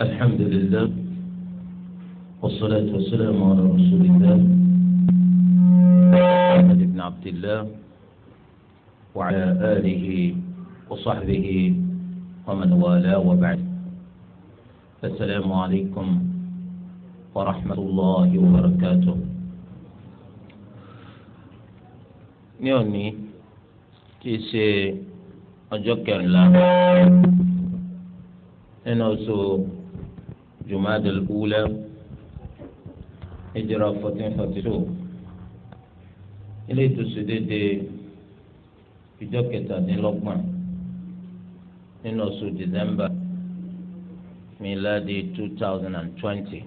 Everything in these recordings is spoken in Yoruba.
الحمد لله والصلاة والسلام على رسول الله محمد بن عبد الله وعلى آله وصحبه ومن والاه وبعد السلام عليكم ورحمة الله وبركاته نيوني تيسي أجوكر الله جماد الأولى هجرة 1442 ilé ìtòsídéédé ìjọ kẹtàdínlọ́gbọ̀n nínú oṣù dìsẹ́mbà miladi 2020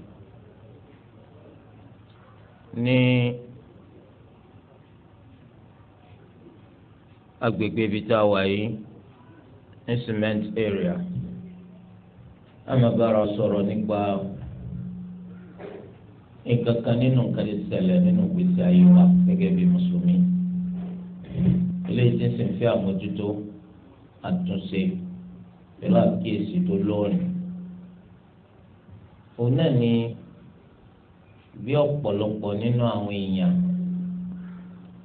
ní agbègbè ibi tá a wà yìí ní cement area ama bara sọ̀rọ̀ nípa nǹkan kan nínú nǹkan tí ṣẹlẹ̀ nínú ìgbésí ayé wa gẹ́gẹ́ bí mùsùlùmí eléyìí tí ń sìn àmójútó àtúnṣe pẹ̀lú àkíyèsí tó lóòrìn òun náà ni bí ọ̀pọ̀lọpọ̀ nínú àwọn èèyàn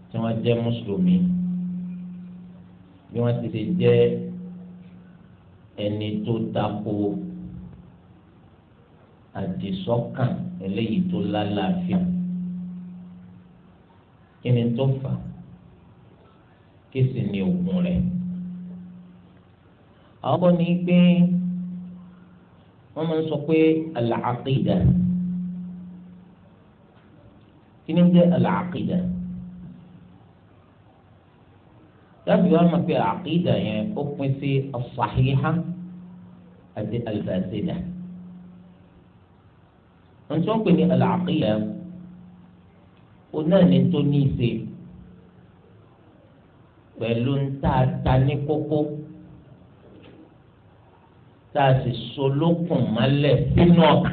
tí wọ́n jẹ́ mùsùlùmí bí wọ́n ti ṣe jẹ́ ẹni tó tako àdìsọ́kàn eléyìí tó lálàáfíà kí ni tó fà kí sì ni òògùn rẹ̀ àwọn kan ní pé wọ́n máa ń sọ pé al kí ni jẹ́ al-aqida dábì mọ̀ pé al yẹn ó pín sí as àti al-fasida wọn tún pè ní àlàáfíà o náà ní tó ní í ṣe pẹ̀lú ntàta ní kókó tá a sì solókùn mọ́lẹ̀ sínú ọ̀kà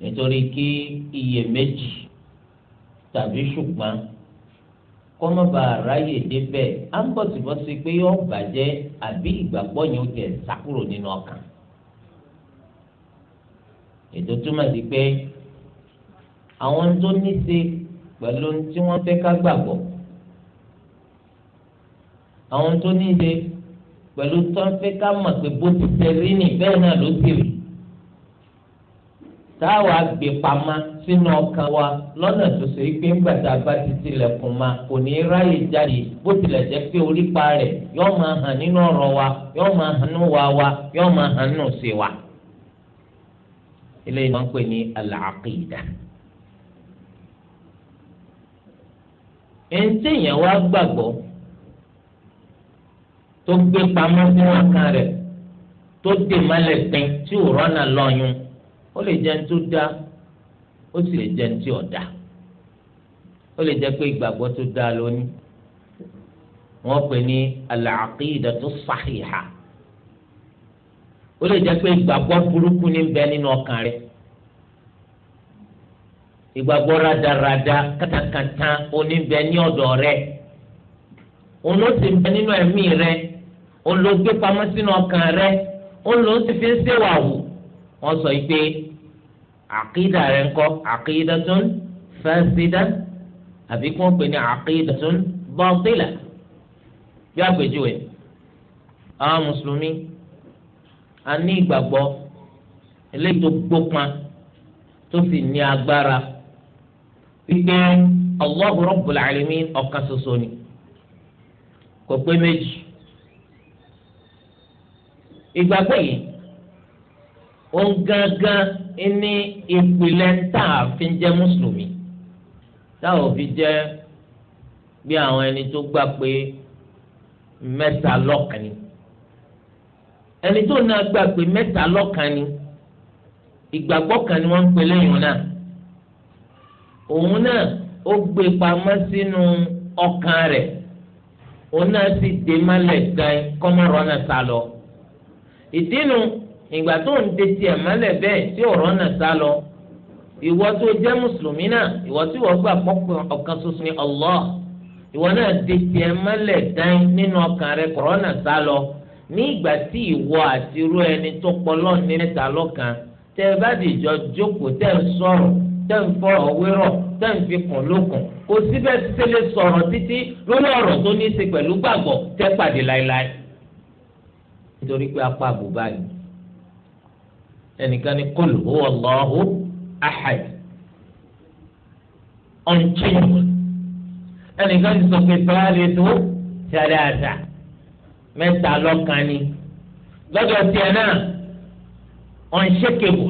nítorí kí iyèméjì tàbí ṣùgbọ́n kọ́mọ́bà ráyè débẹ̀ á ń bọ̀sibọ́sí pé yóò bàjẹ́ àbí ìgbàgbọ́ yẹn ó tẹ̀ sákúrò nínú ọkàn ètò túmọ̀ sí pé àwọn tó ní ṣe pẹ̀lú tí wọ́n fẹ́ ká gbàgbọ́ àwọn tó ní ṣe pẹ̀lú tó ń fẹ́ ká mọ̀ pé bó ti ṣe rí ni bẹ́ẹ̀ náà ló sì rí táwa gbé pamọ́ sínú ọkàn wa lọ́nà tó ṣe pé ńgbà tá a bá ti tilẹ̀kùn ma kò ní ráyè jáde bó tilẹ̀ jẹ́ pé orípa rẹ̀ yóò máa hàn nínú ọ̀rọ̀ wa yóò máa hàn nínú wa wa yóò máa hàn nínú sí wa eléyìí wọ́n ń pè ní al-aqida. ẹnití èèyàn wá gbàgbọ́ tó gbé pamọ́ sínú ọkàn rẹ̀ tó dè mọ́lẹ̀ pin tí ò rọ́nà lọ́yún ó lè jẹ́ ní tó dá ó sì lè jẹ́ tí ò dá ó lè jẹ́ pé ìgbàgbọ́ tó dá lónìí wọ́n pè ní al-aqidatu sahiha ó lè jẹ́ pé ìgbàgbọ́ burúkú ní bẹ nínú ọkàn rẹ̀ ìgbàgbọ́ radarada kátàkátà oní bẹ ní ọ̀dọ̀ rẹ̀ òun ló ti bẹ nínú ẹ̀mí rẹ̀ òun ló gbé pamọ́ sínú ọkàn rẹ̀ òun ló ti fi ń ṣèwàwù wọ́n sọ pé àkídà rẹ̀ ń kọ́ àkídà tó ń fásidà àbí kí wọ́n pè ní àkídà tó ń bọ́ọ̀tìlà bí àpèjúwe àwọn mùsùlùmí. a ní ìgbàgbọ́ eléyìí tó gbópọn tó sì ní agbára wípé Allahu Rabbul Alamin ọ̀kan ṣoṣo ni kò pé méjì ìgbàgbọ́ yìí òun ní ìpìlẹ̀ tá a fi ń jẹ́ mùsùlùmí tá a ò fi jẹ́ bí àwọn ẹni tó gbà pé mẹ́ta ni. ẹni tó náà gbà pé mẹ́ta lọ́kan ni ìgbàgbọ́ kan ni wọ́n ń pè lẹ́yìn náà òun náà ó gbé pamọ́ sínú ọkàn rẹ̀ òun náà sì dé mọ́lẹ̀ gan kọ́mọ́rọ́ náà sá lọ ìdínú ìgbà tó ń de tiẹ̀ mọ́lẹ̀ bẹ́ẹ̀ tí ọ̀rọ̀ náà sá lọ ìwọ tó jẹ́ mùsùlùmí náà ìwọ tí wọ́n gbà pọ́pọ́ ọ̀kan ṣoṣo ni Allah ìwọ náà de tiẹ̀ mọ́lẹ̀ dán nínú ọkàn rẹ̀ kọ̀rọ̀ náà sá lọ ní ìgbà tí ìwọ àti irú ẹni tó pọlọ́ ní mẹ́ta lọ́kan tẹ́ ẹ bá dìjọ jókòó tẹ́ ẹ sọ̀rọ̀ tẹ́ ẹ fọ̀rọ̀ wérọ̀ tẹ́ ẹ fi kàn lókun kò síbẹ̀ títí lè sọ̀rọ̀ títí lórí ọ̀rọ̀ tó ní í ṣe pẹ̀lú gbàgbọ́ tẹ́ pàdé láéláé. nítorí pé apá àbùbá yìí ẹnìkan ní kul huwa Allahu ahad unchangeable ẹnìkan ti sọ pé báyìí tó tẹ̀lé àtà mẹ́ta lọ́kàn ni lọ́dọ̀ tiẹ̀ náà unshakable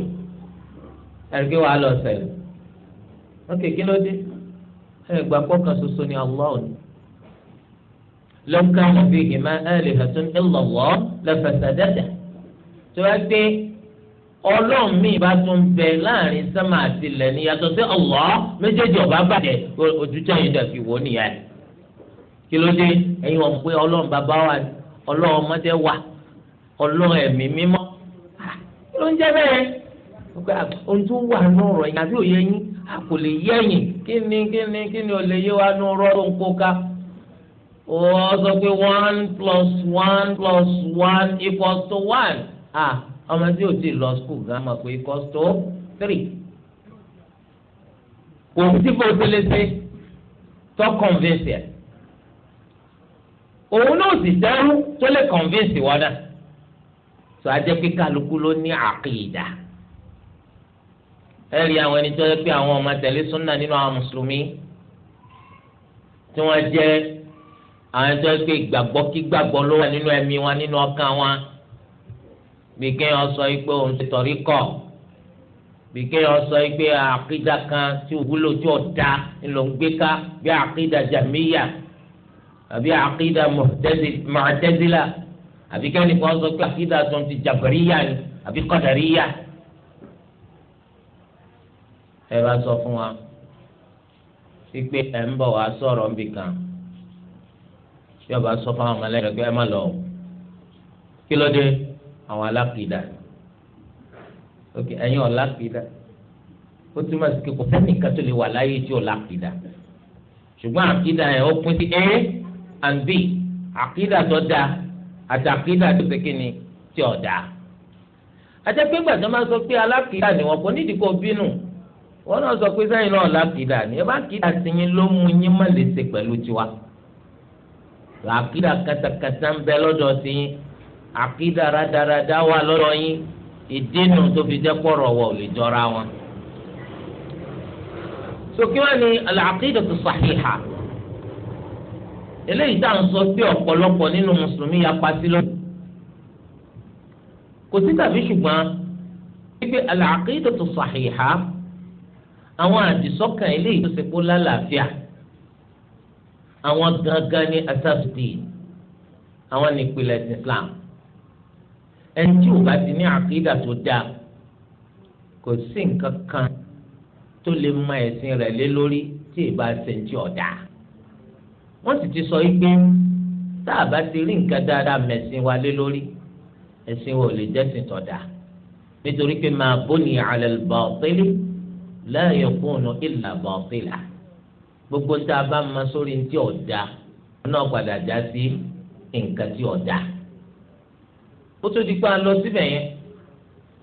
ẹ̀rìkí wàá lọ sẹ́lẹ̀ ok kí ló dé ẹ̀ gbà pọ́kàn ṣoṣo ni Allah ni law kana fihima alihatun illa Allah lafasadata tó wá gbé ọlọ́run mi bá tún bẹ láàrin sánmà àti ilẹ̀ ni yàtọ̀ sí Allah méjèèjì ọba bàjẹ́ ojútọ́ yìí dàbí wò nìyẹn kí ló dé ẹ̀yin wọn pé ọlọ́run bàbá wa ni ọlọ́wọ́ ọmọdé wà ọlọ́wọ́ ẹ̀mí mímọ́ ló ń jẹ́ bẹ́ẹ̀ ohun tó wà nù ọ̀rọ̀ yìí àbí òye yín a kò lè yé ẹ̀yìn kí ni kí ni kí ni ò lè yé wa nù ọ̀rọ̀ tó ń kó ká ó sọ pé one plus one plus one equals to one ah ọmọdé ò tí ì lọ skul gan mọ̀ pé equals to three kò sí bó tilẹ̀ ṣe tó convince yẹn òun náà sì dẹrú tó lè convince wọn náà tó a jẹ́ pé kálukú ló ní àkìdá ẹ rí àwọn ẹni tó yẹ pé àwọn ọmọ tẹ̀lé súnà nínú àwọn mùsùlùmí tí wọ́n jẹ́ àwọn ẹni tó yẹ pé ìgbàgbọ́ kí gbàgbọ́ ló wà nínú ẹ̀mí wọn nínú ọkàn wọn bí kéèyàn sọ pé òun ti tọ̀rí kọ̀ bí kéèyàn sọ pé àkìdá kan tí òwúlò tí ò da ńlọ ń gbé ká bí àkìdá jàmíyà àbí àkídà mọ̀tẹ́sílà àbí kẹ́ni kan sọ pé àkídà tó ti jàbẹ̀ríyà ni àbí kọ̀dàríyà. ẹ bá sọ fún wa wípé ẹ̀ ń bọ̀ wá sọ̀rọ̀ ń bì kan tí ọba sọ fún àwọn ọmọlẹ́yìn pé ẹ má lọ o kí ló dé àwọn alákìdá ok ẹ̀yin ọ̀làkìdá ó túmọ̀ sí pé kò sẹ́nìkan tó lè wà láyé tí ò lákìdá ṣùgbọ́n àkìdá yẹn ó pín sí ẹ́ and b tó da àti àkídà tó ṣe kíni tí ò da. àti pé gbàdúrà máa sọ pé alákìídà ni wọn kò nídìí kó bínú wọn náà sọ pé sẹ́yìn náà lákìídà ni ẹ bá kìídà sí yín ló mú yín má lè ṣe pẹ̀lú tiwa. àkídà katakata ń bẹ lọ́dọ̀ sí yín àkídà rádaràdá wà lọ́dọ̀ yín ìdínú tó fi jẹ́ pọ̀rọ̀ wọ̀ lè jọra wọn. sókè wọn ni al-aqidatu sahiha eléyìí tá à ń sọ sí ọ̀pọ̀lọpọ̀ nínú mùsùlùmí yapa sí lọ́dún kò sí tàbí ṣùgbọ́n wípé al-aqidatu sahiha àwọn àdìsọ́kàn eléyìí tó ṣe kó lálàáfíà àwọn gangan ní asabdi àwọn nípìnlẹ̀ Islam ẹni tí ò bá ti ní àkídà tó dáa kò sí nǹkan kan tó lè mọ ẹ̀sìn rẹ̀ lé lórí tí ì bá ṣe ń tí ọ̀dà wọ́n sì ti sọ yìí pé tá a bá ti rí nǹkan dáadáa mẹ̀sìn wa lé lórí ẹ̀sìn wa ò lè jẹ́sìn tọ̀dà nítorí pé ma buni ala al-batili la yakunu illa batila gbogbo tá a bá ma sórí ntí ọ̀dà náà padà já sí nǹkan tí ọ̀dà ó tó di pé lọ síbẹ̀ yẹn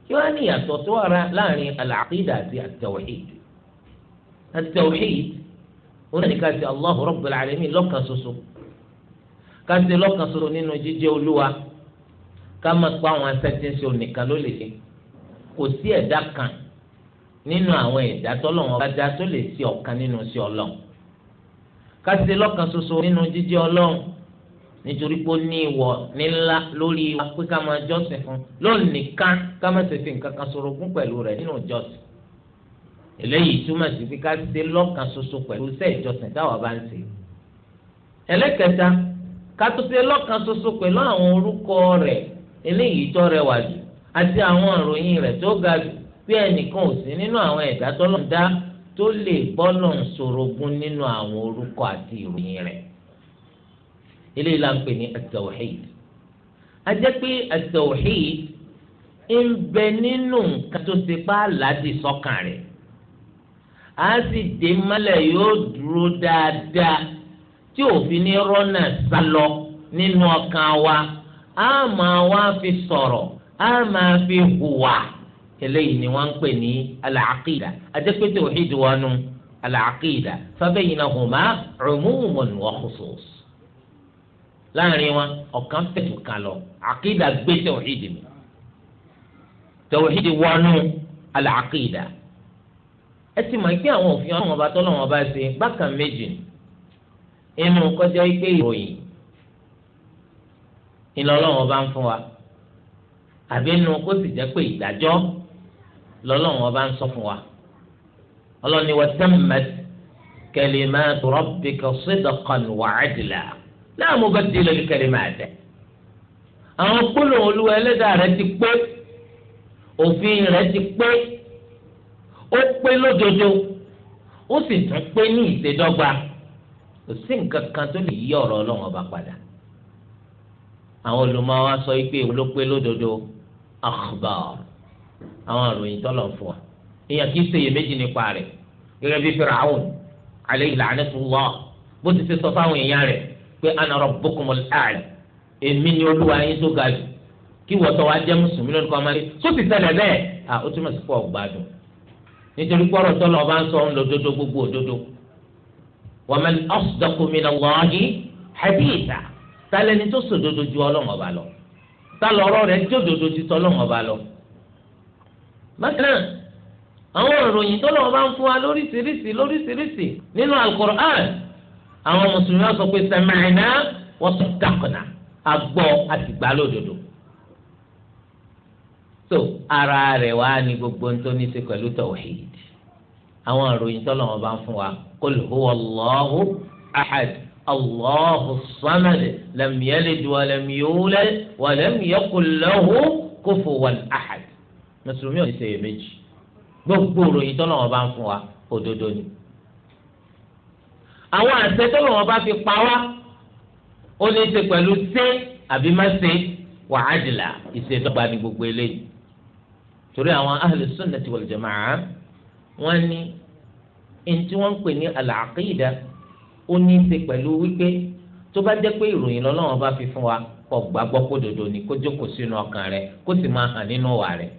kí wọ́n á ní ìyàtọ̀ tó wà láàrin al àti at-tawhid at òun náà ní ká ṣe Allahu Rabbul Alamin lọ́kàn ṣoṣo ká ṣe lọ́kàn ṣoṣo nínú jíjẹ́ olúwa ká má pa àwọn asẹ́tíǹsì onìkan ló lè ṣe kò sí ẹ̀dá kan nínú àwọn ẹ̀dá tọ́lọ́wọ́n bá dá tó lè ṣe ọ̀kan nínú sí ọlọ́run ká ṣe lọ́kàn ṣoṣo nínú jíjẹ́ ọlọ́run nítorí pé ó ní ìwọ̀ nílá lórí wa pé ká máa jọ́sìn fún lónìí kan ká má ṣe fi nǹkan eléyìí túmọ̀ sí pé ká ṣe lọ́kàn ṣoṣo pẹ̀lú iṣẹ́ ìjọsìn táwa bá ń ṣe ẹlẹ́kẹta ká tó ṣe lọ́kàn ṣoṣo pẹ̀lú àwọn orúkọ rẹ̀ eléyìí tó rẹwà jù àti àwọn ìròyìn rẹ̀ tó ga jù pé ẹnìkan ò sí nínú àwọn ẹ̀dá tọ́lọ́run dá tó lè bọ́lọ̀ ń sorogún nínú àwọn orúkọ àti ìròyìn rẹ̀ eléyìí la ń pè ní at-tawhid pé at ń bẹ nínú nǹkan tó ṣe pa aládìí sọ́kàn rẹ̀ á sì dé mọ́lẹ̀ yóò dúró dáadáa tí òfin ní rọ́nà sálọ nínú ọkàn wa á máa wá fi sọ̀rọ̀ á máa fi hùwà eléyìí ni wọ́n ń pè ní al-aqida adépétè òhìdì wọnú al-aqida fabaynahuma umumun wa khusus láàrin wọn ọ̀kan fẹ̀tù kan lọ aqida gbé tẹ̀wọ̀hídì mi tẹ̀wọ̀hídì wọnú al-aqida ẹ ti mọ̀ pé àwọn òfin ọlọ́wọ́n bá tọ́lọ́wọ́n bá ṣe bákan méjì inú kọjá pé ìròyìn ìlọlọ́wọ́n bá ń fún wa àbí inú kó sì jẹ́ pé ìdájọ́ lọ́lọ́wọ́n bá ń sọ fún wa ọlọ́ni wa tẹ́mẹ̀t kalimatu rabbika sidqan wa adla la mubaddila li kalimatihi àwọn gbólóhùn olúwa ẹlẹ́dàá rẹ ti pé òfin rẹ ti pé ó pé lódodo ó sì tún pé ní ìṣèdọ́gba kò sí nǹkan kan tó lè yí ọ̀rọ̀ ọlọ́run ọba padà àwọn olùmọ̀wá sọ pé èwo ló pé lódodo akhbar àwọn àròyìn tọ́lọ̀ fún wa èèyàn kì í ṣèyẹ nípa rẹ̀ gẹ́gẹ́ bí Fir'aun alayhi la'natullah bó ti ṣe sọ fáwọn èèyàn rẹ̀ pé ana rabbukumul a'la èmi ni olúwa yín tó ga jù kí wọ́tọ̀ wa jẹ́ mùsùlùmí lónìí kan máa rí sóòtì ṣẹlẹ̀ bẹ́ẹ̀ ó túmọ̀ sí pọ̀ gbádùn nítorí pọ́rọ̀ tọ́lọ̀ ọba ń sọ ń lọ dodo gbogbo òdodo wa man asdaqu minallahi haditha tálẹ́ni tó sòdodo ju ọlọ́run ọba lọ tálọ́ ọ̀rọ̀ rẹ̀ jódodo ti tọ́lọ́run ọba lọ. bákan náà àwọn ìròyìn tọ́lọ̀ ọba ń fún wa lóríṣiríṣi lóríṣiríṣi nínú al-Qur'an àwọn mùsùlùmí wọn sọ pé sami'na wa saddaqna agbọ́ àtìgbà lódodo so ara rẹ̀ wá ní gbogbo ń tó ní ṣe pẹ̀lú tawhid àwọn ìròyìn tọ́lọ̀ wọn bá ń fún wa qul huwa Allahu ahad Allahu samad lam yalid wa lam yulad wa lam yakul lahu kufuwan ahad mùsùlùmí ò ní ṣe èméjì gbogbo ìròyìn tọ́lọ̀ wọn bá ń fún wa òdodo ni àwọn àṣẹ tọ́lọ̀ wọn bá fi pa wá ó ní í ṣe pẹ̀lú ṣé àbí má ṣe wàhálà ìṣèdọ́gba ni gbogbo eléyìí torí àwọn ahlu sunnati wal jama'a wọ́n ní ẹni tí wọ́n ń pè ní al-aqida ó ní í ṣe pẹ̀lú wípé tó bá jẹ́ pé ìròyìn lọ́lọ́run bá fi fún wa kó gbàgbọ́ kó dòdò ni kó jókòó sínú ọkàn rẹ̀ kó sì máa hàn nínú wà rẹ̀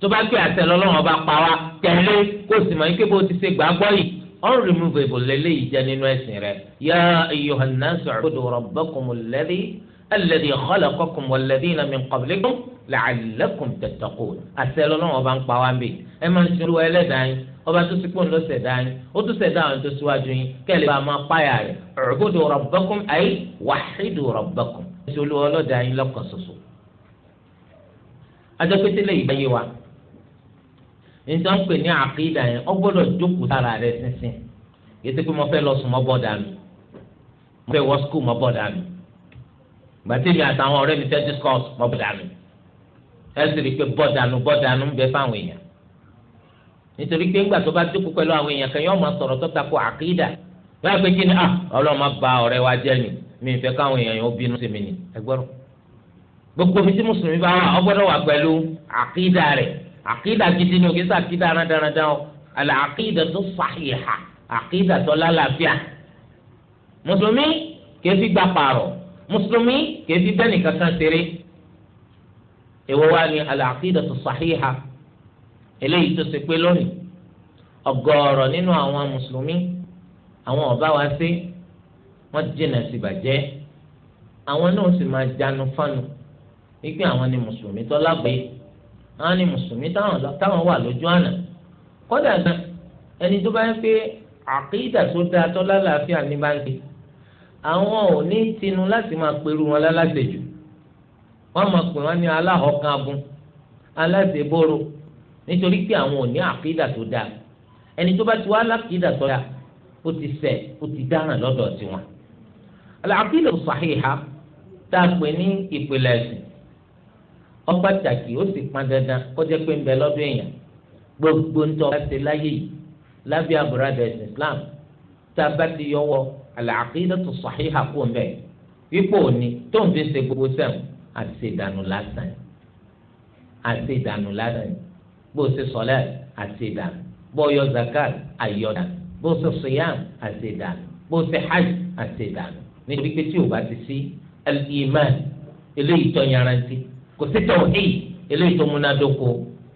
tó bá gbé àtẹ lọ́lọ́run bá pa wá tẹ̀lé kó sì mọ̀ yín bó ti ṣe gbàgbọ́ yìí unremovable lélẹ́yìí jẹ́ nínú ẹ̀sìn rẹ̀ yá ayyuhan nasu ubudu rabbakumul ladhi alladhi khalaqakum walladhina min qablikum la'allakum tattaqun àṣẹ lọ́lọ́wọ́n bá ń pa wá ń bì ẹ máa ń ṣe olúwa ẹlẹ́dàá yín ọba tó ti pọ́n ló ṣẹ̀dá yín ó tún ṣẹ̀dá àwọn tó síwájú yín kẹ́lẹ́ bá máa páyà rẹ̀ u'budu rabbakum ay wahhidu rabbakum ṣe olúwa ọlọ́dàá yín lọ́kàn ṣoṣo. adọ́pẹ́tẹ́lẹ̀ ìgbáyé wa níta ń pè ní àkídà yẹn ọ gbọ́dọ̀ jókòó sára rẹ̀ sínsìn yẹtí pé mo fẹ́ lọ sùn mọ́ bọ́ọ̀dà mi mo fẹ́ wọ́ skul mọ́ bọ́ọ̀dà mi gbàtẹ́mi àtàwọn ọ̀rẹ́ mi fẹ́ discourse mọ́ bọ́ọ̀dà mi ẹ sì rí i pé bọ́dànù bọ́dànù ń bẹ fáwọn èèyàn nítorí pé ńgbà tó bá dúkú pẹ̀lú àwọn èèyàn kan yóò máa sọ̀rọ̀ tó takò àkídà báyìí pé kí ni ah ọlọ́run máa ba ọ̀rẹ́ wa jẹ́ ni mi ń fẹ́ káwọn èèyàn yóò bínú sí mi ni ẹ gbọ́dọ̀ gbogbo mi tí mùsùlùmí bá wà ọ gbọ́dọ̀ wà pẹ̀lú àkídà rẹ̀ àkídà gidi ni òkèsà àkídà rádaràdàn àlà àkídà tó sàhìhà àkídà tó lálàáfíà mùsùlùmí kì gbà pààrọ̀ mùsùlùmí kì bẹ́ẹ̀ nìkan kan ṣeré èwo wá ní al-aqidatu sahiha eléyìí tó ṣe pé lónìí ọ̀gọ̀ọ̀rọ̀ nínú àwọn mùsùlùmí àwọn ọba wa sí wọn jìnnà sí bàjẹ́ àwọn náà sì máa jánu fánu wípé àwọn ni mùsùlùmí tó lágbé àwọn ni mùsùlùmí táwọn wà lójú àná kódà náà ẹni tó bá ń pé àkídà tó dáa tó lálàáfíà ní báńkì àwọn ò ní tinú láti máa perú wọn lálàsejù wọ́n máa pè wọ́n ní aláhọ̀kan agun aláṣẹ́bọ̀rọ̀ nítorí pé àwọn ò ní àkídà tó dáa ẹni tó bá ti wá alákìídà tó dáa ó ti ṣẹ̀ ó ti dáràn lọ́dọ̀ tiwọn. alákìídà sàhíhà tá a pè ní ìpìlẹ̀ ẹ̀sìn ó pàtàkì ó sì pọn dandan kó pé ń bẹ lọ́dọ̀ èèyàn gbogbo ń tọ́ láti láyé yìí lábẹ́ àbúradà ẹ̀sìn Islam tá a bá ti yọwọ́ alákìídà sàhíhà kó ń bẹ̀ wípé òní tó ń fi ṣe gbogbo sẹ́wọ̀n àṣedànù lásán àṣedànù lásán bó o ṣe sọlẹ àṣedànù bó o yọ zakat àyọdànù bó o ṣe siyam àṣedànù bó o ṣe hajj àṣedànù nítorí pé tí o bá ti sí al-iman eléyìí tó yanrantí kò sí tawhid eléyìí tó múnádóko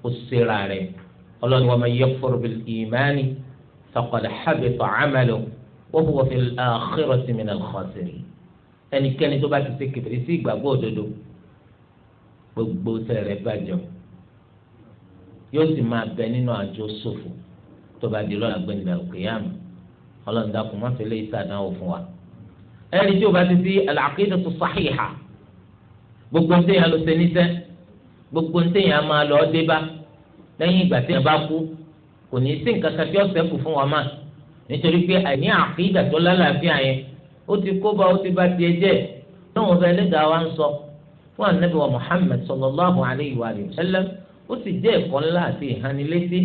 o ṣera rẹ ọlọ́ni wa man yakfur bil-imani faqad habita amaluhu wa huwa fil akhirati minal khasirin ẹnikẹ́ni tó bá ti ṣe kèfèrí sí ìgbàgbọ́ òdodo gbogbo sẹrẹ bàjẹ́ yóò sì máa bẹ nínú àjọ ṣòfò tó bá di lọ́la gbẹ̀ndà òkèèyàn ọlọ́dà kò má fi lè sàdánwò fún wa. ẹni tí o bá ti fi al-aqidatu sahiha gbogbo ń tẹ̀yàn ló ṣe níṣẹ́ gbogbo ń tẹ̀yàn máa lọ dé bá lẹ́yìn ìgbà tẹ̀yàn bá kú kò ní sí nǹkan kan tí ó ṣẹ́kù fún wa máa nítorí pé àìní àkídà tó lálàáfíà yẹn ó ti kó ó ti bá tiẹ̀ jẹ́ lọ́wọ́n fẹ́ lẹ́gàá wa ń sọ fún anabi wa muhammed sallallahu alayhi wa sallam ó sì jẹ́ ẹ̀kọ́ ńlá àti ìhánilétí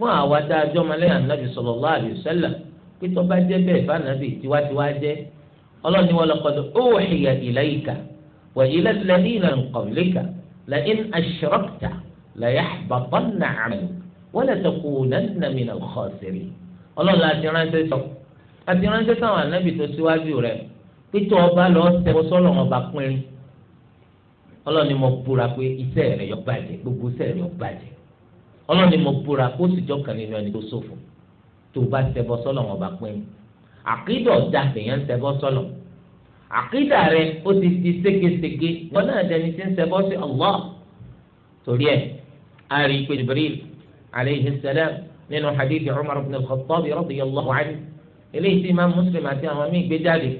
fún àwa tá a jọ ọmọ lẹ́yìn anabi sallallahu alayhi wa sallam pé tó bá jẹ́ bẹ́ẹ̀ fún anabi tiwantiwa jẹ́ ọlọ́ni wa laqad uhiya ilayka wa ila alladhina min qablika la in ashrakta la yahbatanna 'amaluka wa la takunanna min al ọlọ́ni láti ránṣẹ́ sọ àti ránṣẹ́ sáwọn ọlọ́ni mo búra pé iṣẹ́ rẹ̀ yọ bàjẹ́ gbogbo iṣẹ́ rẹ̀ yọ bàjẹ́ ọlọ́ni mo búra kó sì jọ kàn nínú ẹni tó ṣòfò tó bá ṣẹbọ sọ́lọ̀ wọn bá pín in àkídà ọ̀dà lèyàn ń ṣẹbọ sọ́lọ̀ àkídà rẹ̀ ó ti di ségesège wọn náà dẹni tí ń ṣẹbọ sí Allah torí ẹ̀ a pé Jibril aleyhi salam nínú hadithi Umar ibn al-Khattab radiyallahu anhu eléyìí tí Imam Muslim àti àwọn míì gbé jáde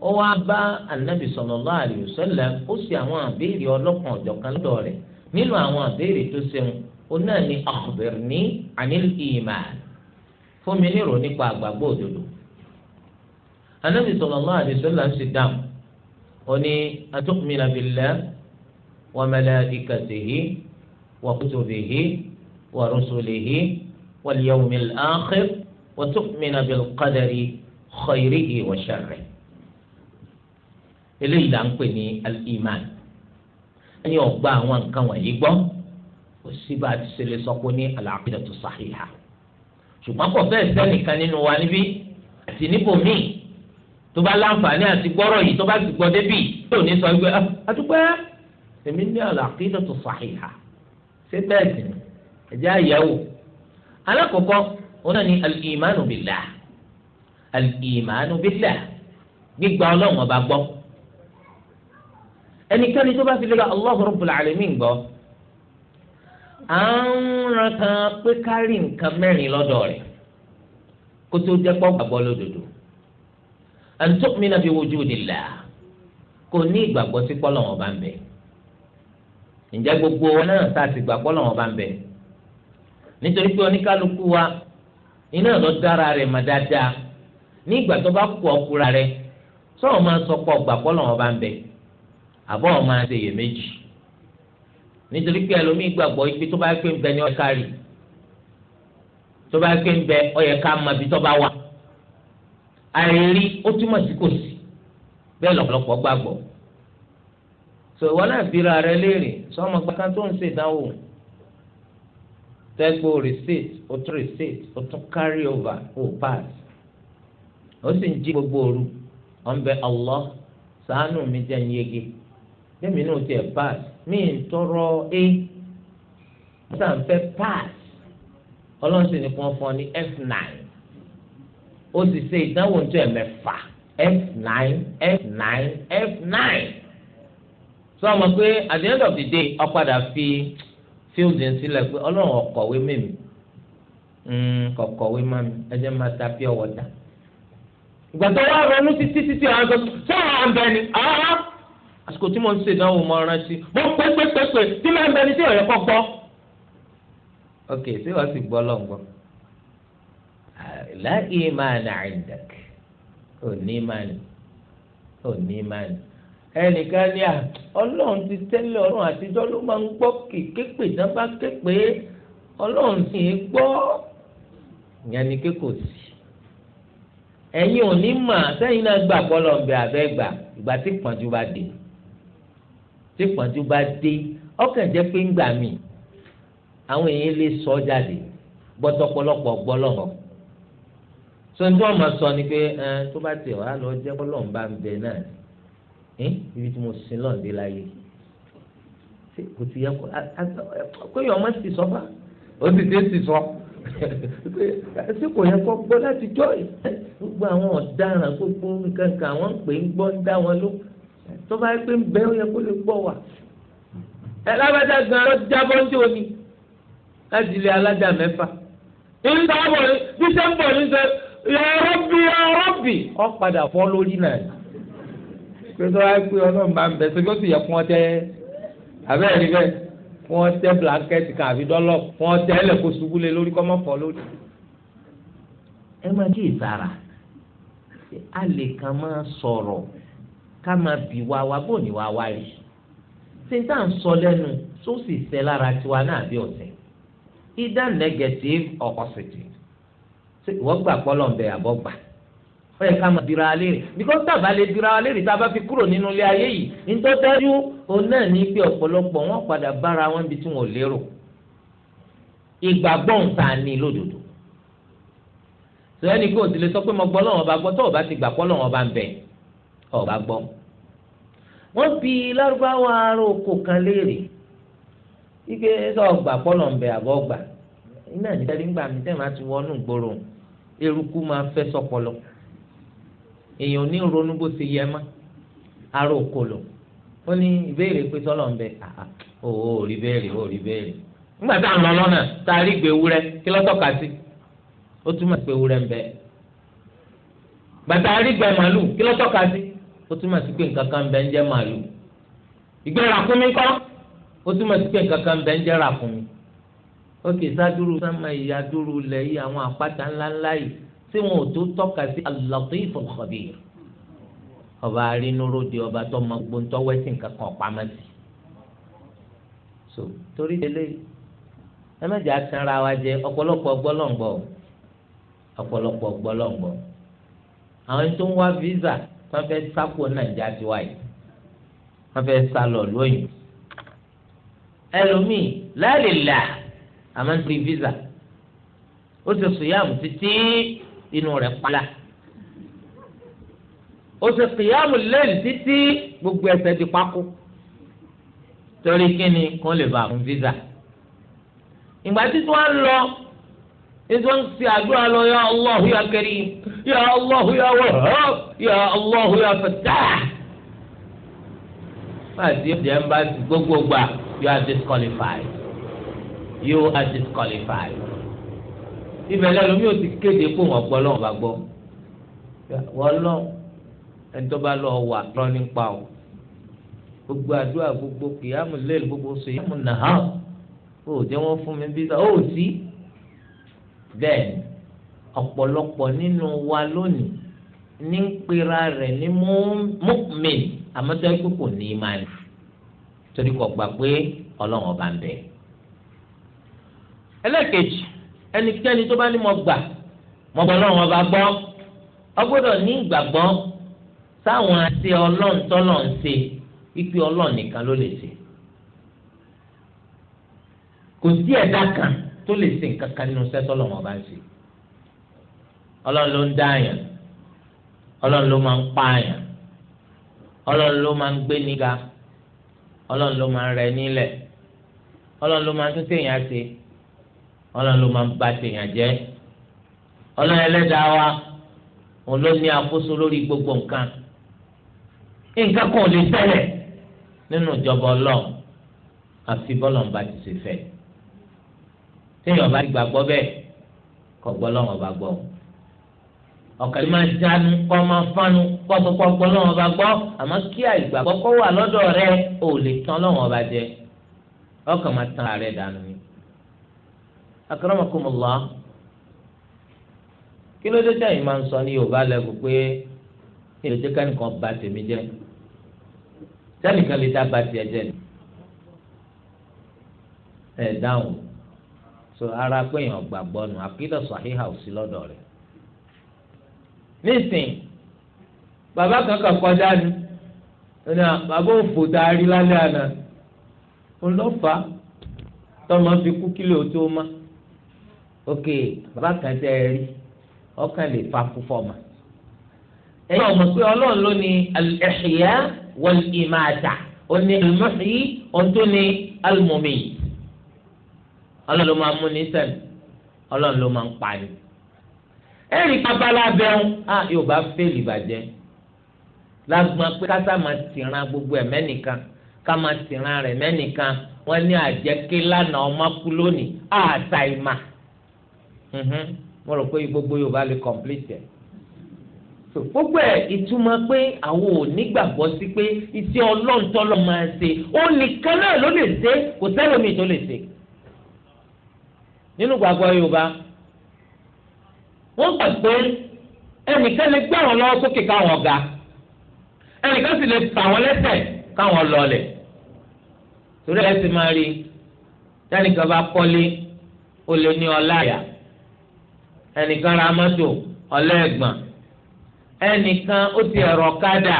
ó wá bá anabi sallallahu alaihi wasallam ó sì àwọn àbẹ́rẹ́ ọlọ́kan ọ̀jọ̀kan lọ́dọ̀ rẹ̀ nínú àwọn àbẹ́rẹ́ tó ṣeun ó náà ní akhbirni anil iman fún mi nírò nípa àgbàgbọ́ òdodo anabi sallallahu alaihi wasallam ń ṣe dáhùn ó ní atu'minu billahi wa malaikatihi wa kutubihi wa rusulihi wal yawmil akhir wa tu'minu bil qadari khayrihi wa sharrihi eléyìí là ń pè ní al-iman ẹni ọgbà àwọn nǹkan wọ̀nyí gbọ́ kò sí bá a ti ṣe lè sọ pé ní al-aqidatu sahiha ṣùgbọ́n kò fẹ́ẹ̀ sẹ́nìkan nínú wa níbí àti níbòmíì tó bá láǹfààní àti gbọ́rọ̀ yìí tó bá ti gbọ́ débì yóò ní sọ wípé àdúpẹ́ ah, èmi ní al-aqidatu sahiha ṣé bẹ́ẹ̀ sì ni ẹ̀jẹ̀ àyẹ̀wò alákọ̀ọ́kọ́ òun náà ni al-imanu billah al-imanu billah gbígba ọlọ́run ọba gbọ́ ẹnikẹ́ni tó bá fi lè ra Allahu Rabbul Alamin gbọ́ à ń ran kan pé kárí nǹkan mẹ́rin lọ́dọ̀ rẹ̀ kó tó jẹ́ pọ́ gbàgbọ́ lódodo an tu'mina bi wujudillah kò ní ìgbàgbọ́ sí pọ́lọ́wọ́n bá ń bẹ̀ ǹjẹ́ gbogbo wọn náà tá a ti gbà pọ́lọ́wọ́n bá ń bẹ̀ nítorí pé oníkálukú wa iná lọ dára rẹ̀ mà dáadáa ní ìgbà tó bá kú ọkùnra rẹ̀ sọ̀rọ̀ máa sọ pọ̀ gbà pọ́lọ́wọ́n bá ń bẹ̀ àbọ̀ ọ̀ máa ṣe iyèméjì nítorí pé ẹlòmíì gbàgbọ́ ibi tó bá pé ń bẹ ní kárì tó bá pé ń bẹ ọ̀yẹ́ ká tó bá wà àìrí ó túmọ̀ sí kò sí bẹ́ẹ̀ gbàgbọ́ so ìwọ náà rẹ léèrè sọmọ gbàgbọ́ tó ń ṣèdánwò tẹ́gbó receipt ó tún carry over ó ó sì ń jí gbogbo ọ̀nbẹ mi jẹ́ ń yege. lẹ́mi náà tiẹ̀ pass mí ń tọrọ a sàǹfẹ́ pass ọlọ́run pass. ní kí wọ́n fún ọ ní f 9 ó sì ṣe ìdánwò ní tó ẹ̀ mẹ́fà f 9 f 9 f 9 sọ ma pé at the end of the day ó padà fi field ń sílẹ̀ pé ọlọ́run ọ̀kọ̀wé mẹ́mi hmm, kọ̀kọ̀wé mami ẹ̀jẹ̀ máa ta pure water ìgbà tó wà ronú títí títí àwọn sọ sọ́ọ̀ àǹbẹ̀ni ọ̀hán àsìkò tí mo ń ṣe ìdánwò mo rántí mo pé pé pé pé tí máa ń bẹni tí ọ̀rẹ́ kọ́ gbọ́. ok ṣé wàá sì gbọ́ lọ́n gbọ́. láì máa nà àìdàk òní máa nì òní máa nì ẹnìkan ní à ọlọ́run ti tẹ́lẹ̀ ọlọ́run àtijọ́ ló máa ń gbọ́ kékeré náà bá ọlọ́run sì ń gbọ́ ìyẹn ni sí ẹ̀yin ò mà sẹ́yìn náà gbà bọ́lọ̀ ń bẹ àbẹ́ gbà ìgbà tí pọ́njú bá dé tí pọ́njú bá dé ọkàn jẹ́ pé ń gbà mí àwọn èèyàn lè sọ jáde gbọ́tọ̀pọ̀lọpọ̀ gbọ́lọ́họ̀ sọ́njú ọmọ sọ ni pé ẹ tó bá tẹ̀ wá lọ jẹ́ kọ́lọ́ ń bá ń bẹ náà ẹ ibi tí mo sin lọ́n dé láyé kò ti yẹ kó yọ ọmọ sì sọ bá ó sì dé sì sọ ṣé kò yẹ kó gbọ́ láti jọ́ ẹ̀ gbogbo àwọn ọ̀daràn gbogbo nǹkan kan àwọn ń pè ń gbọ́ ń dá wọn ló tó bá yẹ pé ń bẹ́ ó yẹ kó lè gbọ́ wà. ẹ lábẹ́jà gan ló jábọ́ ń jò ní láti ilé alájà mẹ́fà. ìlú tó bọ̀ ní bí ṣe ń bọ̀ ní sọ yọ̀rọ̀bì yọ̀rọ̀bì ọ̀ padà fọ́ lórí náà. pé tó bá yẹ pé ọlọ́run bá ń bẹ ṣe bí ó sì yẹ fún ọ tẹ abẹ́rẹ́ rí bẹ́ẹ̀ fún ọ tẹ blanketi kan àbí dọ́lọ̀ fún ọ tẹ ẹlẹ́kọ̀ọ́ ṣubú lé lórí kọ́ a lè kàn máa sọ̀rọ̀ ká máa bì wá wá bò ní wá wá rí ṣé tá à ń sọ lẹ́nu tó sì ṣẹ lára tiwa náà bí ọ̀sẹ̀ either negative or positive wọ́n gbà pọ́lọ̀ ń bẹ àbọ̀ gbà ó yẹ ká máa bira wa léèrè because tá a bá lè bira wa léèrè tá a bá fi kúrò nínú ilé ayé yìí nítorí dájú òun náà ní pé ọ̀pọ̀lọpọ̀ wọn padà bára wọn bí tí wọn ò lérò ìgbàgbọ́ ń ta ni lódodo sọ ẹni pé òsì lè sọ pé mo gbọ́ lọ́wọ́ bá gbọ́ tó o bá ti gbà pọ́ lọ́wọ́ bá ń bẹ̀ẹ́ ọba gbọ́ wọ́n bi lárúbáwá ara oko kan léèrè ike sọ ọgbà pọlọ ń bẹ ọgbà iná ní sẹ́rí ńgbà mi tẹ́lẹ̀ ti wọnú gbòòrò eruku máa fẹ́ sọpọlọ èèyàn ní ronú bó ṣe yẹ má ara oko ní ìbéèrè pé sọlọ ń rí béèrè nígbà tá lọ́nà tá a rí ó túmọ̀ sí pé nǹkan kan bẹ́ẹ̀ ń jẹ́ màálù ìgbẹ́ ràkúnmí kọ́ ó túmọ̀ sí pé nǹkan kan bẹ́ẹ̀ ń jẹ́ ràkúnmí ókè sádúró sámà ìyá dúró lẹ̀ yìí àwọn àpáta ńláńlá yìí tí wọn ò tó tọ́ka sí al-Latif al-Khabir ọba arínúróde ọba tó mọ gbóńtọ́wẹ́sì nǹkan kan pamọ́ sí so torí délé ẹ mẹ́jọ atanra wa jẹ ọ̀pọ̀lọpọ̀ gbọ́lọ́ngbọ́ ọ̀pọ̀lọpọ̀ gbọ́lọ́ngbọ́ àwọn tó ń wá visa wọ́n fẹ́ sáko nàìjà tiwa yìí wọ́n fẹ́ sálọ lóyún ẹlòmíì lálẹ́là àmọ́ ń ti visa ó ti sùyàmù títí inú rẹ̀ pala ó ti sùyàmù lẹ́yìn títí gbogbo ẹsẹ̀ ti pákó torí kíni kó lè bá fún visa ìgbà títí wọ́n lọ ètò ń ṣe àdúrà lọ ya Allahu ya Karim ya Allahu ya Wahhab ya Allahu ya Fattah. Fáàdì ìdí ẹ̀ ń bá ti gbogbo gbà you are disqualified you are disqualified. Ìbẹ̀lẹ̀ lomi ò ti kéde kó wọ́n gbọ́ lọ́wọ́ bá gbọ́. Wọ́n lọ ẹni lọ wà lọ nípa o. Gbogbo àdúrà gbogbo kìyàmù lẹ́lẹ̀ gbogbo sèyàmù nàá. Ó jẹ́ wọ́n fún mi bí sá ó sí bẹ́ẹ̀ ọ̀pọ̀lọpọ̀ nínú wa lónìí ní ń pera rẹ̀ ní mọ́mìn àmọ́tọ́ ikú kò ní í máa ní torí kò gbà pé ọlọ́run ọba ń bẹ. ẹlẹ́kejì ẹnikẹ́ni tó bá ní mo gbà mo bọ̀ ọlọ́run ọba gbọ́ ọ gbọ́dọ̀ ní ìgbàgbọ́ sáwọn àti ọlọ́run tọ́lọ̀ ń ṣe ipe ọlọ́run nìkan ló lè ṣe kò sí ẹ̀dá kan tó lè ṣe nǹkan kan nínú sẹ́tọ́ lọ́wọ́ bá ń ṣe ọlọ́run ló ń dá àyàn ọlọ́run ló máa ń pa àyàn ọlọ́run ló máa ń gbé níga ọlọ́run ló máa ń rẹ nílẹ̀ ọlọ́run ló máa ń tún téèyàn ṣe ọlọ́run ló máa ń ba téèyàn jẹ́ ọlọ́run ẹlẹ́dàá wa òun ló ní àkóso lórí gbogbo nǹkan nǹkan kan ò lè tẹ̀lẹ̀ nínú ìjọba ọlọ́run àfi bọ́lọ̀ ń bá ti ṣe fẹ́ẹ́ téèyàn bá gbàgbọ́ bẹ́ẹ̀ kò gbọ́ lọ́wọ́ bá gbọ́ ọ̀kàlì máa jánu kọ́ máa fánu kọ́ tó kọ́ gbọ́ lọ́wọ́ bá gbọ́ àmọ́ kí àìgbàgbọ́ kọ́ wà lọ́dọ̀ rẹ ò lè tán lọ́wọ́ bá jẹ ọkàn máa tan ààrẹ dànù ni. akramakumullah kí ló dé tẹ̀yìn máa ń sọ ní yorùbá lẹ́gùn pé èdè tí kánìkan ba tèmi jẹ́ sẹ́nìkan lè dá ba tiẹ̀ jẹ́ ẹ̀ dáhùn. so ara pé èèyàn gbàgbọ́ nù àkídà sàhíhà ò sí lọ́dọ̀ rẹ̀ nísìnyí bàbá kankan kọjá ni ẹni bàbá òfò tá a rí lálẹ́ àná olọ́fà tọmọ fi kú kílẹ̀ tó má ok bàbá kan tẹ ẹ rí ọkàn lè fa fúfọ́ ma ẹ̀yin ọmọ pé ọlọ́run ló ní ọlọ́run ló máa mú ní sẹ́mi ọlọ́run ló máa ń pa ni. ẹ̀rí abala bẹ́ẹ̀ á yóò bá fèlì bàjẹ́ lágbọ́n pé kásá máa tìran gbogbo ẹ̀ mẹ́nìkan ká máa tìran rẹ̀ mẹ́nìkan wọ́n ní àjẹké lánàá ọmọ kú lónìí àtà ìmà mo rò pé gbogbo yorùbá lè complete ẹ̀ gbogbo ẹ̀ ìtumọ̀ pé àwọn ò nígbàgbọ́ sí pé iṣẹ́ ọlọ́ntọ́lọ́ máa ń ṣe ó nìkan náà ló lè ṣe kò sẹ́lómi tó lè ṣe. nínú gbàgbọ́ yorùbá wọ́n gbà pé ẹnìkan lè gbé àwọn lọ́wọ́ sókè káwọn ga ẹnìkan sì lè fà wọ́n lẹ́sẹ̀ káwọn torí ẹ̀ sì máa rí tẹnìkan bá kọ́lé ó ní ọlá àyà ẹnìkan ra mọ́tò ọlẹ́ẹ̀gbọ̀n ẹnìkan ó ti ẹ̀rọ kádà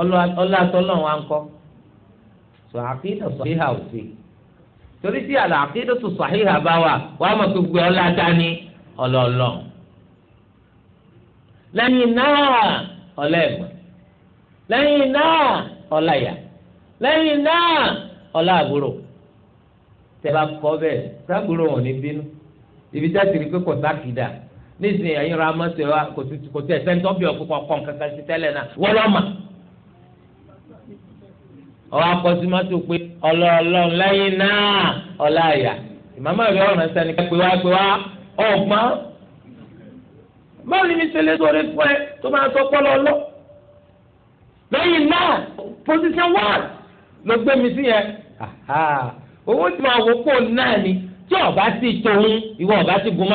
ọlọ́àtọ́lọ́wọ́n á ń kọ́ sọ torí tí al-aqidatu sahiha bá wà wàá mọ̀ pé gbé ọlá dání ọlọ́ọ̀lọ́ lẹ́yìn náà ọlá ẹ̀gbọ́n lẹ́yìn náà ọlá ìyá lẹ́yìn náà ọlá àbúrò tẹ́lá kọ́ bẹ́ẹ̀ sábúrò wọn ní bínú ibi tá a ti rí pé kò sákìdá nísìnyí ẹ̀yin ra mọ́tò wa kò tẹ̀ sẹ́ńtọ́bì ọ̀kọ́ kọ̀ọ̀kan kankan sí tẹ́lẹ̀ náà wọ́n ọwọ akọsímọtò pé ọlọọlọrun lẹ́yìn náà ọlá àyà ìmàmà rẹ pé wá pé wá báwo ni fún ẹ lọ náà position one ló gbé mi sí yẹn owó tí màá wò kó náà ni tí ọba sì tóun ìwọ ọba sì gun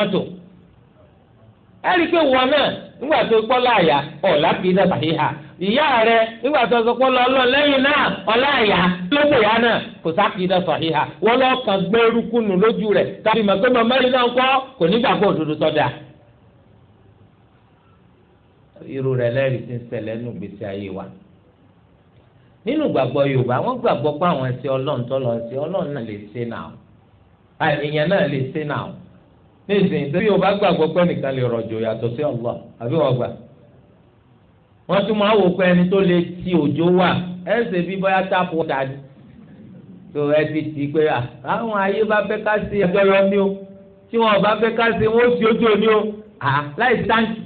i pé wọn náà nígbà tó pọlọ ìyá rẹ nígbà tó sọ pé lọ́ọ́ lẹ́yìn náà ọ̀la ẹ̀yà lọ́sẹ̀ ìyá náà kò sákìdá sọ̀híhà wọ́n lọ́ọ́ kàn gbé lójú rẹ̀ tàbí náà kọ́ kò nígbàgbọ́ òdodo irú lẹ́rìí ti ń ṣẹlẹ̀ nù gbèsè ayé wa nínú gbàgbọ́ Yorùbá wọ́n gbàgbọ́ pé àwọn Ọlọ́run tó lọ sí Ọlọ́run náà lè ṣe náà náà lè ṣe náà nísìnyí Yorùbá gbàgbọ́ pé nìkan lè sí wọ́n tún máa wò pé ẹni tó lè ti òjò wà ẹ ṣe bí bóyá táàpù wọ́tà ni tó ẹ ti tì í pé àwọn ayé bá fẹ́ ká sí ẹgbẹ́ lọ o tí wọn bá fẹ́ ká sí wọn ó sì ojú ní o láì táǹkì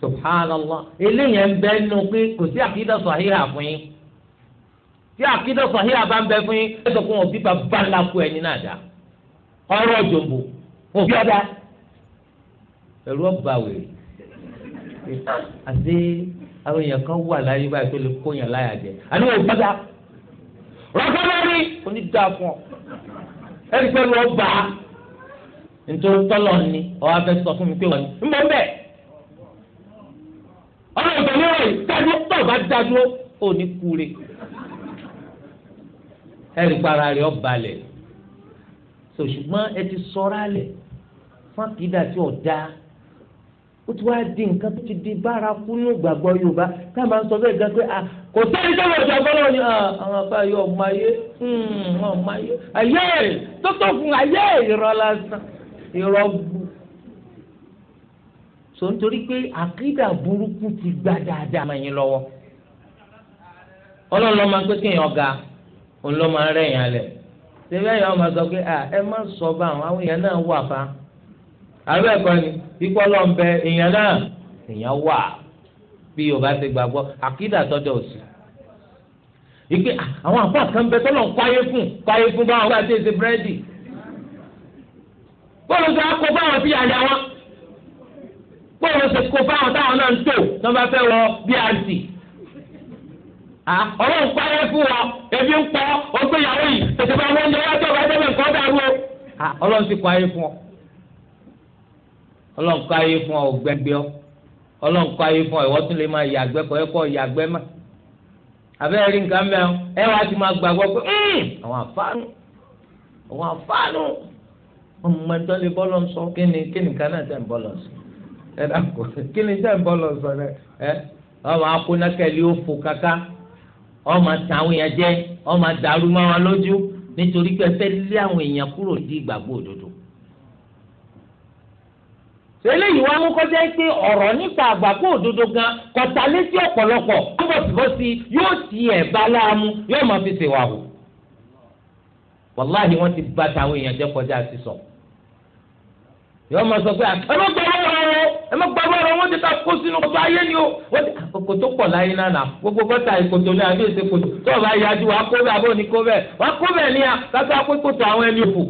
subhanallah eléyẹn ń bẹ nínú pé kò sí àkídà sàhíhà fún yín tí àkídà sàhíhà bá ń bẹ fún yín ẹ sọ fún òbí bàbá ńlá kú ẹni náà dá ọ̀rọ̀ jòǹbò òbí ọdá ẹrú ọba àti àwọn èèyàn kan wà láyé báyìí tó lè kó yàn láyà jẹ àní wọn gbọ́dọ̀ rọgbọ lórí onídà fún ọ ẹni pé lọ bá nítorí tọlọ ni ọwọ abẹ sọ fún mi pé wọn ń bọ bẹ́ẹ̀ ọlọ́run tó ní wọ̀nyí dájú tó bá dájú ó ní kúre ẹni para rẹ ọba lẹ so ṣùgbọ́n ẹ ti sọra lẹ fún akídà tí ọ̀dà. So, ó ti wá di nǹkan tó ti di bárakú ní ìgbàgbọ́ yorùbá tá a máa ń sọ bẹ́ẹ̀ gan pé à kò sẹ́ni tó lọ sọ fọlọ́ ni àwọn abáyọ ọmọ ayé hmm, ọmọ ayé ayé tó tó fún ayé irọ́ lásán irọ́ gbù. sọ nítorí pé àkídà burúkú ti gbá dáadáa mọ́ yín lọ́wọ́ ọlọ́run ló máa gbé kéèyàn ga òun ló máa rẹ̀yìn alẹ̀ ṣé bẹ́ẹ̀ yẹn wọ́n máa sọ pé ẹ má sọ bá àwọn èèyàn náà wà fa àbẹ́ ẹ̀kọ́ ni bíkọ́ lọ ń bẹ èèyàn náà èèyàn wà bí yorùbá ti gbàgbọ́ àkídà tọ́jọ́ òsì ìpè ah, àwọn àpá kan bẹ tọ́lọ̀ ń kwáyé fún kwáyé fún báwọn bá ti ṣe búrẹ́dì bọ́ọ̀lù sọ akọ báwọn bí àlẹ́ wọn bọ́ọ̀lù sọ kó báwọn táwọn náà ń tò tí wọ́n bá fẹ́ wọ bí àǹtì ọlọ́run kwáyé fún wa ebi ń pọ́ ó yìí tètè bá wọ́n yọ wájú ọ̀gá ẹgbẹ́ nǹkan dàrú o ọlọ́run ti kwáyé fún ọ ọlọ́run kọ́ ayé fún ọ gbẹ́gbẹ́ ọ ọlọ́run kọ́ ayé fún ọ ìwọ tún lè máa yàgbẹ́ kọ́ ẹ kọ́ yàgbẹ́ mà abẹ́rẹ́ rí nǹkan mẹ́rin ẹ wá ti máa gbàgbọ́ pé àwọn àfáànù àwọn àfáànù ọmọ ẹjọ́ lè bọ́ lọ sọ kí ni kí ni kan náà tẹ̀ ń bọ́ lọ sọ ẹ dàkọ kí tẹ̀ ń bọ́ lọ sọ rẹ ẹ ọmọ akónákẹ́lì ó fò kaka ọmọ àtàwọn èèyàn jẹ ọmọ àdàrú máa wọn lójú nítorí pé ẹ fẹ́ lé àwọn èèyàn kúrò ní eléyìí wá mú kọjá pé ọ̀rọ̀ nípa àgbàkó òdodo gan kọta létí ọ̀pọ̀lọpọ̀ bọ́sibọ́sí yóò ti ẹ̀bá láàmú yóò máa fi ṣèwà wò. wàláhì wọ́n ti bá táwọn èèyàn jẹ́ kọjá sí sọ. yóò máa sọ pé ẹ má gbàgbọ́ ọ̀rọ̀ ọ̀rọ̀ wọn ti ta kó sínú kótó ayé ni o. kòtò pọ̀ láyé náà nà gbogbo bọ́tà ìkòtò ní abẹ́ ìṣe kòtò tó o bá yájú wàá kó bẹ́ẹ̀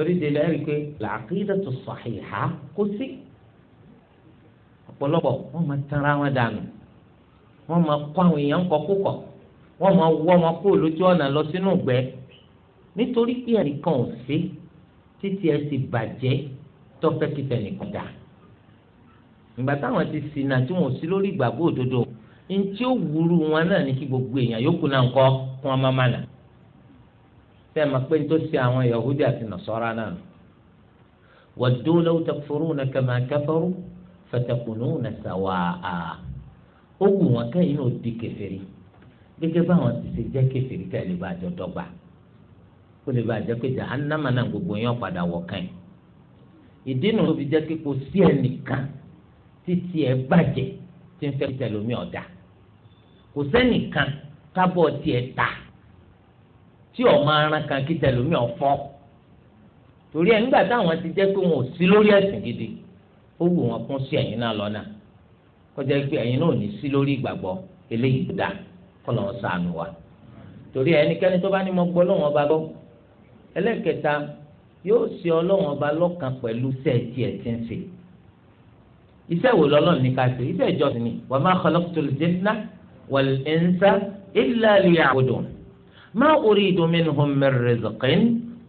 torí de lẹ́yìn rí pé làákìdàtù sàhìhà kò sí ọ̀pọ̀lọpọ̀ wọ́n máa tẹ̀ra wọn dànù wọ́n máa kọ́ àwọn èèyàn kọkúkọ wọ́n máa wọ́ wọn kó lójú ọ̀nà lọ sínú ìgbẹ́ nítorí pé ẹnìkan ò sí títí ẹ ti bàjẹ́ tọ́pẹ́ kíkẹ́ nìkan dà ìgbà táwọn ti ṣìnà tí wọn ò sí lórí ìgbàgbọ́ òdodo ntí ó wúru wọn náà ní kí gbogbo èèyàn yókù náà ń kọ́ kí wọ́n má má nà tẹ́ ẹ̀ máa pé tó ṣe àwọn yahudi àti nasara náà waddu law takfuruna kama kafaru fatakununa sawaa ó wù wọn kẹ́yìn náà di kèfèrí gẹ́gẹ́ báwọn ti ṣe jẹ́ kèfèrí kẹ́ ẹ̀ lè bá àjọ dọ́gba ó lè bá àjọ pé gbogbo yẹn padà wọ̀ kẹ́yìn ìdí nu ló jẹ́ pé kò sí ẹnìkan títí ẹ bàjẹ́ tí ń fẹ́ tẹlomi ọ̀dà kò sẹ́nìkan kábọ̀ tiẹ̀ ta tí ọmọ aran kan kí tẹlómi ọ̀fọ́ torí ẹ̀ nígbà táwọn ti jẹ́ pé wọn ò sí lórí ẹ̀sìn gidi ó wù wọn kún sí ẹ̀yin náà lọ́nà kọjá pé ẹ̀yin náà ò ní sí lórí ìgbàgbọ́ eléyìí tó dáa kọ́ lọ́wọ́ sànù wa torí ẹnikẹ́ni tó bá ní mo gbọ́ lọ́wọ́ ọba gbọ́ ẹlẹ́kẹta yóò ṣe ọlọ́wọ́n ọba lọ́kàn pẹ̀lú sẹ́ẹ̀tì ẹ̀sìn ṣe iṣẹ́ wo lọ́lọ́run ní ká ṣe iṣẹ́ ìjọsìn ni wa ma khalaqtul jinna wal insa illa liya'budun ما أريد منهم من رزق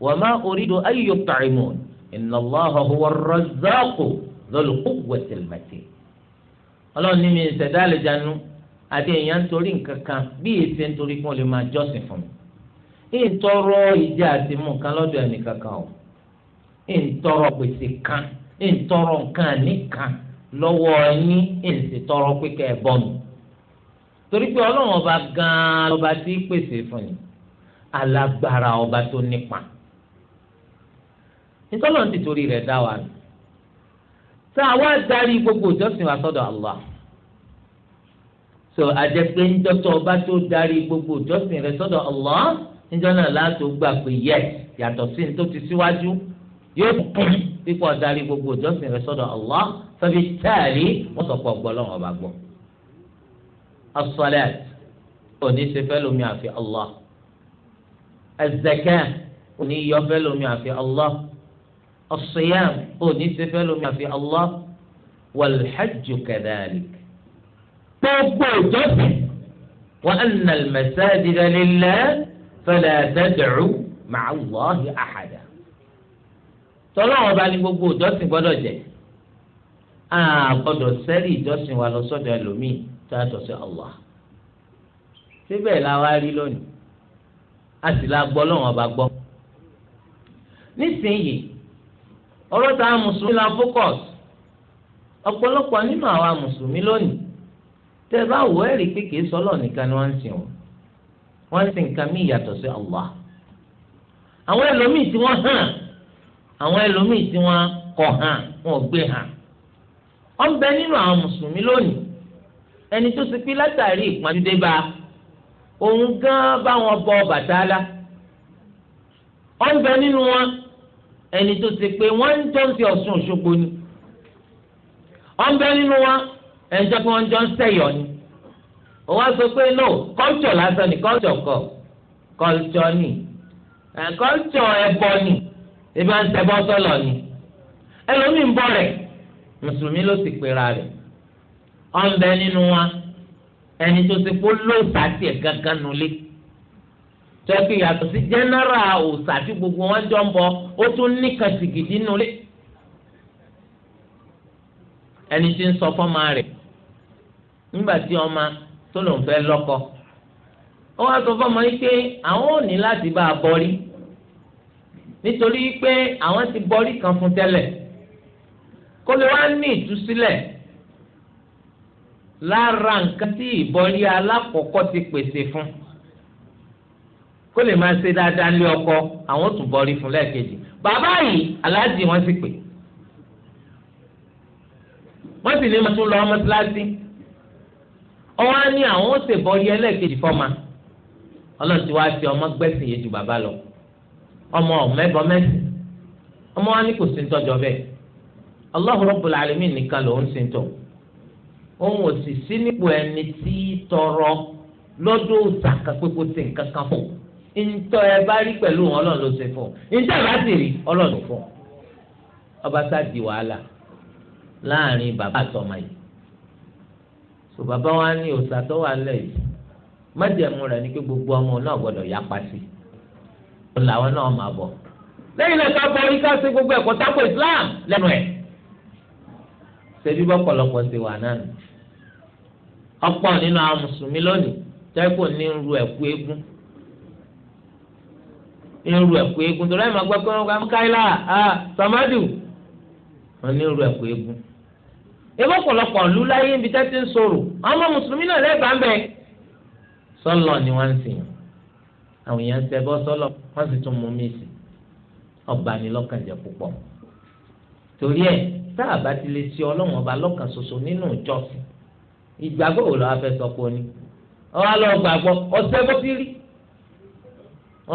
وما أريد أن يطعمون إن الله هو الرزاق ذو القوة المتين ọlọ́run ní mi ìṣẹ̀dá àlejànú àti èèyàn ń torí nǹkan kan bí èsì ń torí kí wọ́n lè máa jọ́sìn fún mi. ń tọrọ ìjà àti mú nǹkan lọ́dọ̀ ẹnì kankan o ń tọrọ pèsè kan ń tọrọ nǹkan àní kan lọ́wọ́ yín ń sì tọrọ pé kẹ́ ẹ bọ́ mi. torí pé ọlọ́run ọba gan-an lọ́ba tí pèsè fún yín alágbára ọba tó nípa nítorí ọ̀n ti torí rẹ̀ dá wa tá a wá darí gbogbo ìjọsìn wa sọ́dọ̀ Allah so àjẹpé ńdọ́tọ̀ ọba tó darí gbogbo ìjọsìn rẹ̀ sọ́dọ̀ Allah níjọ́ náà láti gbà pé yẹ yàtọ̀ sí ní tó ti síwájú yóò kún pípọ̀ darí gbogbo ìjọsìn rẹ̀ sọ́dọ̀ Allah fẹ́bi táàrí wọ́n sọ pé ọgbọ́n lọ́wọ́ ọba gbọ́ as-salat òní ṣe lómi àfi Allah azaka òní yọ fẹ́ lómi àfi Allah as-siyam òní ṣe fẹ́ lómi àfi Allah wal-hajj kadhalik gbogbo ìjọsìn wa anna al-masajida lillah fala tad'u ma'a Allahi ahada tọ́lọ́wọ́n bá ní gbogbo ìjọsìn gbọ́dọ̀ jẹ́ a sẹ́rí ìjọsìn wa lọ sọ́dọ̀ ẹlòmíì tó yàtọ̀ sí Allah síbẹ̀ la rí lónìí a sì la gbọ́ lọ́wọ́n ọba gbọ́. nísìnyí ọ̀rọ̀ táwọn mùsùlùmí la focus ọ̀pọ̀lọpọ̀ nínú àwa mùsùlùmí lónìí tẹ́ ẹ bá wò ẹ́ rí pé nìkan ni wọ́n ń sìn wọ́n wọ́n ń sìn nǹkan mí ìyàtọ̀ sí Allah àwọn ẹlòmíì tí wọ́n hàn àwọn ẹlòmíì tí wọ́n kọ̀ hàn wọn ò gbé hàn ọ̀nbẹ nínú àwọn mùsùlùmí lónìí ẹni tó ti pín látàrí ìpọ́njú dé bá a òun gan báwọn bọ Ọbàtálá ọ̀nbẹ nínú wọn ẹni tó ti pé wọ́n ń jọ ń ti Ọ̀ṣun Òṣogbo ni ọ̀nbẹ nínú wọn ẹni tó ti wọ́n jọ ń sẹ̀yọ̀ ni òun á sọ pé no culture lásán ni culture kọ́ culture ni culture ẹbọ ni ebi à ń ṣẹbọ sọlọ ni ẹlòmíì ń bọ rẹ̀ mùsùlùmí ló ti pera rẹ̀ ọ̀nbẹ nínú wọn ẹni tó ti kó lóòsà tiẹ̀ gángan nulẹ̀ tẹ́kì yàtọ̀ sí jẹ́nẹ́rà òòsà tí gbogbo wọn jọ ń bọ ó tún níkan sìgìdì nulẹ̀ ẹni tí ń sọ fọ́mọ rẹ̀ nígbà tí ọmọ tó lòun fẹ́ lọ́kọ ó wá sọ fọ́mọ yìí pé àwọn ò ní láti bá a bọ́rí nítorí pé àwọn ti bọ́rí kan fún tẹ́lẹ̀ kó lè wá ní ìtúsílẹ̀ lára nǹkan tí ìbọ̀lì alákọ̀ọ́kọ́ ti pèsè fún kó lè máa ṣe dáadáa lé ọkọ àwọn ò tún bọ̀lì fún lẹ́ẹ̀kejì bàbá yìí aláàjì wọn sì pè wọ́n sì ní máa tún lọ mọ́tíláṣí ọwọ́ á ní àwọn ó ṣe bọ̀lì ẹlẹ́ẹ̀kejì fọ́ma ọlọ́run ti wá fi ọmọ gbẹ́sìn yé ju bàbá lọ ọmọ ọ̀mẹ́bọ mẹ́sìn ọmọ wa ní kò sí ń tọ́jọ bẹ́ẹ̀ Allahu Rabbul Alamin nìkan lòún sí ń tọ́jọ òun ò sì sí nípò ẹni tí tọrọ lọ́dọ̀ òòsà kan pé kó ṣe nǹkan kan fún ntọ́ ẹ bá rí pẹ̀lú wọn ọlọ́run ló ṣe fún ntọ́ ẹ bá sì rí ọlọ́run fún ọba sá di wàhálà láàrin bàbá àtọmọ yìí so bàbá wa ní òòsà tó wà lẹ̀ yìí májẹ̀mú rẹ̀ ní kí gbogbo ọmọ náà gbọ́dọ̀ yá pàṣẹ òun làwọn náà máa bọ̀ lẹ́yìn náà ká bọ̀ yíká sí gbogbo ẹ̀kọ́ tako Islam lẹ́nu ẹ̀ ṣe bí bọ́ pọ̀lọpọ̀ ṣe wà náà nù ọ̀pọ̀ nínú àwọn mùsùlùmí lónìí tẹ́kù ní ń ru ẹ̀kú eégún ń ru ẹ̀kú eégún torí ẹ̀ máa gbọ́ pé wọ́n kọ́ káyílá sàmádù wọ́n ní ń ru ẹ̀kú eégún. ebi ọ̀pọ̀lọpọ̀ ìlú láyé ibi tẹ́ ti ń sọ̀rọ̀ ọmọ mùsùlùmí náà lẹ́ẹ̀bàá ń bẹ̀. sọ́lọ̀ ni wọ́n ń sìn àwọn èèyàn ń sẹ́ bọ́ sọ́lọ̀ wọ́n sì tún mú mi sí ọba ni lọ́kàn jẹ́ púpọ̀ torí ẹ̀ tá a bá ti lè ṣe ọlọ́run ọba lọ́kàn ṣoṣo nínú ìjọsìn ìgbàgbọ́ wo lọ́wọ́ fẹ́ sọ pé ó ní wọ́n á lọ gbàgbọ́ ọ̀sẹ̀ bó ti rí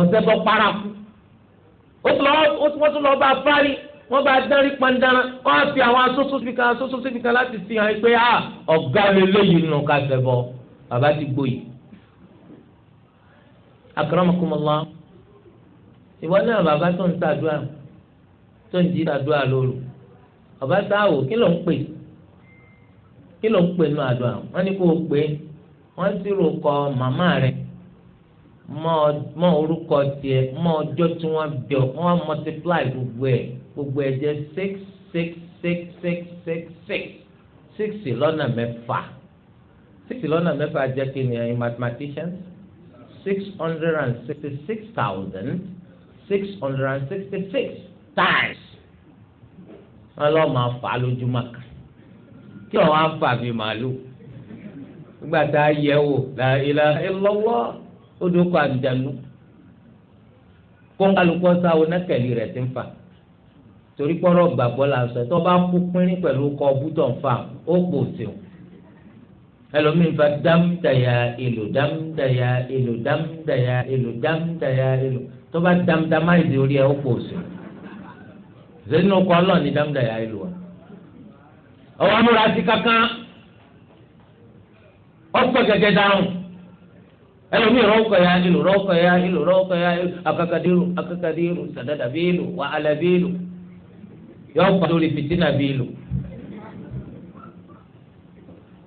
ọ̀sẹ̀ bó paraku ó tún lọ́ọ́ bá fárí wọ́n bá dárí pandana wọ́n á fi àwọn asosò fi kan asosò fi kan láti fi hàn pé a ah, ọ̀gá mi lóyún nù ká sẹ́bọ̀ bàbá ti gbóyè. akramakumullah ìwọ náà bàbá tó ń ṣàdúrà tó ń jí ṣàdúrà lóru bàbá sáà wò kí ló ń pè é kí ló ń pè nínú àdúrà wọn ní kó o pè é wọn sì rò kọ màmá rẹ mọ orúkọ tiẹ̀ mọ ọjọ́ tí wọn bẹ wọn multiply gbogbo ẹ gbogbo ẹ jẹ six six six six six six six lọ́nà mẹ́fà six lọ́nà mẹ́fà jẹ́ kí ni ẹ̀yin eh, mathematicians six hundred and sixty six thousand six hundred and sixty six times wọn lọ́ọ́ máa fà á kan tí wọn á fà bí màálù nígbà tá a yẹ wò là ìlà ìlọwọ ó dún kọ àdìjànú kó kálukọ sáwọ nákẹlì rẹ ti ń fà torí pọ́rọ̀ gbàgbọ́ la sọ tó bá kú pínrín pẹ̀lú kọ bútọ̀ fà ó pò sí o ẹlòmíín fa dám dàyà èlò dám dàyà èlò dám dàyà èlò dám dàyà èlò tó bá dám dàmáìsì orí ẹ ó pò sí o zẹ́nu kọ́ ọlọ́ọ̀ni dám dàyà èlò wa ọwọ́ múra sí kankan ọ̀pọ̀ gẹ́gẹ́ dáhùn ẹlòmíì rọ́ọ̀kọ̀ ya ìlú rọ́ọ̀kọ̀ ya ìlú rọ́ọ̀kọ̀ ya ìlú akakadiru akakadiru sadada bíìlù wà alẹ́ bíìlù yọ pa lórí fìtínà bíìlù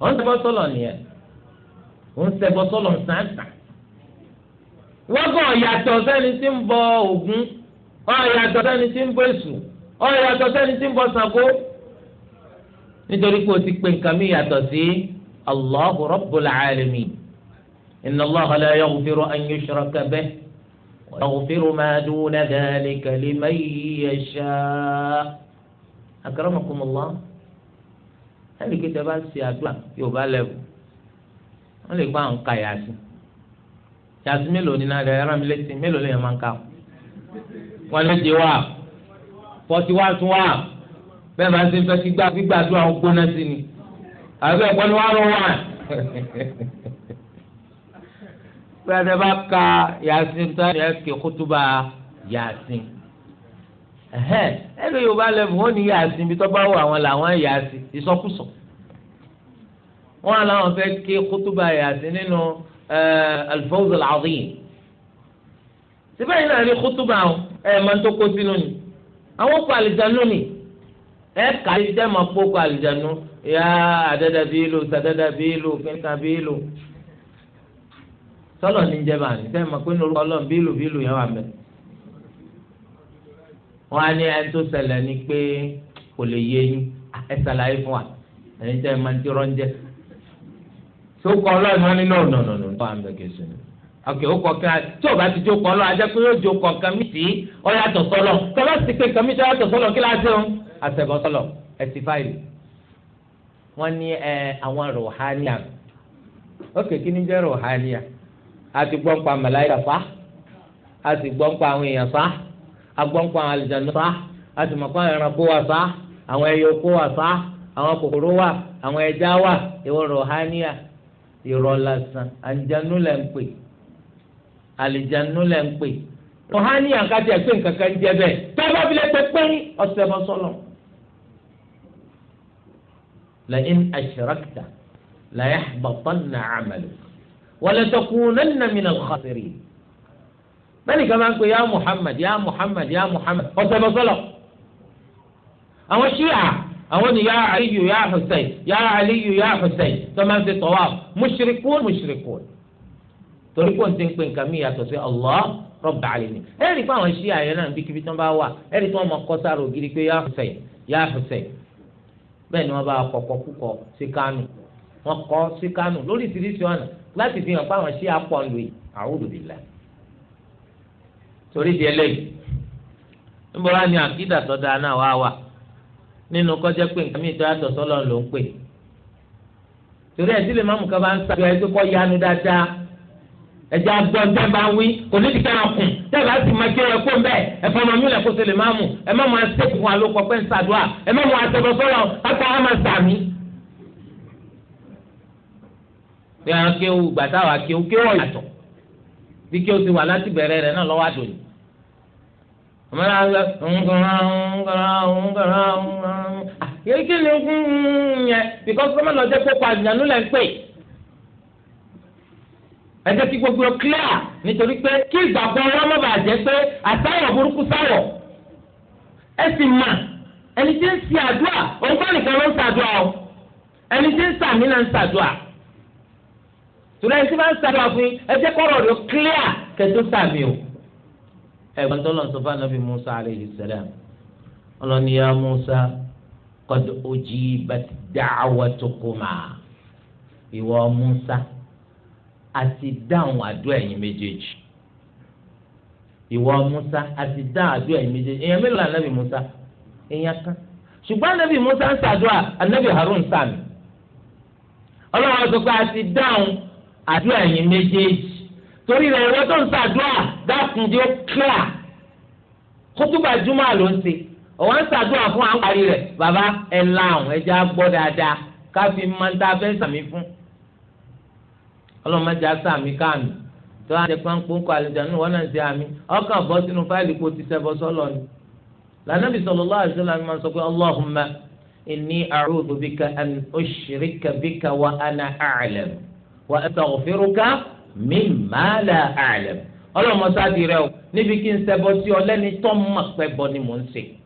wọ́n sẹ́bọ̀ sọ́lọ̀ nìyẹn wọ́n sẹ́bọ̀ sọ́lọ̀ sàǹsàn wọ́n kọ́ ọ̀yàtọ̀ sẹ́ni tí ń bọ Ògún ọ̀yàtọ̀ sẹ́ni tí ń bọ Èṣù ọ̀yàtọ̀ sẹ́ni tí ń bọ Ṣàngó nítorí pé o ti pè nǹkan mi yàtọ̀ sí allahu rabbul alamin inna allaha la yaghfiru an yushraka bihi wa yaghfiru ma duna dhalika liman yasha akramakumullah ẹnì kí tẹ bá ṣe àdúrà yóò bá lẹ́wọ̀ wọ́n lè gbọ́ àwọn kàyà yàtí mélòó ni náà rẹ̀ mi létí mélòó lè yẹn máa ń wọ́n lè dé wá fọ́tí wá tún wá bẹ́ẹ̀ máa ń ṣe fẹ́ kí gbà kí gbàdúrà ń gbóná sí ni àbẹ ẹ̀kọ́ ni wọ́n á lọ wà. pẹ́ẹ́dẹ́ bá ka yasin tán ẹ̀ kí kútúbà yasin ẹnu yorùbá lẹ́fù wọ́n ní yasin bí tọ́ba wọ àwọn làwọn yasin ìsọkúsọ wọ́n làwọn fẹ́ kí kútúbà yasin nínú al-fawz síbẹ̀ yìí náà ní kútúbà ẹ̀ máa ń tó kó sínú ni àwọn kọ àlìjánu ni ẹ kà á dẹ́ máa kó kọ àlùjánu yá àdẹ́dẹ́ bí lò sàdẹ́dẹ́ bí lò kíníkà bí lò sọlọ ní jẹba ní sẹ́yìn máa pé ní orúkọ ọlọ́run bí lò bí lò yẹn wà mẹ́. wọ́n á ní ẹni tó ṣẹlẹ̀ ni pé kò lè yé yín ẹ ṣàlàyé fún wa ẹni tẹ́ ẹ máa ń tí rọ́ńjẹ́. sókọ ọlọ́run wọn ní náà nọ̀ nọ̀ nọ̀ wà mẹ́ kẹsì ni. ok ó kọ kan tí o bá ti jó kọ ọlọ́run ajẹ́ pé yóò jó kọ kan mí sí ọ yàtọ̀ sọlọ tọ́lá ti pé kan mí sọ yàtọ̀ sọlọ kí láti ń asẹ̀bọ̀sọ̀lọ̀ ẹ̀sìn fáìlì wọ́n ní ẹ àwọn rọ̀hánìyà ókè kí ni jẹ́ rọ̀hánìyà a ti gbọ́ fa a ti gbọ́ ń pa àwọn èèyàn fa a gbọ́ ń pa àwọn àlùjànnú fa a ti mọ̀ pa àwọn ẹranko wa fa àwọn ẹyẹ oko wa fa àwọn kòkòrò wa àwọn ẹja wa ìwọ rọ̀hánìyà irọ́ lásán lẹ̀ ń pè àlùjànnú lẹ̀ ń pè rọ̀hánìyà ká tiẹ̀ pé nǹkan kan jẹ́ bẹ́ẹ̀ tọ́ bá fi ọ̀sẹ̀ mọ́sọ́lọ́ لئن أشركت ليحبطن عملك ولتكونن من الخاسرين bẹ́ẹ̀ni kan máa ń pe ya muhammad ya muhammad ya muhammad ọ̀sọ̀bọ̀sọ̀lọ̀ àwọn ṣíà àwọn ni ya aliyu ya hussein ya aliyu ya hussein tó máa ń ṣe tawaf mushrikun mushrikun torí kò ń ti ń pe nǹkan mi yàtọ̀ sí allah rọ́bà àlìní ẹ̀rí pé àwọn ṣíà yẹn náà níbi kíbi tí wọ́n bá wà ẹ̀rí tí wọ́n máa kọ́ sára ògiri pé ya hussein ya hussein bẹ́ẹ̀ ni wọ́n bá kọ̀kọ́ kúkọ sí kánò wọ́n kọ́ sí kánò lóríṣiríṣi ọ̀nà láti fi hàn pé àwọn ṣí apọ̀lù yìí a'udhu billah torí di eléyìí níbo wá ní àkídà tó dáa náà wá wà nínú kọjá pé nǹkan mìíràn tó yàtọ̀ sọ́lọ́ ló ń pè torí ẹ̀ sílẹ̀ máàmù kan bá ń sàgbé ẹ̀ tó kọ́ yanu dáadáa ẹ̀jẹ̀ agbọ́n tẹ́ bá wí kò ní ti ká ọkùn dábàá sì máa kí ẹ̀kọ́ ń bẹ̀ ẹ̀fọ́ ọmọ mi lẹ̀ kó sẹlẹ̀ máa mú ẹ má máa ṣe fún wa ló kọ pé ń ṣàdúrà ẹ má máa ṣẹbọ sọ́rọ̀ kápá wa máa sàmì. bí wọn kéwù gbàtà wà kéwù kéwù ọ̀yàtọ̀ bí kéwù ti wà láti bẹ̀rẹ̀ rẹ̀ náà lọ́wọ́ àdòyìn àmàlà àgbà ńgàrà ńgàrà ńgàrà ńgàrà yẹ ah, kí ni ń yẹ bìkọ́ sọ́mọ́ lọ́jọ́ pé ẹ jẹ́ kí gbogbo ẹ clear nítorí pé kí ìgbàgbọ́ wọn má bàa jẹ́ pé àtàwọn burúkú sáwọ̀ ẹ sì mà ẹni tí ń ṣe àdúrà òun kọ́ nìkan ló ń ṣàdúrà o ẹni tí ń sàmì náà ń ṣàdúrà tùrọ̀ ẹni tí wọ́n ń ṣàdúrà fún yín ẹ jẹ́ kọ́rọ̀ rẹ̀ clear kẹ́tó sàmì o. ẹ̀gbọ́n tó lọ sọ fún anabi musa aleyhi salam ọlọ́ni ya musa qad ujibat da'watukuma ìwọ musa àti dáhùn àdúrà ẹ̀yin méjèèjì ìwọ Musa àti dáhùn àdúrà ẹ̀yin méjèèjì èèyàn mélòó ànábì Musa èèyàn kan ṣùgbọ́n ànábì Musa ń ṣàdúrà ànábì Harun sàmì ọlọ́run sọ pé àti dáhùn àdúrà ẹ̀yin méjèèjì torí rẹ̀ ìwọ tó ń ṣàdúrà dákun jẹ́ kíláà kótóbà jùmọ̀ ló ń ṣe òwò ń ṣàdúrà fún àwọn parí rẹ̀ bàbá ẹ̀ láhùn ẹ̀jẹ̀ á gbọ́ dáadáa ká máa ń ta fẹ́ sàmì fún ọlọ́mọdé asá mi káàmì tó wá jẹ pánpó ń kọ àlùjáde wọn náà ṣe àmì ọkàn bọ́ sínú fáìlì kó ti sẹ́bọ̀ sọ́lọ ni lànàbì sallallahu alaihi wasallam máa sọ pé Allahumma inni a'udhu bika an ushrika bika wa ana a'lam wa astaghfiruka mimma la a'lam ọlọ́mọ sáà di rẹ o níbi kí n sẹ́bọ̀ sí ọ lẹ́ni tó mọ̀ pẹ́ bọ́ ni mò ń sèkú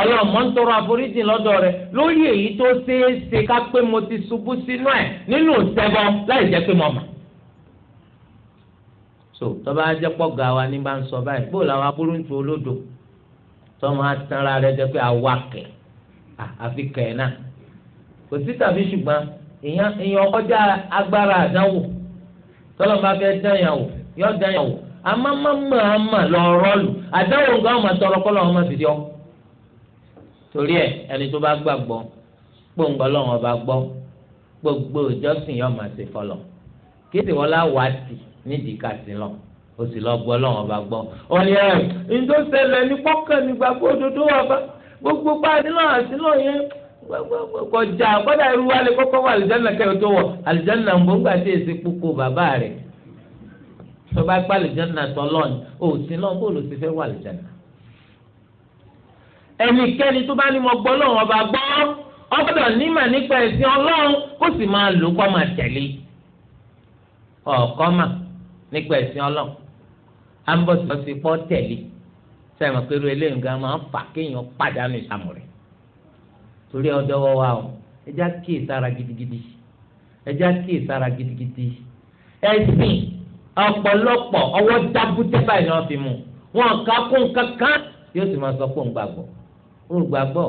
ọlọ́run mọ́ ń tọrọ àforíjì lọ́dọ̀ rẹ lórí èyí tó ṣeé ṣe ká pé mo ti ṣubú sínú ẹ̀ nínú ìṣẹ́bọ láì jẹ́ pé mo mọ̀. so tọ́ba ajẹ́ pọ̀ ga wa ní bá ń sọ báyìí bó làwọn aburú ń tu olódò tọ́mọ atanra rẹ jẹ́ pé àwa kẹ̀ àfi kẹ̀ náà kò sí tàbí ṣùgbọ́n èèyàn ọjà agbára àdánwò tọ́lọ́ bá fẹ́ dán yọ dán àmọ́ mọ́ mọ́ àmọ́ lọ́ọ́ àdánwò nǹkan ọmọ tọrọ ọmọ torí ẹ ẹni tó bá gbàgbọ́ gbòǹgbọ́ lọ́wọ́ bá gbọ́ gbogbo ìjọsìn yóò máa ṣe fọlọ́ kí sì wọ́n tì nídìí ká lọ o sì lọ gbọ́ lọ́wọ́ bá gbọ́ ọ ní ẹ ǹjọ́ ṣẹlẹ̀ ní pọ́kàn nígbà gbódodo wà bá gbogbo páàdé náà àti náà yẹn kọjá kọ́dà irú wa lè kọ́kọ́ wọ àlìjáná kẹ́yọ̀ tó wọ̀ àlìjáná ń gbóngbà tí èsì púpọ̀ bàbá rẹ̀ tó bá gbá àlìjáná ẹnikẹ́ni tó bá ní mo gbọ́ lọ́wọ́ ọba gbọ́ ọgbọ́dọ̀ nímà nípa ẹ̀sìn ọlọ́run kó sì máa lò kó máa tẹ̀lé ọ̀ọ́kọ́ mà nípa ẹ̀sìn ọlọ́run à ń bọ̀ sí ọ̀sìn pọ́ tẹ̀lé sẹ́yìn pẹ̀lú eléyìí gan máa ń fà kéèyàn pàdánù ìsàmù rẹ̀ torí ọjọ́ wọ́n wá o ẹja kíì sára gidigidi ẹja kíì sára gidigidi ẹ̀sìn ọ̀pọ̀lọpọ̀ ọwọ́ dábútẹ́ báyìí ni wọ́n fi mú wọn kà kún kankan yóò sì máa sọ pé òun gbàgbọ́ ó gbàgbọ́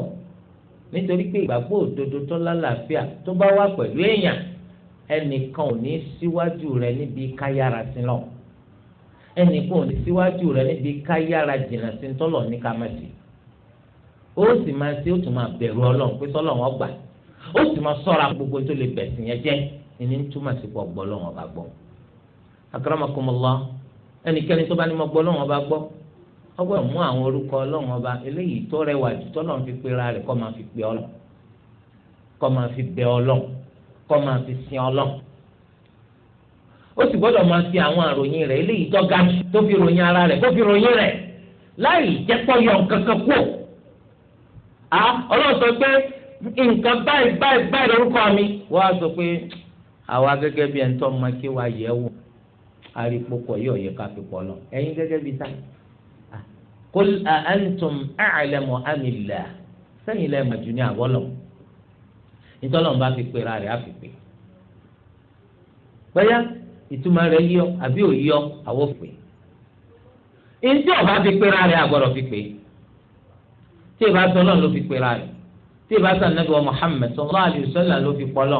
nítorí pé ìgbàgbọ́ òdodo tó lálàáfíà tó bá wà pẹ̀lú èèyàn ẹnìkan ò ní síwájú rẹ níbi káyára sí lọ ẹnìkan ò ní síwájú rẹ níbi káyára jìnnà sí tọ́lọ̀ ní kámẹ́sì ó sì máa ṣe ó tún máa bẹ̀rù ọlọ́run pé sọ́lọ̀ wọn gbà ó sì máa sọ́ra gbogbo tó lè bẹ̀sìn yẹn jẹ́ ẹni túmọ̀ sí pọ̀ gbọ́ lọ́wọ́n bá gbọ́ ẹnikẹ́ni tó bá ní mo gbọ́ lọ́wọ́n bá gbọ́ ọgbọ́n mú àwọn orúkọ ọlọ́run ọba eléyìí tó rẹwà jù tọ́lọ́run fi pera rẹ̀ kọ́ máa fi pe ọlọ́run kọ́ máa fi bẹ ọlọ́run kọ́ máa fi sin ọlọ́run ó sì gbọ́dọ̀ máa fi àwọn àròyìn rẹ̀ eléyìí tó ga tó fi ròyìn ara rẹ̀ tó fi ròyìn rẹ̀ láì jẹ́ pọ́ kankan kú à ọlọ́run sọ pé nǹkan báyìí báyìí báyìí lórúkọ mi wọ́n á sọ pé àwa gẹ́gẹ́ bí ẹni tó máa kí wa yẹ̀ wò àrípò pọ̀ yóò yẹ ká fi pọ̀ lọ ẹ̀yin gẹ́gẹ́ bí táyì kul àǹtùm àlẹmọ àmìlà sẹ́yìn lẹẹmọ jù ní àwọlọ nítorí wọn bá fi pera rẹ̀ á fi pè bẹyà ìtumọ̀ rẹ̀ yíyọ àbí òyíyọ àwọ pè ntí ọba fi pera rẹ̀ àgbọ́dọ̀ fi pè tí ìbá sọ náà ló fi pera rẹ̀ tí ìbá sọ nàbẹ wa Muhammad sallallahu alaihi wasallam ló fi pọlọ.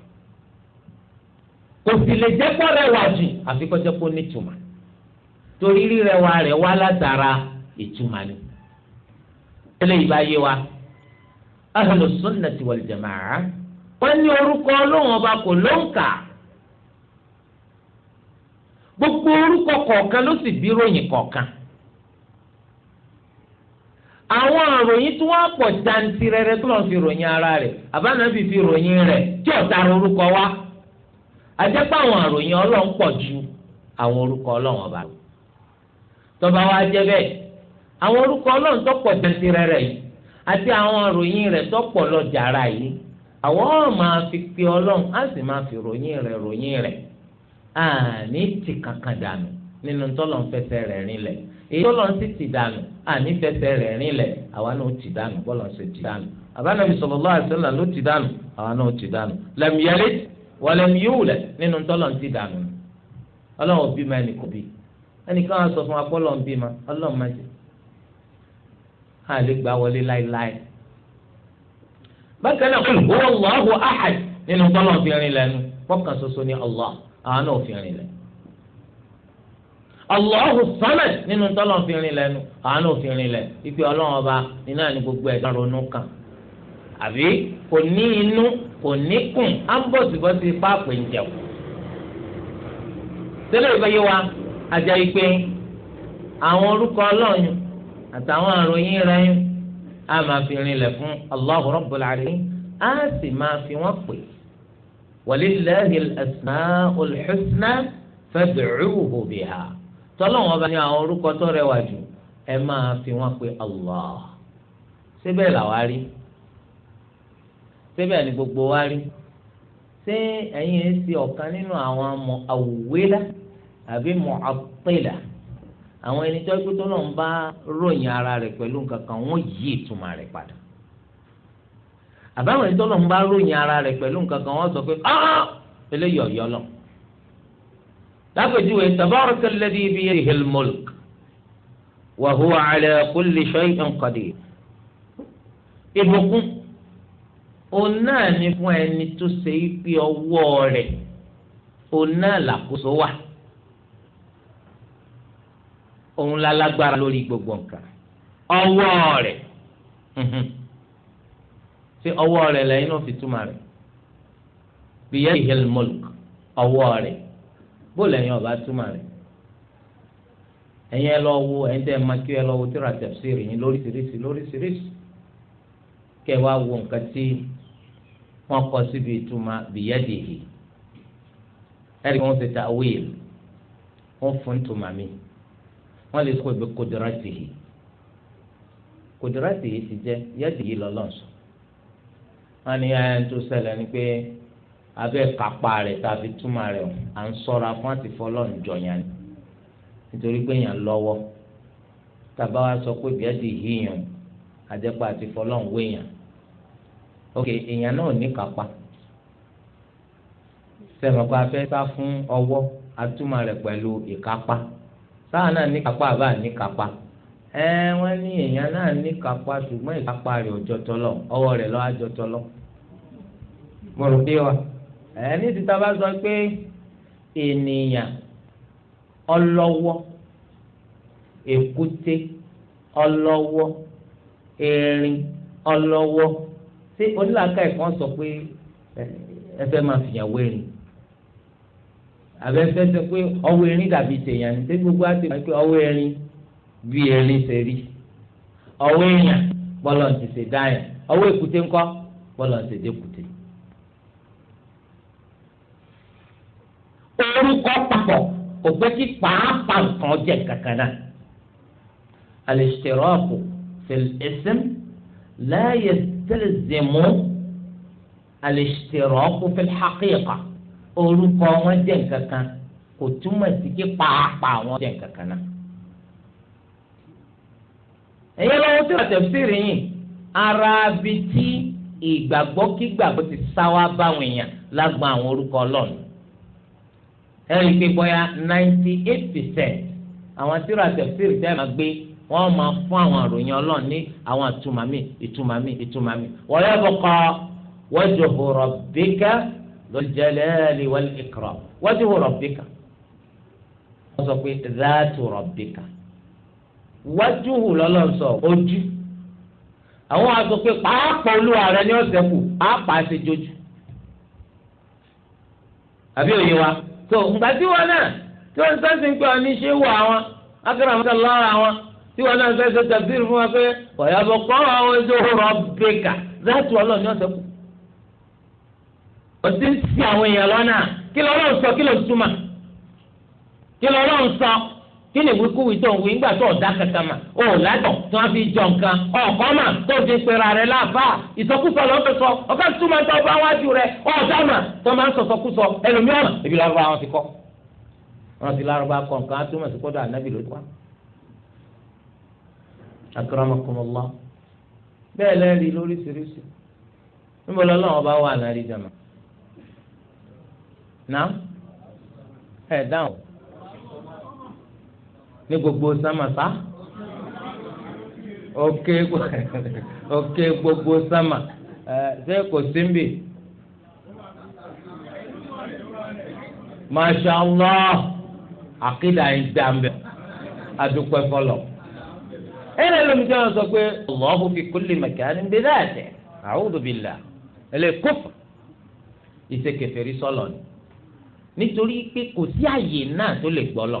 kò sì lè jẹ́ kó rẹwà jù àfi kó jẹ́ kó nítumọ̀ torí rírẹwà rẹ̀ wá látara ìtumọ̀ ni. eléyìí bá yé wa ahlu sunnati wal jamaa wọ́n ní orúkọ ọlọ́run ọba kò ló ń kà gbogbo orúkọ kọ̀ọ̀kan ló sì bí ròyìn kọ̀ọ̀kan àwọn àròyìn tí wọ́n pọ̀ jantirẹrẹ tó lọ́n fi ròyìn ara rẹ̀ àbánábì fi ròyìn rẹ̀ tí ọ̀tá orúkọ wa àjẹpọ̀ àwọn àròyìn ọlọ́run pọ̀ ju àwọn orúkọ ọlọ́run ọba lọ tọba wa jẹ́ bẹ́ẹ̀ àwọn orúkọ ọlọ́run tó pọ̀ tẹ̀sí rẹ̀ rẹ̀ yìí àti àwọn àròyìn rẹ̀ tó pọ̀ lọ jàrá yìí àwọn ọ̀rọ̀ máa fi pe ọlọ́run á sì máa fi ròyìn rẹ̀ ròyìn rẹ̀ àní ti kankan dànù nínú tọ́lọ̀ ń fẹsẹ̀ rẹ̀ èyí tọ́lọ̀ sì ti dànù àní fẹsẹ̀ rẹ̀ rinlẹ̀ àwa náà ti dànù bọ́lọ̀ sì ti dànù àbánabi sallallahu alaihi wasallam ló ti dànù àwa náà ti dànù lam walam yulad nínú tọ́lọ̀ ń ti dànù ọlọ́run òbí ma ẹnì kò bí ẹnìkan á sọ fún wa pọ́lọ̀ bí ma ọlọ́run má jẹ á lè gbà wọlé láéláé bákan náà kúlù ahad nínú tọ́lọ̀ fi lẹ́nu fọ́kàn ṣoṣo ní Allah àwọn náà fi rìn lẹ́nu samad fi àbí kò ní inú kò ní kùn á ń bọ̀ síbọ̀ sí páàpù ìjẹun. tẹ́lẹ̀ ìbáyé wa àjẹ́ ìpè àwọn orúkọ ọlọ́run àtàwọn àròyìn rẹ̀ á máa fi rinlẹ̀ fún Allahu Rabbul Alamin á sì máa fi wọ́n pè walillahi al-asma'ul husna fad'uhu biha tọ́lọ́wọ́n bá ní àwọn orúkọ tó rẹwà jù ẹ máa fi wọ́n pè Allah síbẹ̀ làwárí síbẹ̀ ni gbogbo wa rí ṣé ẹ̀yin ń ṣe ọ̀kan nínú àwọn mu'awwila àbí mu'attila àwọn ẹni tó gbé tó náà ń bá ròyìn ara rẹ̀ pẹ̀lú nǹkan kan wọ́n yí ìtumọ̀ rẹ̀ padà àbáwọn ẹni tó náà ń bá ròyìn ara rẹ̀ pẹ̀lú nǹkan kan wọ́n sọ pé eléyìí ọ̀yọ́ lọ. lápèjúwe tabaraka alladhi biyadihi al-mulk wa huwa ala kulli shay'in qadir ìbùkún. Ona ni fún ẹni tó ṣe é pé ọwọ́ rẹ̀ òun làkóso wà òun la lágbára lórí gbogbo nǹkan ọwọ́ rẹ̀ ṣé ọwọ́ rẹ̀ lẹ́yìn náà fi túmọ̀ rẹ̀ bìyẹn ìhẹ́lì mọ́lùk ọwọ́ rẹ̀ bó lẹ́yìn ọba túmọ̀ rẹ̀ ẹ̀yin ẹ lọ wo ẹ̀yin tẹ́ ẹ máa kí ẹ lọ wo tẹ̀síìrì yín lóríṣiríṣi lóríṣiríṣi kẹ́ ẹ wá wo nǹkan tí. wọn kọ síbi ìtumọ̀ bìyẹ́dìhì ẹ̀rí wọ́n ti ta wíìl wọ́n fún ìtumọ̀ mi wọ́n lè kó ibi kòdìrátìhì kòdìrátìhì ti ayé tó ni pé abẹ́ kápá rẹ̀ tàbí túmọ̀ rẹ̀ à ń sọ́ra fún àti fọlọ́ọ̀nù jọ̀yàn ni nítorí pé èèyàn lọ́wọ́ tàbá wa sọ pé yàn àjẹpà àti ok èèyàn náà ní kápá sẹ́mọ̀pá fẹ́ sá fún ọwọ atúmọ̀ rẹ̀ pẹ̀lú ìkápá sáà náà ní kápá àbá ní kápá ẹ wọn ní èèyàn náà ní kápá ṣùgbọ́n ìkápá rẹ̀ ọjọ́ tọ́lọ̀ ọwọ rẹ lọ́wọ́ àjọ tọ́lọ̀ mo rò pé wa ẹ ní títa bá sọ pé ènìyàn ọlọwọ èkúté ọlọwọ erin ọlọwọ. ṣé onílàákà ẹ̀kan sọ pé ẹ fẹ́ máa fìyàn wérin àbẹ fẹ́ sọ pé ọwọ́ erin dàbí tèèyàn ṣé gbogbo àti ìmọ̀ pé ọwọ́ erin bí erin ṣe rí ọwọ́ èèyàn bọ́lọ̀ ti ṣe dáyàn ọwọ́ èkúté ńkọ́ bọ́lọ̀ ti dékúté. orúkọ papọ̀ kò pé kí pàápàá nǹkan jẹ́ kankan náà. al-ishtirāku fil-ism lā yẹ yastalzimu al-ishtiraku fil haqiqa orúkọ wọn jẹ́ nǹkan kan kò túmọ̀ sí kí pàápàá wọn jẹ́ nǹkan kan náà. ẹ̀yẹ́ lọ́wọ́ tí wọ́n tẹ̀síìrì yìí ara bi ìgbàgbọ́ kígbàgbọ́ ti sáwá báwọn èèyàn lágbọ́n àwọn orúkọ ọlọ́run. ẹ rí i pé bóyá ninety eight percent àwọn tíra tẹ̀síìrì tẹ́ máa gbé wọ́n máa fún àwọn àròyìn ọlọ́run ní àwọn ìtumọ̀ mi ìtumọ̀ mi ìtumọ̀ mi wọ́n yẹ kó kọ́ wajhu rabbika dhul jalali wal ikram wajhu rabbika wọ́n sọ pé zaatu rabbika wájú lọ́lọ́ sọ ojú àwọn aṣọ pé pàápàá olúwa rẹ ní ọ̀sẹ̀ kù pàápàá ṣe jojú àbí òye wa tó ǹgbà tí wọn náà tí wọn sọ sí ọ ní ṣé wù àwọn akérè àwọn ọmọdé lọ́rọ̀ àwọn tí wọn náà fẹsẹ̀ tẹ̀síìrì fún wa pé ọ̀yàbọ̀ kọ́ àwọn ẹjọ́ rọ̀ bẹ́ẹ̀kà láti ọlọ́ọ̀ni ọ̀sẹ̀ kù. ọtí ń sin àwọn èèyàn lọ́nà kí lọ́ọ́ lọ́ọ́ sọ kí lọ́ọ́ túmọ̀ kí lọ́ọ́ lọ́ọ́ sọ kí ni wíkúwí tó ń wí ńgbà tó ọ̀dà kankan mà ó látọ̀ tí wọ́n fi jọ nǹkan ọ̀kọ́ mà tó fi pera rẹ̀ láàbà ìsọkúsọ lọ́ọ́ sọ ọ̀ká túmọ̀ tó bá wájú rẹ̀ ọ̀dà mà tó máa ń sọ̀sọkúsọ ẹlòmíràn ìbí lárúbá wọn ti kọ́ wọn ti lárúbá kọ̀ nǹkan á túmọ̀ sí kọ́dọ̀ ànábì ló wá. akramakumullah bẹ́ẹ̀ lẹ́ẹ̀rí lóríṣiríṣi níbo wà lárí jama dáhùn ní gbogbo òkè gbogbo ṣé kò síbi. masha allah akida yin ẹnì ẹlòmíì tí wọn sọ pé Allahu fi kulli makanin bi dhatihi a'udhu billah ẹlẹkọfà ìṣèkèfèrí sọlọ ni nítorí pé kò sí àyè náà tó lè gbọlọ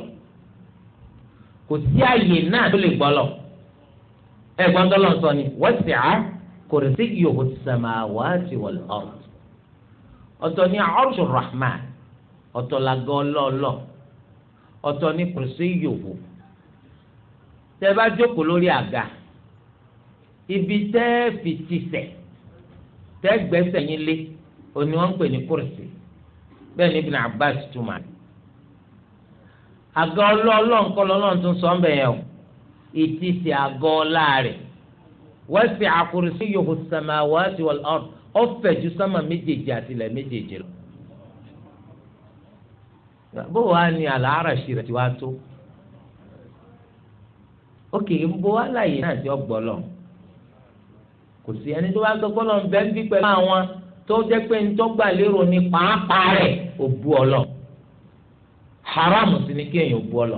kò sí àyè náà tó lè gbọlọ ẹ̀gbọ́n tó lọ sọ ni wasi'a kursiyyuhu as-samawati wal-ard ọ̀tọ̀ ni arshur rahman ọ̀tọ̀ làgọ ọlọlọ ọ̀tọ̀ ni kursiyyuhu tẹ́ bá jókòó lórí àga ibi tẹ́ fi tìsẹ̀ tẹ́ gbẹ́sẹ̀ yín lé òní wọ́n ń pè ní kùrìsì bẹ́ẹ̀ ni Ibn Abbas túmọ̀ àga ọlọ́ọ̀lọ́ọ̀ nǹkan lọ́lọ́ọ̀ tún sọ ń bẹ̀ yẹn o ìtìsẹ̀ àga ọlá rẹ̀ wasi'a kursiyyuhu as-samawati wal-ard ó fẹ̀ ju sánmà méjèèjì àti ilẹ̀ méjèèjì lọ. bó wàá ní àlàáràṣì rẹ̀ ti wá tó òkè ń bo aláyè náà tí ó gbọ́lọ̀ kò sí ẹni tó bá sọ gbọ́lọ̀ ń bẹ́ ń bí pẹ̀lú àwọn tó jẹ́ pé ń tọ́gbà lérò ní pàápàá rẹ̀ ò bu ọlọ haram sì ni kéèyàn ò bu ọlọ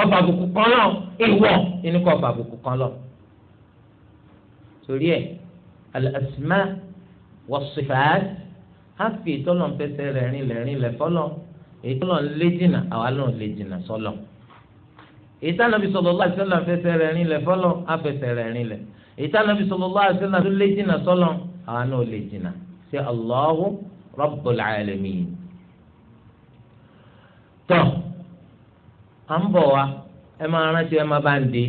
ọba àbùkù kan lọ ìwọ inú kọ ọba àbùkù kan lọ torí ẹ al-asma was-sifat á fi ìtọ́lọ̀ ń fẹsẹ̀ rẹ̀ rìn lẹ́rìn lẹ́fọ́lọ́ èyí tọ́lọ̀ ń lé jìnnà àwa náà lè jìnnà sọ́lọ̀. So ìta nàbì sallallahu alaihi wasallam fẹsẹ̀ rẹ̀ rìn lẹ̀ fọlọ́ àfẹsẹ̀ rẹ̀ rìn lẹ̀ ìta nàbì tó lé jìnnà sọlọ àwọn náà lè jìnnà ṣe Allahu rabbul alamin. tọ́ à ń bọ̀ wá ẹ máa rántí ẹ máa bá ń dé.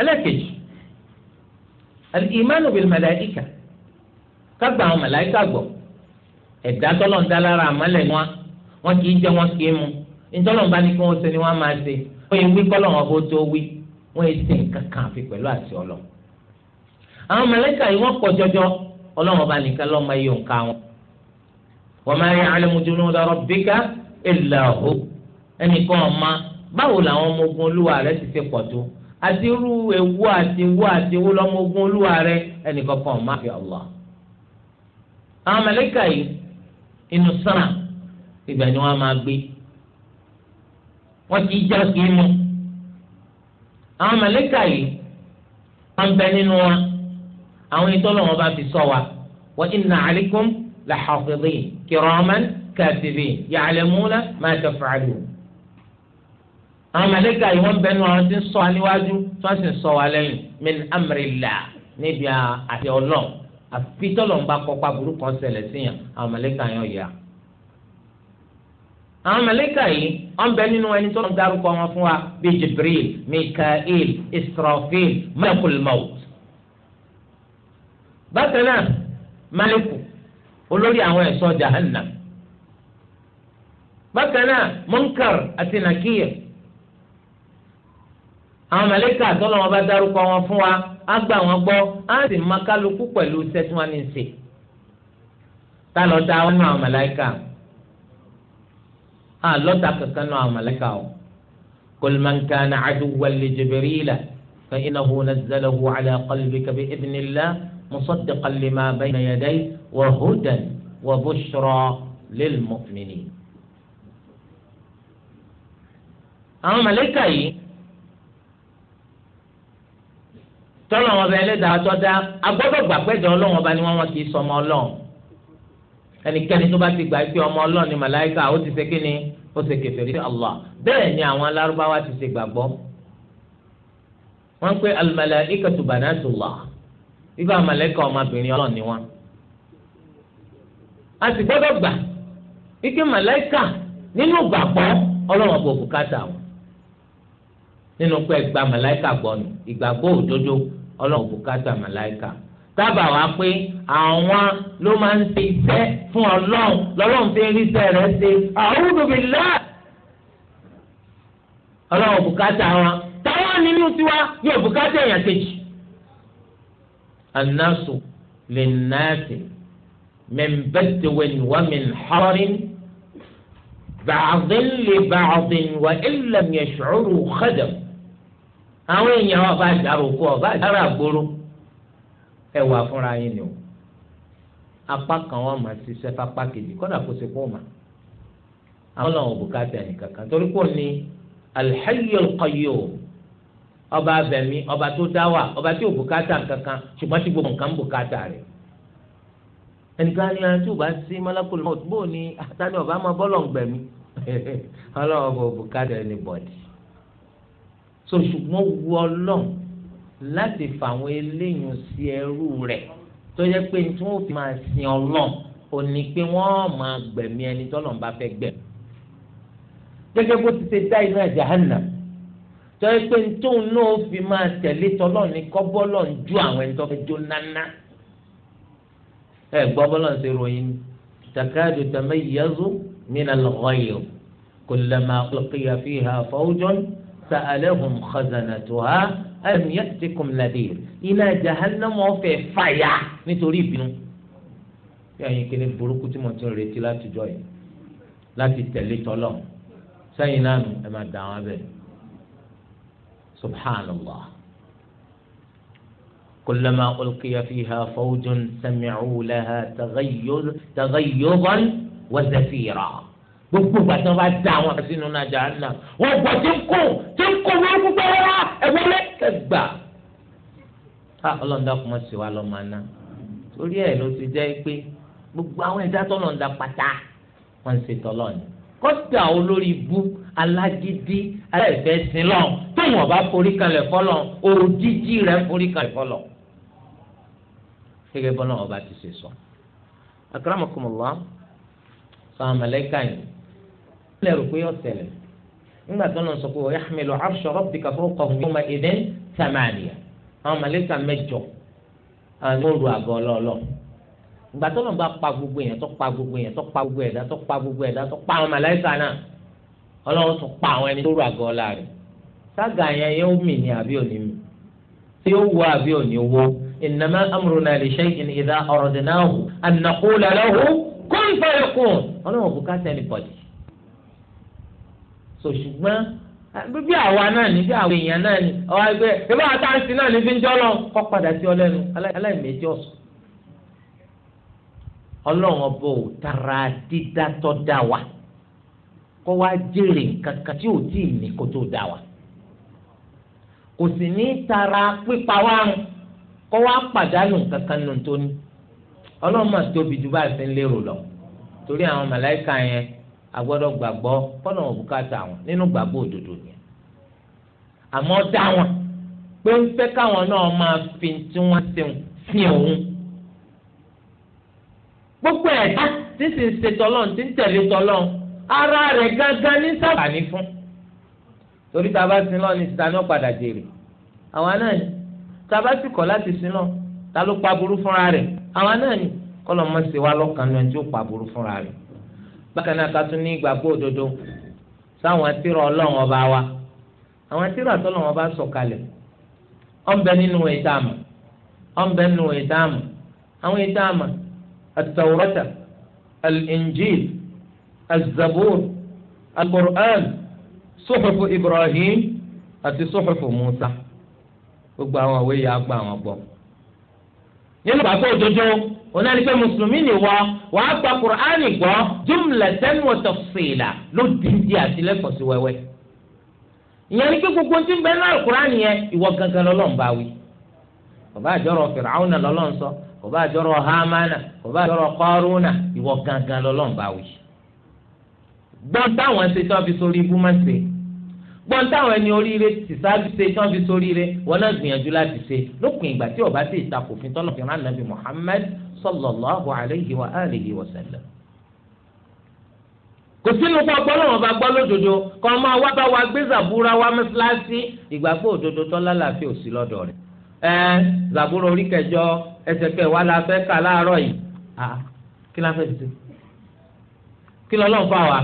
ẹlẹ́kejì al-imanu bil kágbà àwọn ń dá lára wọn wọn kì í mu. ìjọlọ́n bá ní kí wọ́n ṣe ni wọ́n máa ṣe wọ́n yẹ wí kọ́lọ́ wọn bó tó wí wọ́n yẹ ṣe nǹkan kan àfi pẹ̀lú àti ọlọ́ àwọn màláíkà yìí wọ́n pọ̀ jọjọ ọlọ́wọ́n bá nìkan lọ́ọ́ máa yọ nǹkan wọn wa ma ya'lamu junuda rabbika illa hu ẹnìkan ọ̀ma báwo làwọn ọmọ ogun olúwa rẹ ti ṣe pọ̀ tó àti irú ewu àti ewu àti ewu lọ́mọ ogun olúwa rẹ ẹnìkan kan ọ̀ma fi Allah àwọn màláíkà ni wọ́n wọ́n ti já kí mu àwọn màlẹ́kà yìí wọ́n bẹ nínú wa àwọn ìtọ́lọ̀ wọn bá fi sọ wa wa inna alaykum la hafidhin kiraman katibin ya'lamuna ma taf'alun àwọn màlẹ́kà yìí wọ́n bẹ nínú àwọn tí ń ṣọ́ wa níwájú tí wọ́n sì ń wa lẹ́yìn min amrillah níbi àti ọlọ́ọ̀ àfi ń bá kọ́pá burúkú ọ̀sẹ̀ lẹ́sìn yẹn àwọn màlẹ́kà yẹn yà àwọn mẹlẹ́kà yìí wọ́n bẹ nínú ẹni tó ń dárúkọ wọn fún wa bíi jibril mikael israfil malakul maut. bákan náà maliku olórí àwọn ẹ̀ṣọ́ jahannam bákan náà munkar àti nakir àwọn mẹlẹ́kà tọ́lọ́ wọn bá dárúkọ wọn fún wa á gbà wọn gbọ́ á sì má kálukú pẹ̀lú sẹ́tún tá lọ́ọ́ dá wọn nù àwọn mẹlẹ́kà àlọ́ta ah, kankan náà àmàlẹ́kà o qul man kana aduwwan li jibrila fa innahu nazzalahu ala qalbika bi idhnillah musaddiqan lima bayna yadayhi wa hudan wa bushra lil mu'minin. àwọn màlẹ́kà yìí tọ́lọ̀ wọn bẹ ẹlẹ́dàá tọ́ da agbọ́dọ̀ gbàgbẹ́jọ ọlọ́wọ́n bá ní wọn kì í sọmọ ọlọ́run ẹnikẹ́ni tó bá ti gbà pé ọmọ ọlọ́run ni màláìka ó ti ṣe kí ni ó ṣe kèfèrí sí Allah bẹ́ẹ̀ ni àwọn alárúbáwá ti ṣe gbàgbọ́ wọ́n ń pè al-malaikatu banatullah ibà màláìka ọmọbìnrin ọlọ́run ni wọ́n. a sì gbọ́dọ̀ gbà ike màláìka nínú gbàgbọ́ ọlọ́run ọ̀bọ̀ bùkátà wọn nínú pé gba màláìka gbọ́ ni ìgbàgbọ́ òdodo ọlọ́run bùkátà màláìka dábàá wá pé àwọn ló máa ń ṣe iṣẹ́ fún ọlọ́run lọ́lọ́run fi ń rí iṣẹ́ rẹ̀ ṣe a'udhu billah ọlọ́run bùkátà wọn táwọn nínú tiwa yóò bùkátà èèyàn kejì. annasu linnasi min badwin wa min harin ba'dhin li ba'dhin wa illam yash'uru khadam. àwọn èèyàn ọba àjàrò kú ọba àjàrò àgbòrò ẹ wà hmm. fúnra yín ni o apá kan wọn máa ṣiṣẹ́ fapá kejì kódà kó ṣe kó mà àwọn náà ò bùkátà nìkan kan torí kò ní al-hayyul qayyum ọba abẹ̀mí ọba tó dá wà ọba tí ò bùkátà kankan ṣùgbọ́n tí gbogbo nǹkan ń bùkátà rẹ̀ ẹnìkan ni ẹni tí sí malakul maut bó ni àtàlẹ́ ọba máa bọ́ lọ́ngbẹ̀mí ọlọ́wọ́ bò bùkátà ẹni bọ̀dì so ṣùgbọ́n wu ọlọ́run láti fà àwọn eléyìí sí ẹrú rẹ̀ tó yẹ pé tí wọ́n fi máa sin ọlọ́n ò ní pé wọ́n máa gbẹ̀mí ẹni tọ́lọ́n bá fẹ́ gbẹ̀mí. gẹ́gẹ́ bó ti ṣe dá iná jahanna tó yẹ pé tóun náà fi máa tẹ̀lé tọ́lọ́n ní kọ́bọ́lọ́ ju àwọn ẹni tó fẹ́ jó nánà. ẹ gbọ́ bọ́lọ́ ṣe ròyìn takadu tamayyazu minal ghayr kullama ulqiya fiha fawjun sa'alahum khazanatuha. ẹnu ti yẹtìkùn nàdìr iná ẹja jahannam ọfẹ fàyà nítorí ìbínú bí ẹ̀yin kí ni burúkú tí mo ti ń retí láti jọ yìí láti tẹ̀lé tọ́lọ̀ sẹ́yìn náà nù ẹ máa dà wọn bẹ́ẹ̀ subhanallah kullama ulqiya fiha fawjun sami'u laha taghayyuzan wa zafira gbogbo ìgbà tí wọn bá dá àwọn sínú náà jahannam wọn gbọ́ tí ń kó tí ń kó wọn gbogbo ẹ̀rọ ẹ̀wọ́lẹ́. ẹ gbà á ọlọ́run dákun mọ́ sí wa lọ́ máa ná torí ẹ̀ ló ti jẹ́ pé gbogbo àwọn ẹ̀dá tọ́lọ́run dá pátá wọ́n ń ṣe tọ́lọ́run kọ́dà olórí ibú alágídí aláìfẹ́ sílọ̀ tó wọ́n bá forí kalẹ̀ fọlọ́ òdìjí rẹ̀ forí kalẹ̀ fọlọ́ gẹ́gẹ́ bọ́lá ọba ti ṣe sọ. akramakumullah sọ àmàlẹ́kà yìí wọ́n lè rò pé ọ̀sẹ̀ lẹ̀ nígbà tó náà sọ pé wọ́n yàhámi lọ aṣọ rọ́bì kàfọ́ kọ̀ọ̀kan yóò máa èdè sàmàlìyà àwọn màlẹ́kà mẹ́jọ àwọn ló ń ru àgọ́ ọlọ́ọ̀lọ́ ìgbà tó náà bá pa gbogbo èèyàn tó pa gbogbo èèyàn tó pa gbogbo ẹ̀dá tó pa gbogbo ẹ̀dá tó pa àwọn màlẹ́kà náà ọlọ́run tó pa àwọn ẹni tó ru àgọ́ ọlá rẹ̀ sága yẹn yóò mì ní àbí òní mi tí ó wọ àbí òní wọ ìnàmá amúrúnà lè ṣe ìdí ìdá ọ̀rọ̀ dì sọ ṣùgbọ́n bí àwa náà ní bí àwọn èèyàn náà ní ọ̀hún ẹgbẹ́ ìbá àtàǹtì náà ní fi ń jọ́lọ́ kọ́ padà sí ọlẹ́nu aláìmẹ́jọ sùn. ọlọ́run ọba ò tara dídátọ́ dá wa kó wá jèrè nǹkan tí ò tí ì ní kó tó dá wa kò sì ní tara pípa wa rùn kó wá pàdánù nǹkan kan nù tó ní ọlọ́run mà tóbi ju bá a ń lérò lọ torí àwọn màláìka yẹn agbọ́dọ̀ gbàgbọ́ kọ́nà òbúkátà wọn nínú gbàgbọ́ òdodo yẹn àmọ́ dá wọn pé ń fẹ́ káwọn náà máa fi tí wọ́n ṣeun sí òun gbogbo ẹ̀dá tí sì ń ṣe tọ́lọ́n tí ń tẹ̀lé tọ́lọ́n ara rẹ̀ gángan ní sábàání fún torí tá a bá ní sísá ọ̀padà jèrè àwa náà ni tá sì kọ̀ láti sin lọ́ọ̀ ta ló pa burú fúnra rẹ̀ àwa náà ni kọ́lọ́ mọ̀ sí wa lọ́kàn náà tí ó pa burú fúnra rẹ̀ bákan náà ká tún ní ìgbàgbọ́ òdodo sáwọn tírà ọlọ́run ọba wa àwọn tírà tọ́lọ́run ọba sọ̀kalẹ̀ ọ̀nbẹ nínú ètò àmà ọ̀nbẹ nínú ètò àwọn ètò àmà at-Tawrata al-Injil zabur al-Qur'an suhufu Ibrahim àti suhufu Musa gbogbo àwọn òwe yìí á gbà wọn gbọ́ nínú ìgbàgbọ́ òdodo onáni pé mùsùlùmí ni wọ wàá gba kùránì gbọ́ jumlatan wa tafsila ló dìndín àtìlẹ́kọ̀ọ́ sí wẹ́wẹ́ ìyẹn ni pé gbogbo tí ń bẹ náà kùránì yẹn ìwọ gangan lọ́lọ́run bá wí bàbá àjọrò fìràwùnà lọ́lọ́run sọ bàbá àjọrò hamana bàbá àjọrò kọ́rùnà ìwọ gangan lọ́lọ́run bá wí gbọ́n táwọn ṣe tó fi sórí ibú máa ṣe gbọ́n táwọn ẹni oríire ti sáájú ṣe tí wọ́n fi sóríire wọn náà gbìyànjú láti ṣe lópin ìgbà tí ọba sì ìtakòfin tọ́lọ̀ fi rán nàbì Muhammad sallallahu alayhi wa alihi wa sallam. kò sínú kó ọgbọ́lọ́wọ́n bá gbọ́ lódodo kó ọmọ wa bá wa gbé zàbúrà wa mẹ́sàlásì ìgbàgbọ́ òdodo tọ́lá làáfíà òsì lọ́dọ̀ rẹ̀. ẹ zàbúrà orí kẹjọ ẹsẹ̀ pẹ̀ wá la fẹ́ kà láàárọ̀ yìí kí ló ń fẹ́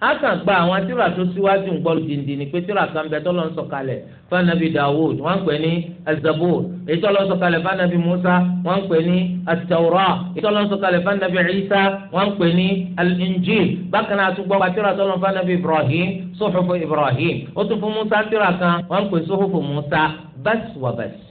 a kàn gba àwọn tíra tó síwájú ń gbọ́ dìndín ni pé tíra kan bẹ tọ́lọ́ ń sọ̀kalẹ̀ fanabi Dawud wọ́n ń pè ní azabur èyí tọ́lọ́ ń sọ̀kalẹ̀ fanabi Musa wọ́n ń pè ní atawura èyí tọ́lọ́ ń sọ̀kalẹ̀ fanabi Isa wọ́n ń pè ní alinjil bákan náà tún gbọ́ wa tíra tọ́lọ́ fanabi Ibrahim sọ́fọ̀fọ̀ Ibrahim ó tún fún Musa tíra kan wọ́n ń pè sọ́fọ̀fọ̀ Musa bẹ́ẹ̀sì wà bẹ́ẹ̀sì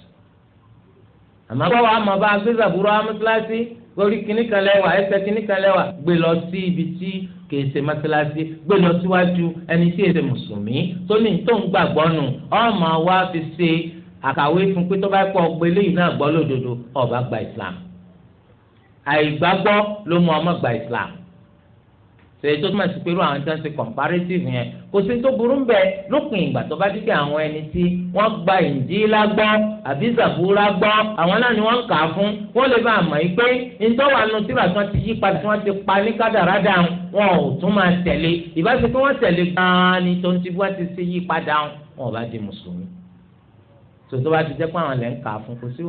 àmọ́ báwo àmọ́ bá a gbé zàbúrò amúsíláṣí orí kìnnìkan lẹ́wà ẹsẹ̀ kìnnìkan lẹ́wà gbé lọ sí ibi tí kì í ṣe mọ́sálásí gbé lọ síwájú ẹni tí èsè mùsùlùmí tó ní tó ń gbàgbọ́ nù ọmọ wa fi ṣe àkàwé fún pé tó bá pọ̀ pé lẹ́yìn náà gbọ́ lódodo ọba gba islam àìgbàgbọ́ ló mú ọmọ gba islam sèyí tó túmọ̀ sí pé irú àwọn tí wọ́n ṣe comparative yẹn kò sí tó burú bẹ́ẹ̀ lópin ìgbà tó bá dìgbà àwọn ẹni tí wọ́n gba Ìnjílà gbọ́ àbí Sàbúrà gbọ́ àwọn náà ni wọ́n ń kà á fún wọ́n lè bá a mọ̀ yìí pé ntọ́wà nu tíra tí wọ́n ti yí padà tí wọ́n ti pa ní kádàrádà wọn ò tún máa tẹ̀lé ìbáṣe pé wọ́n tẹ̀lé gan-an ni tó ń ti wọ́n ti ṣe yí padà wọn ò bá di mùsùlùmí tòtò bá ti jẹ́ pé àwọn lẹ́ ń kà á fún kò sí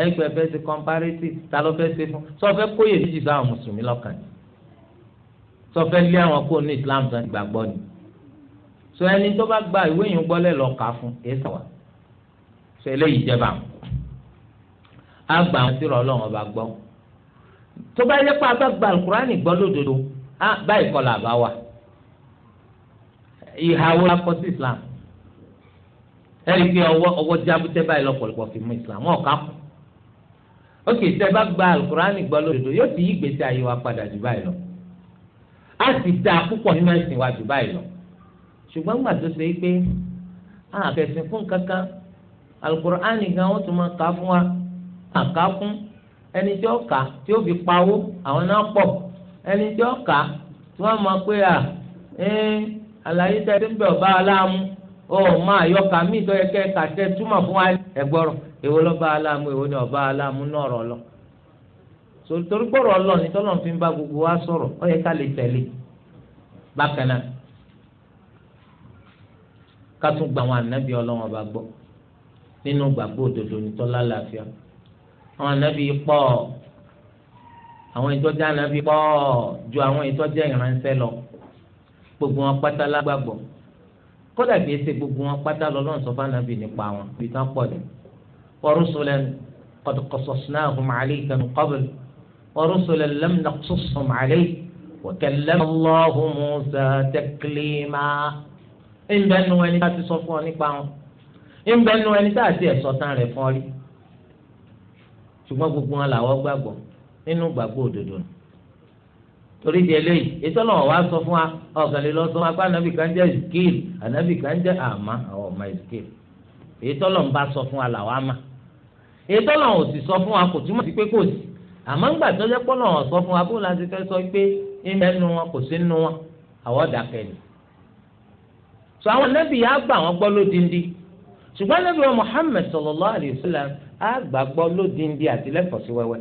ẹ̀yin pé ẹ̀fẹ́ ṣe comparative ta ló fẹ́ ṣe fún sọ fẹ́ kóyè méjì sáwọn mùsùlùmí lọ́kàn ni sọ fẹ́ lé àwọn kó ní Islam tó ń gbàgbọ́ ni sọ ẹni tó bá gba ìwé yìí ń gbọ́lẹ̀ lọ kà fún ẹ̀ sàwà sọ eléyìí jẹba á gbà wọn sí Ọlọ́run ọba gbọ́ tó bá yẹ pé a bá gba alukurani gbọ́ lódodo á báyìí kọ́ bá wa ìhàwó la kọ sí Islam ẹ̀rí pé ọwọ́ ọwọ́ jábútẹ́ báyìí lọ́pọ̀lọpọ̀ fi mú Islam wọn kù ókè tẹ́ bá gba alukurani gbọ́ lódodo yóò ti yí gbèsè ayé wa padà jù báyìí lọ a sì da púpọ̀ nínú ẹ̀sìn wa jù báyìí lọ ṣùgbọ́n gbà tó ṣe pé àfẹ̀sìn fún kankan alukurani gan wọ́n tún máa kà fún wa àká fún ẹni tí ó kà tí ó fi pawó àwọn náà pọ̀ ẹni tí ó kà tí wọ́n máa pé à àlàyé tẹ́ ẹ ti ń bẹ̀ ọ̀bá aláàmú ọ̀ máa yọ kà ìtọ́yẹ kẹ́ kà tẹ́ túmọ̀ fún wa ẹgbọ́rọ̀ èwo ló bá aláàmú èwo ni ọba aláàmú náà rọ lọ torí gbọ́rọ̀ lọ ní tọ́lọ́ fi ń bá gbogbo wa sọ̀rọ̀ ó yẹ ká lè tẹ̀lé bákan náà ká tún gba àwọn ànábì ọlọ́wọ́n bá gbọ́ nínú gbàgbọ́ òdodo ní tọ́lá làáfíà àwọn ànábì pọ̀ àwọn ìtọ́jú ànábì pọ̀ ju àwọn ìtọ́jú ìránṣẹ́ lọ gbogbo wọn pátá lágbàgbọ́ kódà kìí ṣe gbogbo wọn pátá lọ́lọ́run sọ fún ànábì nípa wọn ibi tán pọ̀ nìyẹn. ورسلا قد قصصناهم عليك من قبل ورسلا لم نقصصهم عليك وكلم الله موسى تكليما إن بنو أن تأتي صفواني باهم إن بنو أن تأتي صوتان رفوري ṣùgbọ́n gbogbo wọn làwọn gbàgbọ́ nínú gbàgbọ́ òdodo torí di eléyìí ètò ọlọ́wọ́ wa sọ fún wa ọ̀gàn lè lọ sọ wọn pé ànábì kan jẹ́ ìsìkìl ànábì kan jẹ́ àmà àwọn ọmọ ìsìkìl ètò ọlọ́wọ́ bá sọ fún wa làwọn àmà. ètò ọlọ́run ò sì sọ fún wa kò túmọ̀ sí pé kò sí àmọ́ ńgbà tó jẹ́ sọ fún wa bó la ti fẹ́ sọ pé ìmẹ̀ nu wọn kò sí nu wọn àwọn dàkẹ́ ni. sọ àwọn nẹ́bí yà á gbà wọ́n gbọ́ lódindi ṣùgbọ́n nẹ́bí á gbà gbọ́ lódindi àti wẹ́wẹ́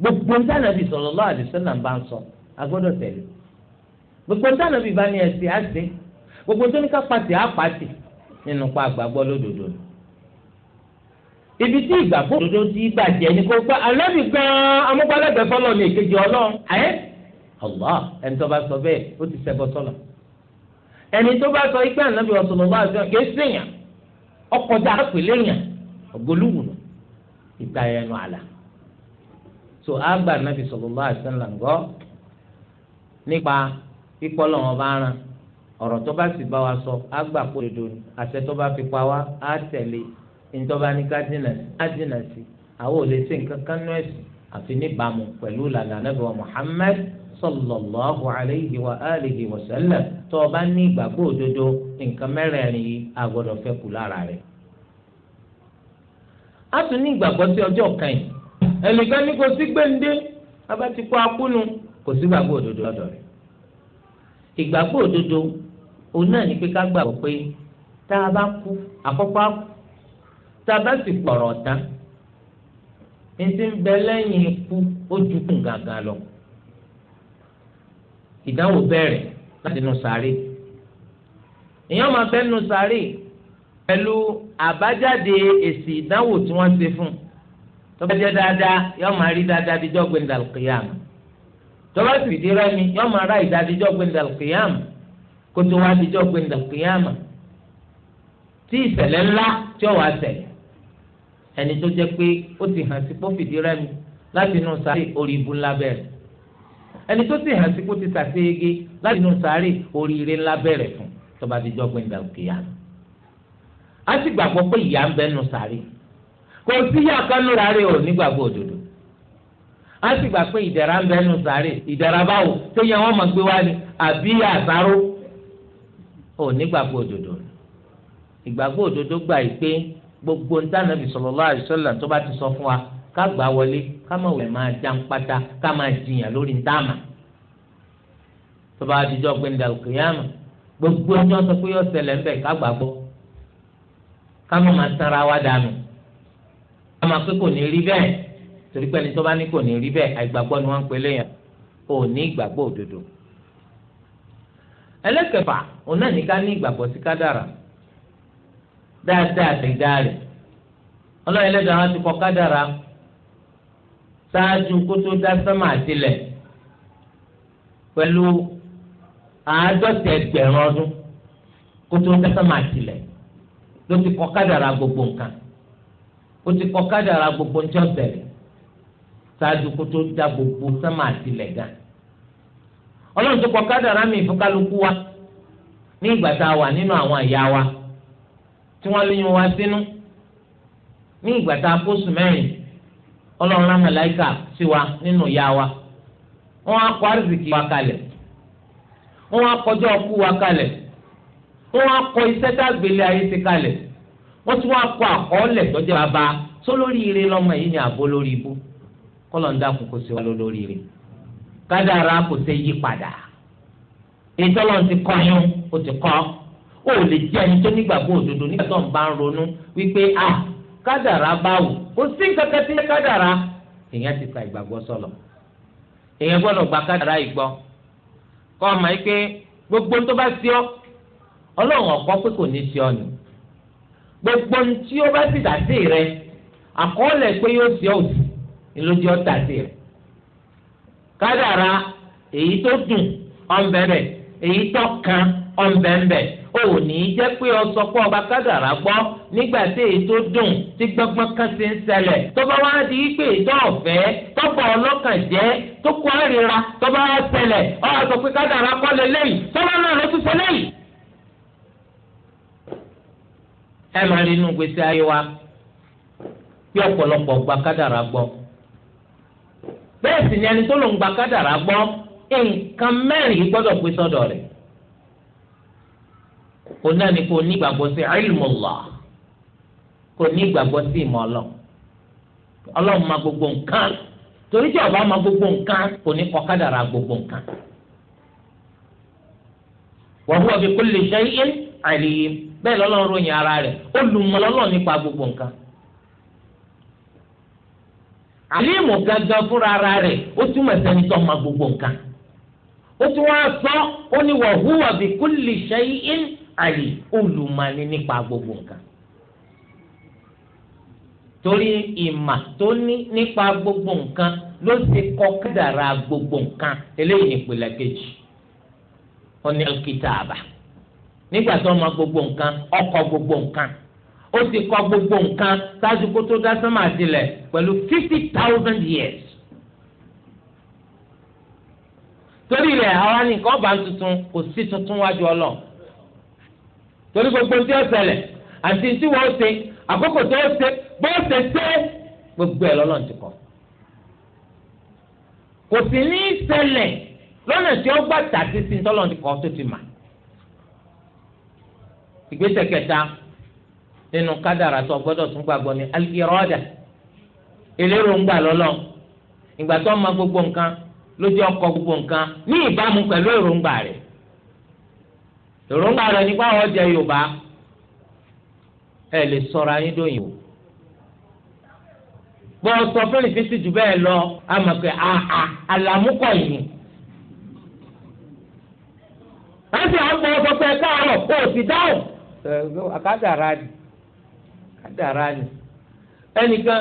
gbogbo bá ń sọ agbọ́dọ̀ ibi tí ìgbàgbọ́ òdodo ti bàjẹ́ ni kò gbọ́ alábì gan-an amúgbálẹ́gbẹ̀ẹ́ fọlọ́ ní èkejì ọlọ́run ayé allah ẹni tó bá sọ bẹ́ẹ̀ ó ti ṣẹbọ sọ́lọ̀ ẹni tó bá sọ ikpe ànábì ọ̀sọ̀lọ̀ bá sọ kì sèyàn ọkọjà àpèlè yàn ògbólúwùnú ẹnu àlà so àgbà ànábì sallallahu alaihi wasallam ńgọ́ nípa pípọ́lọ̀ wọn bá rán ọ̀rọ̀ tó bá sì bá wa sọ ìjọba ní ká dínà á dínà sí àwọn ò lè ṣe nǹkan kan nú ẹ̀sìn àfi níbàámu pẹ̀lú lànà wa sallallahu alayhi wa alihi ní ìgbàgbọ́ òdodo nǹkan mẹ́rẹ̀ẹ̀rin yìí a fẹ́ kù lára rẹ̀. a tún ní ìgbàgbọ́ sí ọjọ́ kan yìí ẹnìkan ní kò sí gbẹ̀ǹdé abá ti kó akúnu kò sí ìgbàgbọ́ òdodo lọ́dọ̀ rẹ̀. ìgbàgbọ́ òdodo òun náà ní pé ká gbàgbọ́ pé a tábà sì pọ̀rọ̀ tán ntí ń bẹ ku ikú ó gàgà lọ ìdánwò bẹ̀rẹ̀ láti nu sàárè èèyàn máa fẹ́ nu sàárè pẹ̀lú àbájáde èsì ìdánwò tí wọ́n ṣe fún un dáadáa yóò máa rí dáadáa díjọ́ gbẹ̀ndàlùkìyàmù tó bá sì di rẹ́mi yóò máa rá ìdá kótó ẹni tó jẹ́ pé ó ti hàn sí lati rẹmi láti inú ibu ńlá bẹ̀rẹ̀ ẹni tó ti hàn sí ti sàṣeyege láti inú sáré oríire ńlá bẹ̀rẹ̀ fún tọba ti jọ òkè yá a ti gbàgbọ́ pé ìyá ń bẹ nù sáré kò sí yá kánú rárẹ ododo. a ti gbà pé ìdẹ̀ra ń bẹ nù sáré ìdẹ̀ra báwo tó wọn máa gbé wá ni àbí òdodo gbogbo ń dáná bí sallallahu alaihi wasallam tó bá ti sọ fún wa ká gbà wọlé ká má wẹ̀ máa já ń pátá ká máa jiyàn lórí ntáàmà tó bá dijọ́ gbẹ̀ndà al-qiyama gbogbo ẹni wọn sọ pé yọ ṣẹlẹ̀ ńbẹ ká gbàgbọ́ ká má máa sanra wa dànù ká máa pé kò ní rí bẹ́ẹ̀ torí pé tó bá ní kò ní rí bẹ́ẹ̀ àìgbàgbọ́ ni wọ́n ń pelé yẹn ò ní ìgbàgbọ́ òdodo ẹlẹ́kẹ̀fà òun náà ní ká ní ìgbàgbọ́ sí kádàrà dáadáa àtẹ̀dá rẹ̀ ọlọ́run ẹlẹ́dàá wọn ti kọ kádàrá ṣáájú kó tó dá sánmà àtìlẹ̀ pẹ̀lú àádọ́ta ẹgbẹ̀rún ọdún kó tó dá àtìlẹ̀ ti gbogbo nǹkan ó ti gbogbo ń bẹ̀rẹ̀ ṣáájú gbogbo àtìlẹ̀ gan ọlọ́run kádàrá mi wa ní ìgbà tá a wa. tí wọn lóyún wá sínú ní ìgbà tá a kó sùn mẹ́rin ọlọ́run sí wa nínú ìyá wa wọn á àrùsìkì wa kalẹ̀ wọ́n á kọjọ́ ọkú wa kalẹ̀ kọ iṣẹ́ dàgbélé ayé ti kalẹ̀ wọn tún wá kọ àkọọ́lẹ̀ tọ́jú bàbá sólórí ire lọ́mọ yìí àbó lórí ibú sí wa lórí ire kádàrá kò yí padà ìtọ́lọ́ ó lè jẹ́ ẹni tó nígbàgbọ́ òdodo nígbà tó ń bá ń ronú wípé a kádàrá báwò kò sí kankan tí kádàrá èèyàn ti ta ìgbàgbọ́ sọlọ èèyàn gbọ́dọ̀ gba kádàrá ìgbọ́ kọ́ ọ máa pé gbogbo tó bá sí ọ ọlọ́run ọ̀kọ́ pé kò ní sí ọ nù gbogbo tí ó bá sì dà sí rẹ àkọọ́lẹ̀ pé yóò sí ọ òsì ńlójú ọ dà rẹ kádàrá èyí tó dùn ọ̀ ń bẹ̀rẹ̀ èyí tó kan ọ̀ ń ò ní jẹ́ pé ọsọ pọ̀ ọba kádàrá gbọ́ nígbà tí èyí tó dùn tí gbọ́ngbọ́n kan ti ń ṣẹlẹ̀ wá di pé ìtọ́ ọ̀fẹ́ tọ́pọ̀ ọlọ́kàn jẹ́ tó kọ́ àríra tó wá ṣẹlẹ̀ pé kọ́ lé náà ló tún ṣe ẹ rí inú gbèsè wa ọ̀pọ̀lọpọ̀ gba gbọ́ bẹ́ẹ̀ sì ni ẹni tó gba gbọ́ nǹkan O náà ni kò ní ìgbàgbọ́ sí ilmullah kò ní ìgbàgbọ́ sí ìmọ̀ ọlọ́run ma gbogbo torí ọba ma gbogbo nka kọ kádàrá gbogbo nǹkan. wa huwa bi kulli shay'in alim ara rẹ olùmọ̀lọ́lọ́ nípa gbogbo nǹkan. fúnra ara ó túmọ̀ sẹ́ni ma gbogbo nǹkan. ó tún wá sọ ó ní àlè olùmọ̀ni nípa gbogbo nǹkan torí ìmà tó ní nípa gbogbo nǹkan ló ti kọ kádàrá gbogbo nǹkan eléyìí nípìnlẹ̀ kejì ó ní alkitaba nígbà tó mọ gbogbo nǹkan ó kọ gbogbo nǹkan ó ti kọ gbogbo nǹkan ṣáájú kó tó dá sánmà sílẹ̀ pẹ̀lú fifty thousand years torí rẹ̀ àwa nìkan bá tuntun kò sí tuntun wájú Ọlọ́run torí gbogbo tí ó ṣẹlẹ̀ àti tí wọ́n ṣe àkókò tó ṣe bó ṣe ṣe gbogbo ẹ̀ lọ́nà ti kọ́ kò sì ní í ṣẹlẹ̀ lọ́nà tí ó gbà tàbí sí tọ́lọ́n ti kọ́ tó ti mà ìgbésẹ̀ kẹta nínú kádàrà tó gbọ́dọ̀ tún gbàgbọ́ ní al-irada elérò ń gbà lọ́lọ́ ìgbà tó ma gbogbo nǹkan lójú ọkọ̀ gbogbo nǹkan ní ìbámu pẹ̀lú èròǹgbà rẹ̀ èròǹgbà rẹ nípa àwọn e yorùbá ẹ lè sọra yín dóyìn o gbọ́ sọ fẹ́lifísì jù bẹ́ẹ̀ lọ àmọ̀ pé àhà àlàmúkọ̀ yìí láti àgbọ̀ ọ̀sọ̀tọ̀ ẹ̀ka àrọ̀ kó o sì dáhùn. àkàdàrà ni àkàdàrà ni ẹnìkan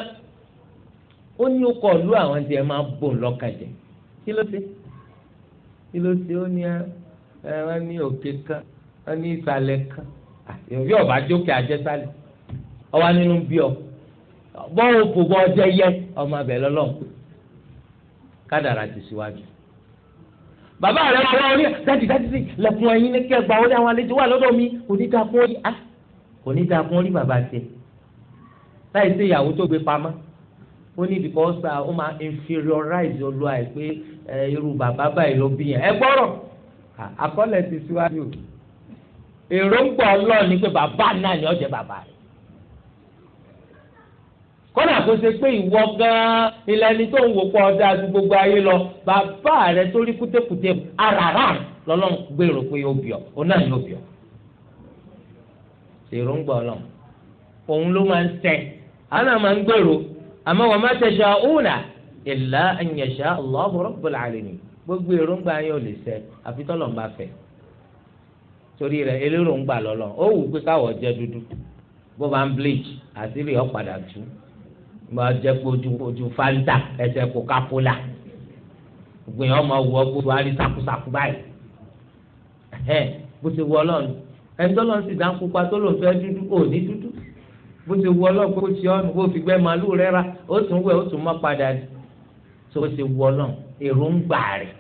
ó kọ lu àwọn tí ẹ máa bò lọ́kàjẹ́ kí ló ṣe kí ló ṣe ó ní ẹ wọn ní ìsàlẹ̀ kan àti ọba jókè àjẹsálẹ ọwọ nínú bí ọ bọ́ọ̀ kò bọ́ ọjọ́ yẹ ọmọ abẹ lọ́lọ́ kádàrà ti síwájú. bàbá rẹ wà wọ́n ní dájú dájú sí lẹ́kùn ẹ̀yìn ní kẹgbà ó ní àwọn àlejò wà lọ́dọ̀ mi kò ní dáa kún ó a kò ní dáa kún ó bàbá tiẹ̀ láì sí ìyàwó tó gbé pamọ́ ó ní because ah, ó máa inferiorize olúwa ẹ̀ pé eh, irú bàbá báyìí ló bí yẹn ẹ gbọ́rọ̀ ah, àkọlẹ̀ ti síwájú. èròǹgbà ọlọ́run ni pé bàbá náà ni ọ̀jẹ̀ bàbá rẹ̀ kọ́nà kó ṣe pé ìwọ gan-an ilẹ̀ ẹni tó ń wò pọ̀ gbogbo ayé lọ bàbá rẹ̀ tó rí kútẹ́kútẹ́ arara lọ́lọ́run gbèrò pé ó náà èròǹgbà òun ló máa ń tẹ àná máa ń gbèrò àmọ́ torí rẹ̀ elérò ń gbà lọ́lọ́ ó wù pé káwọ̀ jẹ́ dúdú bó bá ń bleach àṣírí ọ̀padà tú bá jẹ́ pé ojú ojú fanta ẹsẹ̀ Coca-Cola gbìyànjú ọmọ wù ọ́ gbogbo àrí sakusaku báyìí bó ṣe wù ọlọ́run ẹni tó lọ́n sì dá pupa tó lòun fẹ́ dúdú kò ní dúdú bó ṣe wù ọlọ́run kó ṣe ọ́nù kó fi gbẹ́ màálùú rẹ ra ó tún wẹ̀ ó tún mọ́ padà tó ṣe wù ọlọ́run èròǹgbà rẹ̀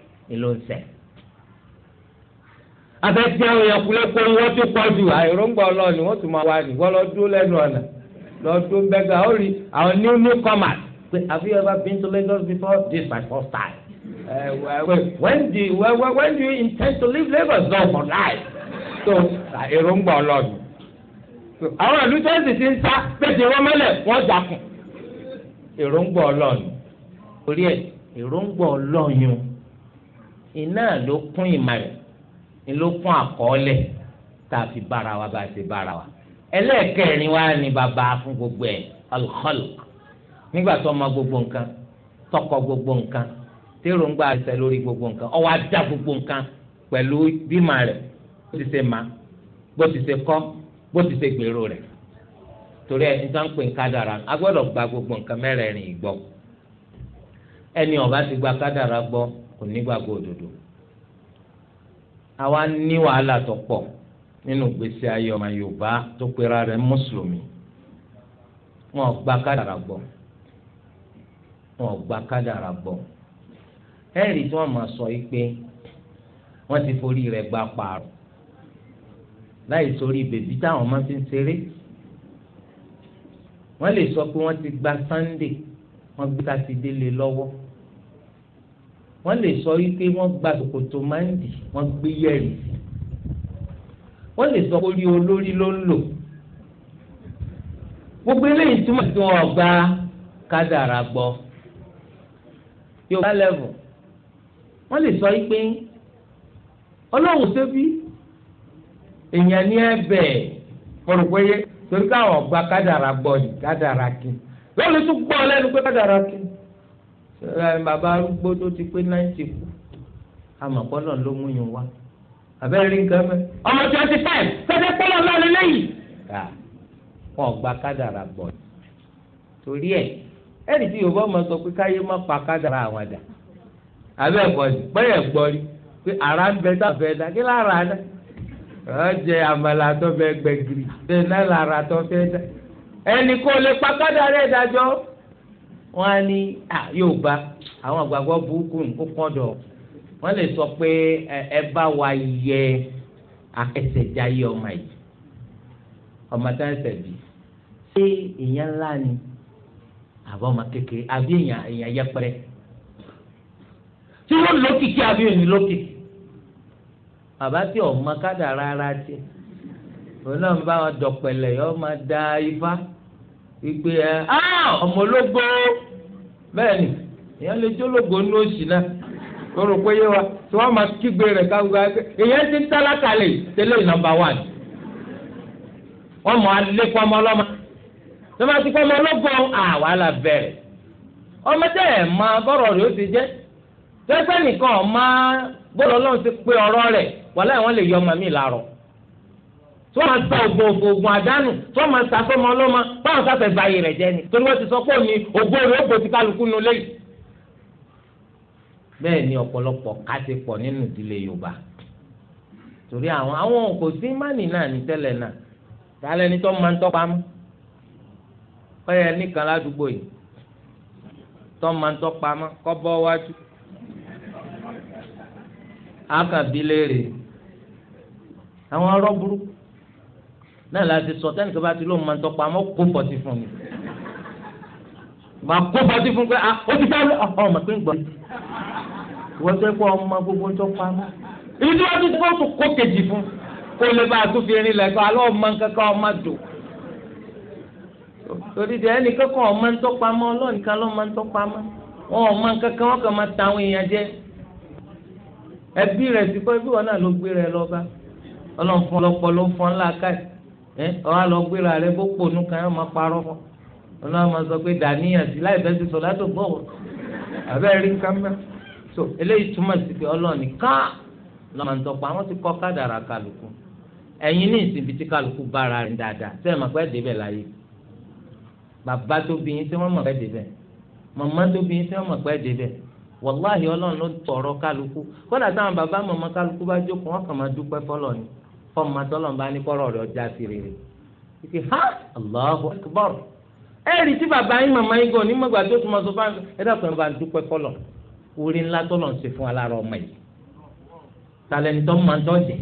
ló ń sẹ́yìn afẹ́tí àwọn èèyàn kulẹ̀ kó wọ́n tó pọ̀ jù àìrọ́ngbà ọlọ́ọ̀ni wọ́n tún máa wà ní wọ́n lọ dúró lẹ́nu ọ̀nà lọ dúró bẹ́gà ó rí àwọn new new comers pé have you ever been to Lagos before this my first time when do you, when, do you intend to leave Lagos now for life so àìrọ́ngbà ọlọ́ọ̀ni àwọn ìlú tó ń sì ti ń sá pété wọ́n mọ́lẹ̀ wọ́n dàkùn èròǹgbà ọlọ́ọ̀ni orí ẹ̀ èròǹgbà ọlọ́ọ̀yún iná ló kún ìmọ̀ rẹ̀ ló kún àkọọ́lẹ̀ tá a fi bára wa bá a ṣe bára wa ẹlẹ́ẹ̀kẹrin wa ni bàbá fún gbogbo ẹ̀ al-khalq nígbà tó mọ gbogbo nǹkan tó kọ gbogbo nǹkan tẹ́rọ̀ǹgbà ṣẹ lórí gbogbo nǹkan ó wá dá gbogbo nǹkan pẹ̀lú bímọ rẹ̀ bó ti ṣe ma bó ti ṣe kọ́ bó ti ṣe gbèrò rẹ̀ torí ẹ̀ níta pè ń kádàrà a gba gbogbo nǹkan mẹ́rẹ̀ẹ̀rin gbọ́ ẹni ó ti gba kádàrà gbọ́ kò ní gbàgbọ́ òdodo àwa ní wàhálà tó pọ̀ nínú gbèsè ayé ọmọ Yorùbá tó pera rẹ̀ mùsùlùmí wọn ò gba kádàrà gbọ́ wọn ò gba kádàrà gbọ́ ẹ̀rí tí wọ́n máa sọ yìí pé wọ́n ti forí rẹ̀ gba pààrọ̀ láì sórí bèbí táwọn máa fi ń ṣeré wọ́n lè sọ pé wọ́n ti gba Sunday wọ́n gbé sátidé lé lọ́wọ́ wọ́n lè sọ wípé wọ́n gba ṣòkòtò máńdì wọ́n gbé yẹ̀rì sí wọ́n lè sọ pé orí olórí ló ń lò gbogbo eléyìí túmọ̀ sí wọn ọba kádàrà gbọ́ yorùbá lẹ́vù wọ́n lè sọ wípé ọlọ́run ṣẹ́bí èèyàn ní ẹ̀bẹ̀ pọ̀rọ̀pẹ́yẹ torí káwọn ọba kádàrà gbọ́ ni kádàrà kí lọ́ọ́ tún gbọ́ ọ lẹ́nu pé kádàrà kí bàbá arúgbó tó ti pé náìtì kù àmọ́ pọ́lọ́ ló mú yín wá àbẹ́rẹ́ rí nǹkan mẹ́. ọmọ twenty five fẹ́ẹ́ pọ́lọ́ náà lélẹ́yìí. wọn gba kádàrà gbọ́ torí ẹ̀ ẹni tí yorùbá ọmọ sọ pé káyé má pa kádàrà àwọn dà àbẹ́ ẹ̀gbọ́n ni ara ń bẹ dá kí lára dá àmàlà tó fẹ́ náà lára tó fẹ́ dá ẹnì kò wọ́n á ní yóò gba àwọn àgbàgbọ́ burúkú ó kọ́ dọ̀ wọ́n lè sọ pé ẹ bá wa yẹ ẹsẹ̀jáyé ọmọ yìí ọmọ tá ẹsẹ̀ bì ṣé èèyàn ńlá ni àbọ̀ ọmọ kékeré àbí èèyàn èèyàn yẹpẹrẹ tí wọ́n lókìkí àbí òní lókìkí bàbá tí ọmọ kádà rárá tiẹ̀ òun náà bá wọn dọ̀pẹ̀lẹ̀ yọ máa da ifá. Igbe ẹ ọmọ ológbó bẹ́ẹ̀ ni èèyàn lè jó ológbó ní náà o rò pé wa tí wọ́n máa kígbe rẹ̀ káwùgbà èèyàn ti ń tálákà lè ọmọ ọlọ́mọ bá ti ọmọ ológbó àwàlà bẹ̀rẹ̀ ọmọ tẹ́ ẹ̀ máa bọ́rọ̀ ó ti jẹ tẹ́sán nìkan máa bọ́rọ̀ ti pé ọrọ rẹ wàlẹ́ wọn lè yọ ọmọ mi tí wọ́n máa sa ògùn ògùn ògùn àdánù tí wọ́n máa sa fọmọ ọlọ́mọ báwọn sáfẹ́ ba ayé rẹ̀ jẹ́ ni torí wọ́n ti sọ pé òní ògùn rẹ̀ ó bòtí kálukú nu lé bẹ́ẹ̀ ni ọ̀pọ̀lọpọ̀ ká ti pọ̀ nínú ìdílé Yorùbá torí àwọn àwọn kò sí mánì náà ní tẹ́lẹ̀ náà tálẹ́ ní tó máa ń tọ́pa mú ọyẹ nìkan ládùúgbò yìí tó máa ń tọ́pa mú kọ́ bọ́ wájú àkàbí léèrè àwọn ọ̀rọ̀ burúkú náà la ti sọ tẹ́nìkan bá ti lóun máa ń tọpa àmọ́ kó pọ̀tì fún mi màá kó pọ̀tì fún pé ah, ó ti sáré ah, ọmọ pé ń gbọ́ wọ́n fẹ́ kó ọmọ gbogbo ń tọpa mọ́ ibi tí wọ́n ti kó tó kó kejì fún kó lè bá a tó fi erin lẹ́kọ́ alọ́ ọmọ kankan ọmọ dò torí de ẹnì kankan ọmọ ń tọpa mọ́ ọlọ́ọ̀nìkan lọ́mọ ń tọpa mọ́ wọn ọmọ kankan wọn kàn máa ta àwọn èèyàn jẹ ẹbí rẹ̀ sì kọ́ ibi wọn náà ló gbé rẹ̀ lọ́ba ọlọ́run fún ẹ ọ̀hà lọ gbéra rẹ bó pònú kan ọmọ parọ́ fún ọlọ́run máa sọ pé dàníyàn sí láì bẹ́ẹ̀ ti so eléyìí túmọ̀ sí pé ọlọ́ọ̀ni ká lọ́mọ ntọ́pọ̀ àwọn ti kọ́ kádàrà kálukú ẹ̀yin ní tí kálukú bára rìn dáadáa máa pẹ́ débẹ̀ láyé bàbá tó bí yín wọ́n máa pẹ́ débẹ̀ màmá wọ́n máa pẹ́ débẹ̀ wàláhì màmá fọmọ tọlọmọba ní kọrọ rẹ ọjà sí rere ha Allahu akbar ẹ̀rí tí bàbá yín màmá yín gan onímọ̀gbà tó tún máa sọ fáwọn ẹ̀dá kan bá ń dúpẹ́ fọlọ̀ orí ńlá tọ́lọ̀ ń ṣe fún alára ọmọ yìí talẹ̀ntọ́ máa ń tọ́jẹ̀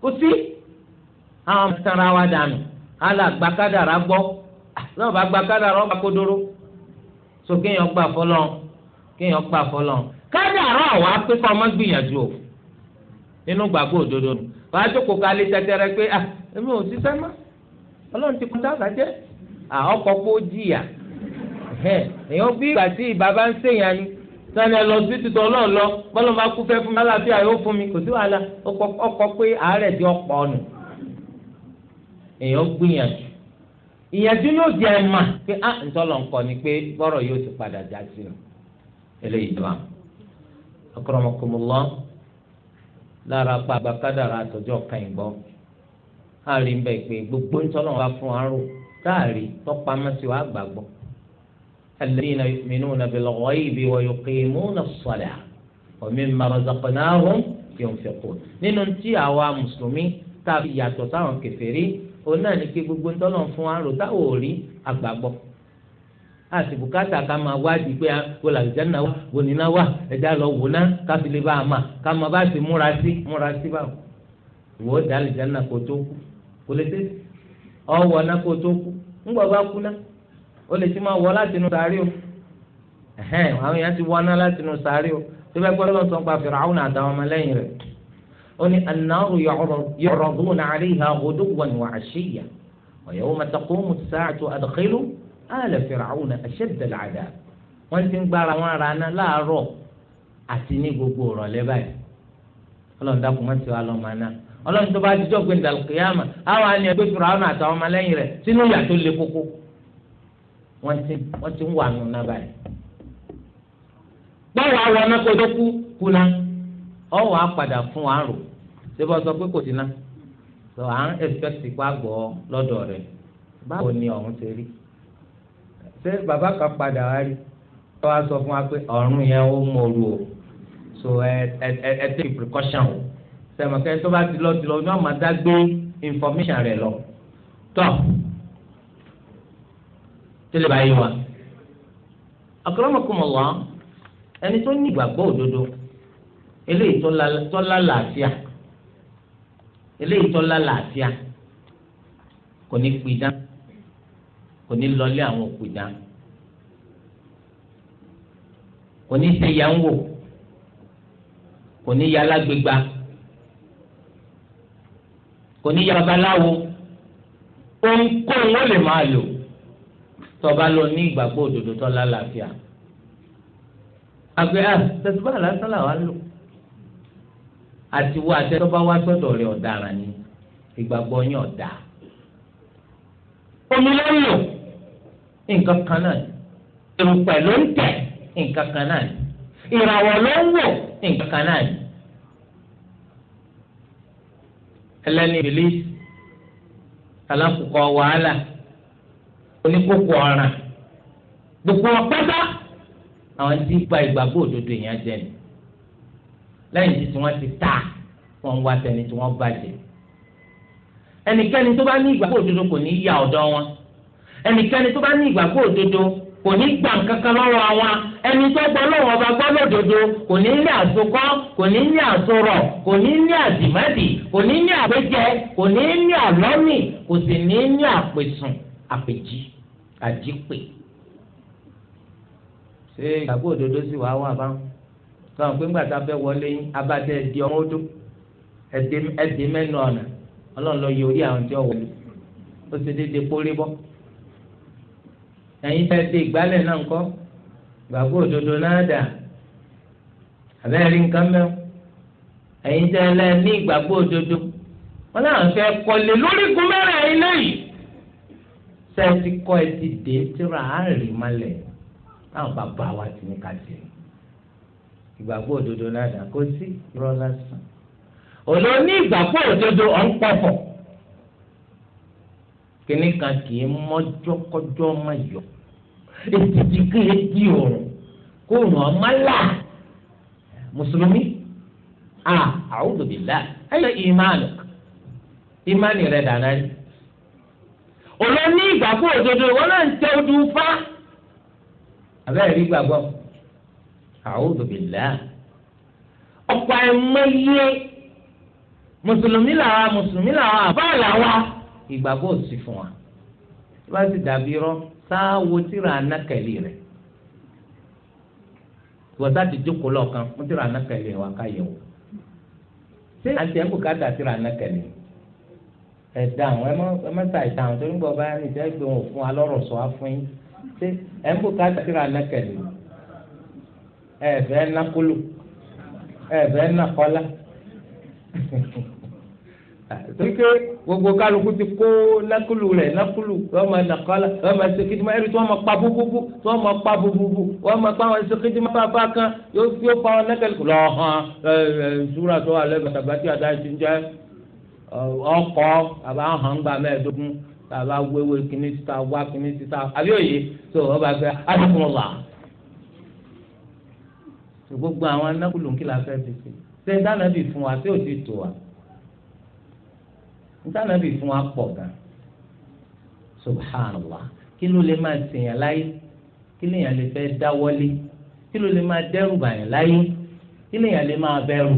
kó sí àwọn tara wa dànù alàgbà kádàrá gbọ́ ah, náà bá gba kádàrá ọgbà kódóró so kéèyàn gbà fọlọ́ kéèyàn gbà fọlọ́ kádàrá ọ̀wá pé kọ́ ọmọ gbìyànjú o nínú gbàgbọ́ òdodo nù wàá jókòó kalẹ̀ tẹ́tẹ́rẹ́ pé ah èmi ò ṣiṣẹ́ mọ́ ọlọ́run ti kún dábàá jẹ́ à ọkọ̀ pé jìyà èèyàn bí ìgbà tí bàbá ń ṣèyàn ni sani ẹ lọ sí tuntun ọlọ́run lọ bọ́lá máa kú fẹ́ fún mi aláàfíà yóò fún mi kò sí wàhálà ọkọ̀ pé àárẹ̀ di ọ̀pọ̀ èèyàn gbìyànjú ìyànjú ah, ni pé bọ́rọ̀ yóò ti padà já sí i eléyìí tó wà. lára pa àgbàkádàrà àtọjọ́ kan ìgbọ a rí ń bẹ pé gbogbo nítorí wọn bá fún wa rò táàrí tọpamọ sí wa gbàgbọ́ alladhina yu'minuna bil ghaibi wa yuqimuna as-salah wa mimma razaqnahum yunfiqun nínú tí àwa mùsùlùmí tàbí yàtọ̀ sáwọn kèfèrí òun náà ní kí gbogbo nítorí fún wa táwọn ò rí àgbàgbọ́ àti bùkátà ká máa wádìí pé ah, wọ́n là lùjẹ́ náà wá wọ́n ní náà wá ẹ̀dá lọ wò ná káfí lè bá a mà ká máa bá ti múra sí múra sí báwo. ìwọ dá lùjẹ́ náà kó tó kú kò lè tẹ́sí ọwọ́ náà kó tó kú ńgbọ́ bá kú ná ó lè ti máa wọ láti inú sàárì o àwọn èèyàn ti wọ́ná láti inú sàárì o tó bẹ́ẹ̀ gbọ́dọ̀ lọ́sọ̀ pa Fir'auna àtàwọn ọmọlẹ́yìn rẹ̀ ó ní an-nāru ala fir'auna ashadda al'adab wọn ti ń gbára wọn ra ná àti ní gbogbo ìrọ̀lẹ́ báyìí ọlọ́run dákun má ti wá lọ́ máa tó bá dijọ́ gbé ndàlù àwọn àni ẹgbẹ́ àtàwọn sínú ìyà tó le koko ti ń wà nù ná báyìí. báwo àwọn kú kú ná ọwọ́ fún wa rò pé kò sí ná à ṣé bàbá kan padà wá rí wọ́n á sọ fún wa pé ọ̀run yẹn ó mọ̀ọ́rù o so ẹ ẹ ẹ take precaution o sẹ̀mọ̀kẹ́ tó bá ti lọ ti lọ ní ọ̀ma dá gbé information rẹ̀ lọ tọ́ tẹ́lẹ̀ báyìí wa akọ́lọ́mọkùnmọ̀ wá ẹni tó ní ìgbàgbọ́ òdodo eléyìí tó lálàáfíà eléyìí tó lálàáfíà kò ní pidán kò ní lọlé àwọn òkú dán kò ní ṣe yà ń wò kò ní yà alágbègbà kò ní yà babaláwo ohunkóhun ó lè máa lò tọba lọ ní ìgbàgbọ́ òdodo tó lálàáfíà àgbẹ̀ ah tẹ̀síbà lásán làwọn á lò àtiwọ́ àtẹ́tọ́ba wá sọ́dọ̀ rẹ̀ ọ̀daràn ni ìgbàgbọ́ yín ọ̀dà omi ló nǹkan kan náà èrùpẹ̀ ló ń tẹ̀ nǹkan kan náà ìràwọ̀ ló ń wò nǹkan kan náà ẹlẹ́ni ìbílẹ̀ alákòókò wàhálà oníkókò ọ̀ràn gbogbo ọ̀pẹ́ta àwọn tí ń gba ìgbàgbọ́ òdodo yẹn jẹ ni lẹ́yìn tí wọ́n ti ta wọ́n ń wá tẹni tí wọ́n bàjẹ́ ẹnikẹ́ni tó bá ní ìgbàgbọ́ òdodo kò ní í ya ọ̀dọ̀ wọn ẹnikẹ́ni tó bá ní ìgbàgbọ́ òdodo kò ní gbà kankan lọ́wọ́ àwọn ẹni tó gbọ́ lọ́wọ́ ọba gbọ́ lódodo kò ní ní àsokọ́ kò ní ní àsorọ̀ kò ní ní àdìmọ́dì kò ní ní àpéjẹ kò ní ní àlọ́mì kò sì ní ní àpèsùn àpèjì àjípè. ṣé ìgbàgbọ́ òdodo sì wá wà báwọn sọ̀rọ̀ pé ńgbà tá a fẹ́ wọlé yín abájá ẹ̀dì ọmọ ọdún ẹ̀dì mẹ́nu ọ̀nà ọlọ́run lọ yọ orí àwọn tí ó wọlé ó ti dédé pórí bọ́ ẹ̀yin tẹ́ dé ìgbálẹ̀ náà kọ́. ìgbàgbọ́ òdodo náà dà abẹ́rẹ́ nǹkan mẹ́wọ́ ẹ̀yin tẹ́ ní ìgbàgbọ́ òdodo wọn náà fẹ́ kọ́lé lórí mẹ́rẹ̀ ẹ̀yin lẹ́yìn sẹ́ẹ̀tì kọ́ ẹ ti dé tíra àárín malẹ̀ bàbá wa ti ní ká òdodo náà dà kó sí rọ́lá sàn òun ló ní òdodo ọ̀ kíní kan kì í mọ́jọ́kọ́jọ́ má yọ ètùtù kì í di òrùn kó òrùn ọmọ là mùsùlùmí à a'udhu billah ẹ̀yọ ìmáàlù ìmáàlì rẹ̀ dáná rí olóní ìgbàgbọ́ òdodo wọn náà ń tẹ ojú fá abẹ́rẹ́ rí gbàgbọ́ a'udhu billah ọ̀pọ̀ ẹ̀mọ́ yé mùsùlùmí làwa mùsùlùmí làwa àbá làwa. ìgbàgbọ́ òsì fún wa bá ti dàbí irọ́ sáwo tíra anákẹ́lì rẹ̀ ìwọ́sá ti jókòó lọ́ọ̀kan fún tíra anákẹ́lì wa ká yẹ̀wò ṣé àti ẹ̀kú ká dà tíra anákẹ́lì ẹ̀dá àwọn ẹ má ta ìta àwọn ń gbọ́ báyà ní ìta ẹgbẹ́ wọn fún yín ṣé ẹ̀kú ká dà tíra anákẹ́lì pípé gbogbo kálukú ti kó lákùlù rẹ̀ lákùlù wọ́n máa nàkọ́lá wọ́n máa ṣe kíndìmá ẹ̀rí tí wọ́n máa pa búbúbú tí wọ́n máa pa búbúbú wọ́n máa pa àwọn ṣe kíndìmá bàbá kan yóò fi ó pa wọn lẹ́kẹ̀lẹ́ lọ́hàn ṣúra tó wà lẹ́gbẹ̀ẹ́ tàbí àti àdá ti ń jẹ́ ọkọ̀ àbá hàn gbà mẹ́ẹ̀ẹ́dógún tàbá wéwé kíní síta wá kíní síta àbí òye tó wọ́n bá fẹ́ adékùnlá gbogbo àwọn anákùlù ńkìlá fẹ́ fi ṣe ntànàbì fún wa pọ̀ gan subhanallah kí ló lè máa sèyàn láyé kí lèyàn lè fẹ́ dáwọ́lé kí ló lè máa dẹ́rù bàyàn láyé kí lèyàn lè máa bẹ̀rù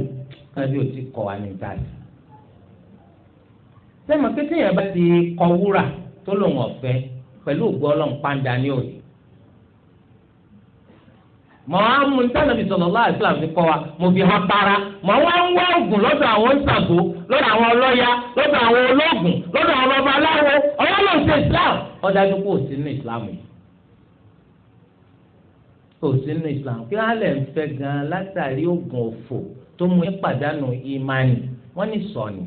kábí ò ti kọ̀ wá ní ìtàlẹ̀ sẹ́mi pé téèyàn bá ti kọ wúrà tó lòun ọ̀fẹ́ pẹ̀lú ògbọ́lọ́ǹpá ń dání òní mọ̀ á mú ntánàbí sallallahu alaihi wasallam kọ́ wa mo fi hàn para mọ̀ wá ń wá oògùn lọ́dọ̀ àwọn ṣàgbó lọ́dọ̀ àwọn ọlọ́ya lọ́dọ̀ àwọn olóògùn lọ́dọ̀ àwọn ọba aláwo ọlọ́lọ́ ṣe islam ọ̀dájú kò sí nínú islam yìí kò sí nínú islam kí wọ́n á lẹ̀ ń fẹ́ gan-an látàrí oògùn òfò tó mú ẹ pàdánù ìmánì wọ́n ní sọ̀nì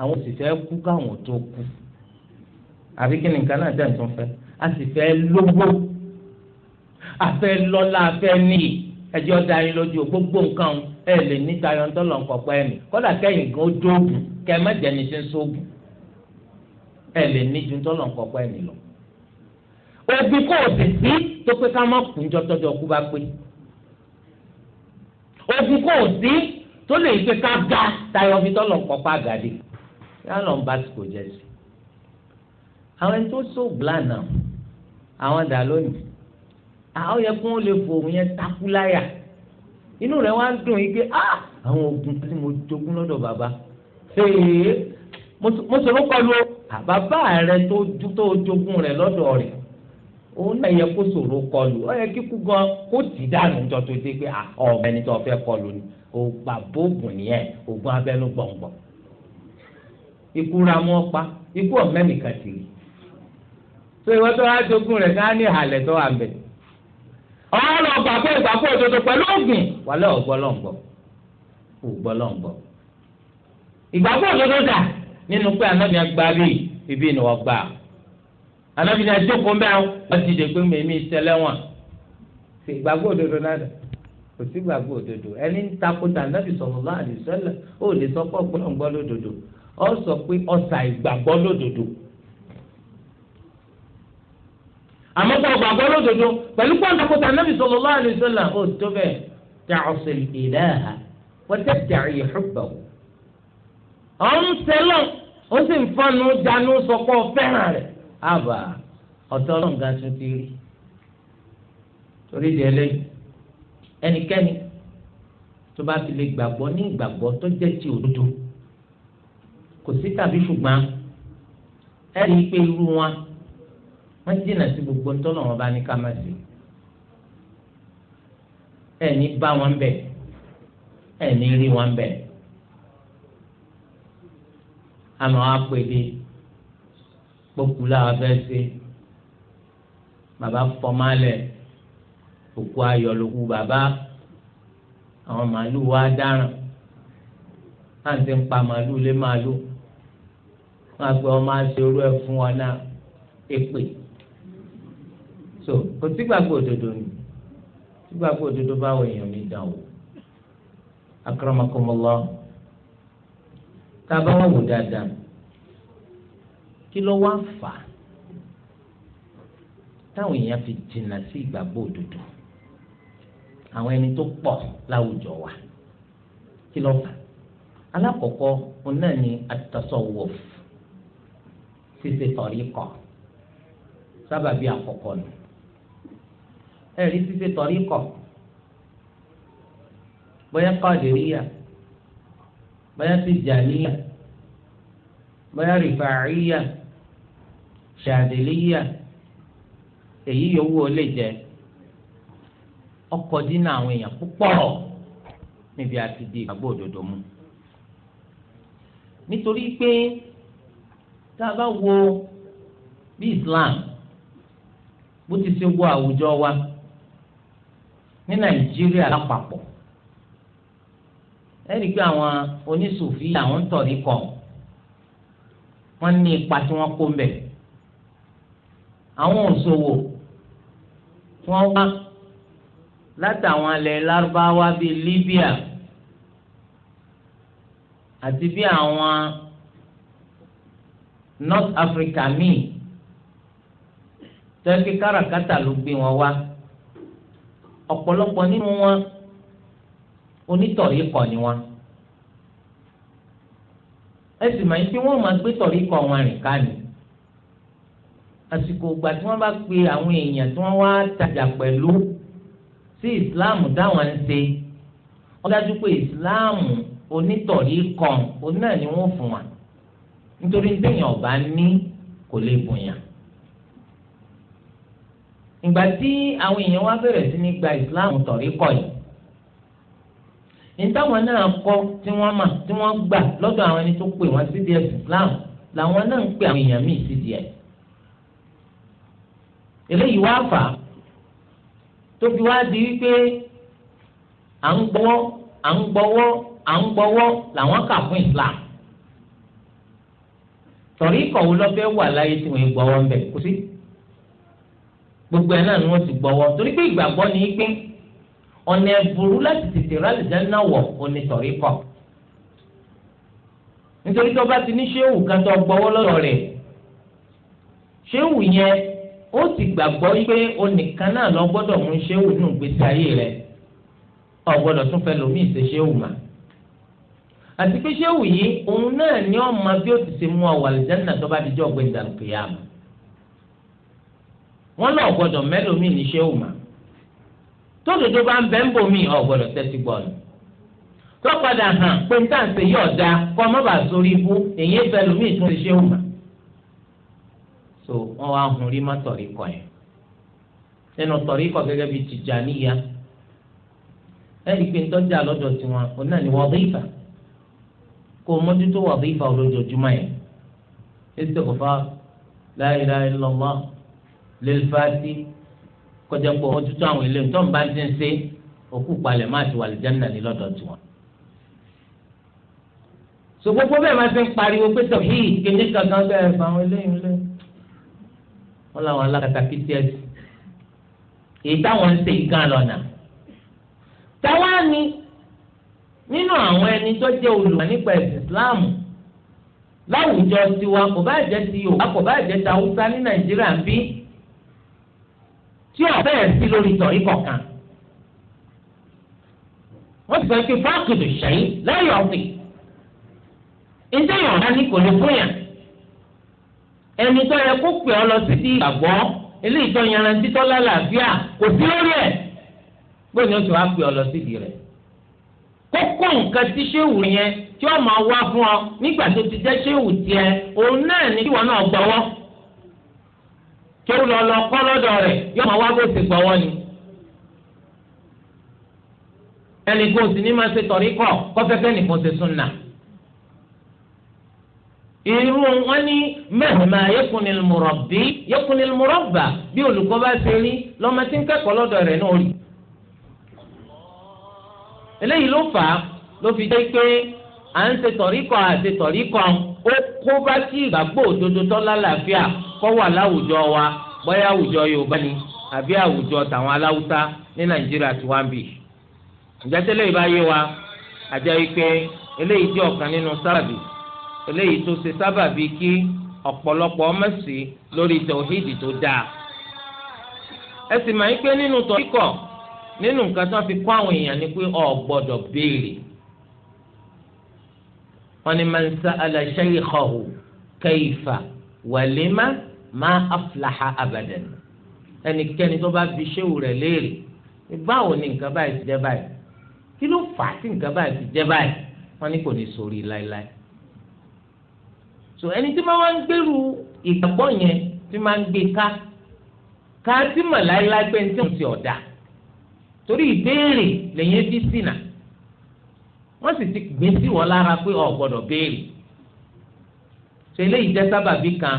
àwọn òṣìṣẹ́ kú káwọn tó kú àbí kí a sì fẹ́ lówó afẹ́ lọ́lá afẹ́ níyì ẹjẹ́ ọ̀dà yín lójú gbogbo nǹkan ẹ lè ní tayọ̀ ń tọ́lọ̀ nǹkan pẹ́ mi kọ́dà kẹ́yìn gan ó dóògùn kẹ́ ẹ má jẹ́ni ṣe ń sóògùn ẹ lè ní ju tọ́lọ̀ nǹkan pẹ́ mi lọ. òbí kò sì sí tó pé ká má kùn jọ tọ́jọ́ kú bá pé òbí kò sí tó lè pé ká ga tayọ̀ fi tọ́lọ̀ nǹkan pa àgàdì yálà lọ́n bá ti kò jẹ sí. àwọn ẹni tó sóògùn lánàá àwọn dà lónìí àwọn yẹ kó lè fòun yẹn takú láyà inú rẹ̀ wá ń dùn yìí pé ah! àwọn oògùn tí mo jogún lọ́dọ̀ bàbá mo sọ̀rọ̀ kọlu bàbá rẹ̀ tó jogún rẹ̀ lọ́dọ̀ rẹ̀ òun náà yẹ kó sọ̀rọ̀ kọlu ọ yẹ kíkú gan kó tì í dànù jọ tó dé pé ọmọ ẹni tó fẹ́ kọlu ni ògbà bóògùn nìyẹn ògùn abẹ́nú gbọ̀ngbọ̀n ikú ra mọ́ pa ikú ọ̀mẹ́nìkan tì í so ìwọ́n tó wá jogún rẹ̀ ká ní ìhàlẹ̀ tó wà bẹ̀rẹ̀ ọ̀hún lọ gbàgbọ́ ìgbàgbọ́ òdodo pẹ̀lú ògùn wàlẹ́ ọ̀gbọ́lọ́ǹgbọ́ ògbọ́lọ́ǹgbọ́ ìgbàgbọ́ òdodo dà nínú pé anábì agbá ibi ni wọ́n gbà anábì ní adéko mẹ́rin wọ́n ti dè pé mèmí sẹlẹ́wọ̀n ìgbàgbọ́ òdodo náà kò sí ìgbàgbọ́ òdodo ẹni ń anábì ó lè sọ pé ọ àmọ́ kó gbàgbọ́ lódodo pẹ̀lú pọ́ńtàkùtà anábì sallallahu alaihi wasallam ó tó bẹ́ẹ̀ ta'sil ilaha wa tadda'i hubbahu. ọ̀n sẹ́lọ̀ ó sì ń fanu dànù sọ̀kọ́ fẹ́ràn rẹ̀ àbà ọ̀tọ̀ ọlọ́ǹgá tún ti rí torí di ẹlẹ́yìn ẹnikẹ́ni tó bá fi lè gbàgbọ́ ní ìgbàgbọ́ tó jẹ́ ti òdodo kò sí tàbí ṣùgbọ́n ẹ̀rí wọ́n jìnnà sí gbogbo ntọ́nà wọn bá ní ká má sí ẹ̀ ní bá wọn bẹ̀ ẹ̀ ní rí wọn bẹ̀ àmọ́ wọn apèdè kpọ́kù làwọn fẹ́ ṣe bàbá fọmálẹ̀ òkú ayọ̀lùkù bàbá àwọn màálù wa dáràn láǹtí ń pa màálù lé màálù wọn àgbẹ̀ wọn máa ṣe orú ẹ̀ fún wọn náà èpè. E so kò sígbàgbọ́ òdodo ni sígbàgbọ́ òdodo báwo èèyàn ní dàn o akramakumullah tá a bá wà wò dáadáa kí ló wá fà á táwọn èèyàn fi jìnnà sí ìgbàgbọ́ òdodo àwọn ẹni tó pọ̀ láwùjọ wa kí ló fà á alákọ̀ọ́kọ́ òun náà ni at-tasawwuf ṣíṣe tọ̀rí kọ̀ sábàbí àkọ́kọ́ nù ẹ̀rí ṣíṣe tọ̀rí kọ̀ bóyá kọ́dìríyà bóyá tìjàníyà bóyá rìfàáríyà ṣàdìlíyà èyí yòówù ó lè jẹ ọkọ̀ dínà àwọn èèyàn púpọ̀ di ìgbàgbọ́ òdodo mu nítorí pé tá a bá wo bí Islam bó ti ṣe wa. ní nàìjíríà lápapọ̀ ẹ rí i pé àwọn oníṣòfì àwọn ń tọ̀rí kọ̀ wọ́n ní ipa tí wọ́n kó ń bẹ̀ àwọn òṣòwò tí wọ́n wá látàwọn alẹ́ lárúbáwá bíi Libya àti bí àwọn North Africa míì tẹ́lifí káràkátà ló gbé wọn wá ọ̀pọ̀lọpọ̀ nínú wọn onítọ̀rí kọ̀ ni wọn ẹ sì máa ń pé wọ́n máa gbé tọ̀rí kọ̀ wọn rìn ká ni àsìkò ìgbà tí wọ́n bá pe àwọn èèyàn tí wọ́n wá tajà pẹ̀lú sí ìsìláàmù táwọn ń ṣe wọ́n dájú pé ìsìláàmù onítọ̀rí kan onáà ni wọ́n fún wa nítorí téèyàn ọ̀bá ní kò lè bùnyàn ìgbà tí àwọn èèyàn wá bẹ̀rẹ̀ sí ní gba islam tọ̀rí kọ̀ yìí nítawọ̀n náà kọ́ tí wọ́n mà tí wọ́n gbà lọ́dọ̀ àwọn ẹni tó pè wọ́n islam làwọn náà ń pè àwọn èèyàn míì sí díẹ̀ eléyìí wá fà á tó fi wá di wípé à ń à ń gbọ́wọ́ à ń gbọ́wọ́ fún islam tọ̀rí kọ̀ wo lọ́fẹ́ wà láyé tí wọ́n gbọ́wọ́ gbogbo ẹ̀ náà ni wọ́n ti gbọ́wọ́ torí pé ìgbàgbọ́ ni í pín ọ̀nà ẹ̀bùrú láti tètè rálẹ̀ dáná wọ̀ òní sọ̀rí kọ̀ nítorí tó bá ti ní ṣéwù kan tó gbọ́wọ́ lọ́dọ̀ rẹ̀ ṣéwù yẹn ó ti gbàgbọ́ pé onìkan náà lọ gbọ́dọ̀ mú ṣéwù nínú ìgbésí ayé rẹ̀ ọ̀ gbọ́dọ̀ tún fẹ́ lòmíì ṣe ṣéwù mà àti pé ṣéwù yìí òun náà ni ọ̀ máa bí ó ti ṣe mú ọ̀wà wọn náà gbọ́dọ̀ mẹlòmíì níṣẹ́ òmà tódodo bá ń bẹ ń bomi ọ gbọ́dọ̀ tẹ́tí gbọnù tó hàn pé yóò da kọ ọ má sórí ibú èyí fẹlòmíì tún so wọn wá hun rí má tọrí kọ yẹn nínú tọrí kọ gẹ́gẹ́ bíi Tìjàníyà ẹni pé ntọ́jà lọ́dọ̀ tiwọn òun náà ni wàdífà kó o mójútó wàdífà olójoojúmọ́ yẹn lẹ́lifásí kọjá pé ọmọ tuntun àwọn ilé tó ń bá ti ń ṣe òkú palẹ̀ máa ti wà lìjánà ní lọ́dọ̀ tiwọn. so gbogbo bẹ́ẹ̀ máa ti ń pariwo pé tọ̀ híì kéde kankan bẹ́ẹ̀ fà àwọn eléyìí lé wọn làwọn alákatá pts èyí táwọn ń ṣe ìkan lọ́nà táwa ni nínú àwọn ẹni tó jẹ́ olùwà nípa ẹ̀sìn Islam láwùjọ tiwa kò bá jẹ́ ti Yorùbá kò bá jẹ́ ti Haúsá ní Nàìjíríà ń bí tí ọ̀bẹ bẹ́ẹ̀ sí lórí tọ̀rí kọ̀ọ̀kan. wọ́n sọ pé fáàkìlì ṣẹ́yìn lẹ́yìn ọ̀sìn. ní kò lè fún yàn. ẹni tó yẹ kó pè ọ́ lọ sí ti ìgbàgbọ́ ilé ìtọ́ yanrantí tọ́lá kò sí wá pè ọ nígbà tó ti jẹ́ ṣéwù tiẹ̀ òun náà ni kéwù lọ lọ kọ́ lọ́dọ̀ rẹ̀ yóò máa wá bó ṣe gbọ́wọ́ ni. ẹnìkan ò sì ní máa ṣe tọ̀rí kọ̀ kọ́fẹ́fẹ́ nìkan ṣe súnà. irú wọn ní mẹ́hìnmá yẹ́kùnrin mùrọ̀bí yẹ́kùnrin mùrọ̀bà bí olùkọ́ bá ṣe rí lọ́mọ tí ń kẹ́kọ̀ọ́ lọ́dọ̀ rẹ̀ náà rí. eléyìí ló fà á ló fi jẹ́ pé à ń ṣe tọ̀rí kọ̀ àti tọ̀rí kọ̀ ó kó bá sí ìgbàgbọ́ òdodo tó lálàáfíà kọ́ wà láwùjọ wa bóyá àwùjọ Yorùbá ni àbí àwùjọ tàwọn aláwùsá ní Nàìjíríà tí wọ́n ń bì. yé wa àjẹ́ eléyìí tí ọ̀kan nínú sábàbí eléyìí tó ṣe sábàbí kí ọ̀pọ̀lọpọ̀ ọmọ sí lórí tòhídì tó dáa. ẹ sì máa ń nínú tọ́ kíkọ̀ nínú nǹkan wọ́n ní man sa'ala shaykhahu kayfa wa lima ma aflaha abadan ẹnikẹ́ni tó bá bi ṣéwù rẹ̀ léèrè báwo ni nǹkan báyìí ti jẹ́ báyìí kí ló fà á sí nǹkan báyìí ti jẹ́ báyìí wọ́n ní kò ní sórí láéláé so ẹni tí wọ́n wá ń gbèrú ìgbàgbọ́ yẹn tí máa gbé ká ká sí mọ̀ láéláé pé ní tí wọ́n ti ọ̀dà torí ìbéèrè lèyìn fi sínà wọ́n sì ti gbé sí wọn lára pé ọ̀ gbọ́dọ̀ béèrè ṣe eléyìí jẹ́ sábàbí kan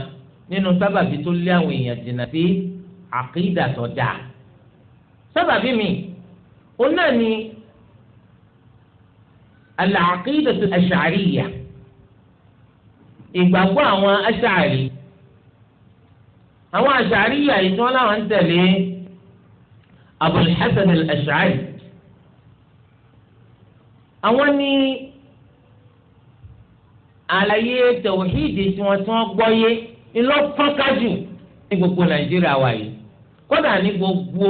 nínú sábàbí tó lé àwọn èèyàn jìnnà sí àkídà tó dáa sábàbí mi òun náà ni àlàkídà tó aṣàríyà ìgbàgbọ́ àwọn aṣàrí àwọn aṣàríyà ìtàn láwọn ń tẹ̀lé Abul al-Ash'ari àwọn ní àlàyé tẹ̀wọ̀hídì tí wọ́n tí wọ́n gbọ́ yé ńlọ fọ́nkájù ní gbogbo nàìjíríà wa yìí kódà ní gbogbo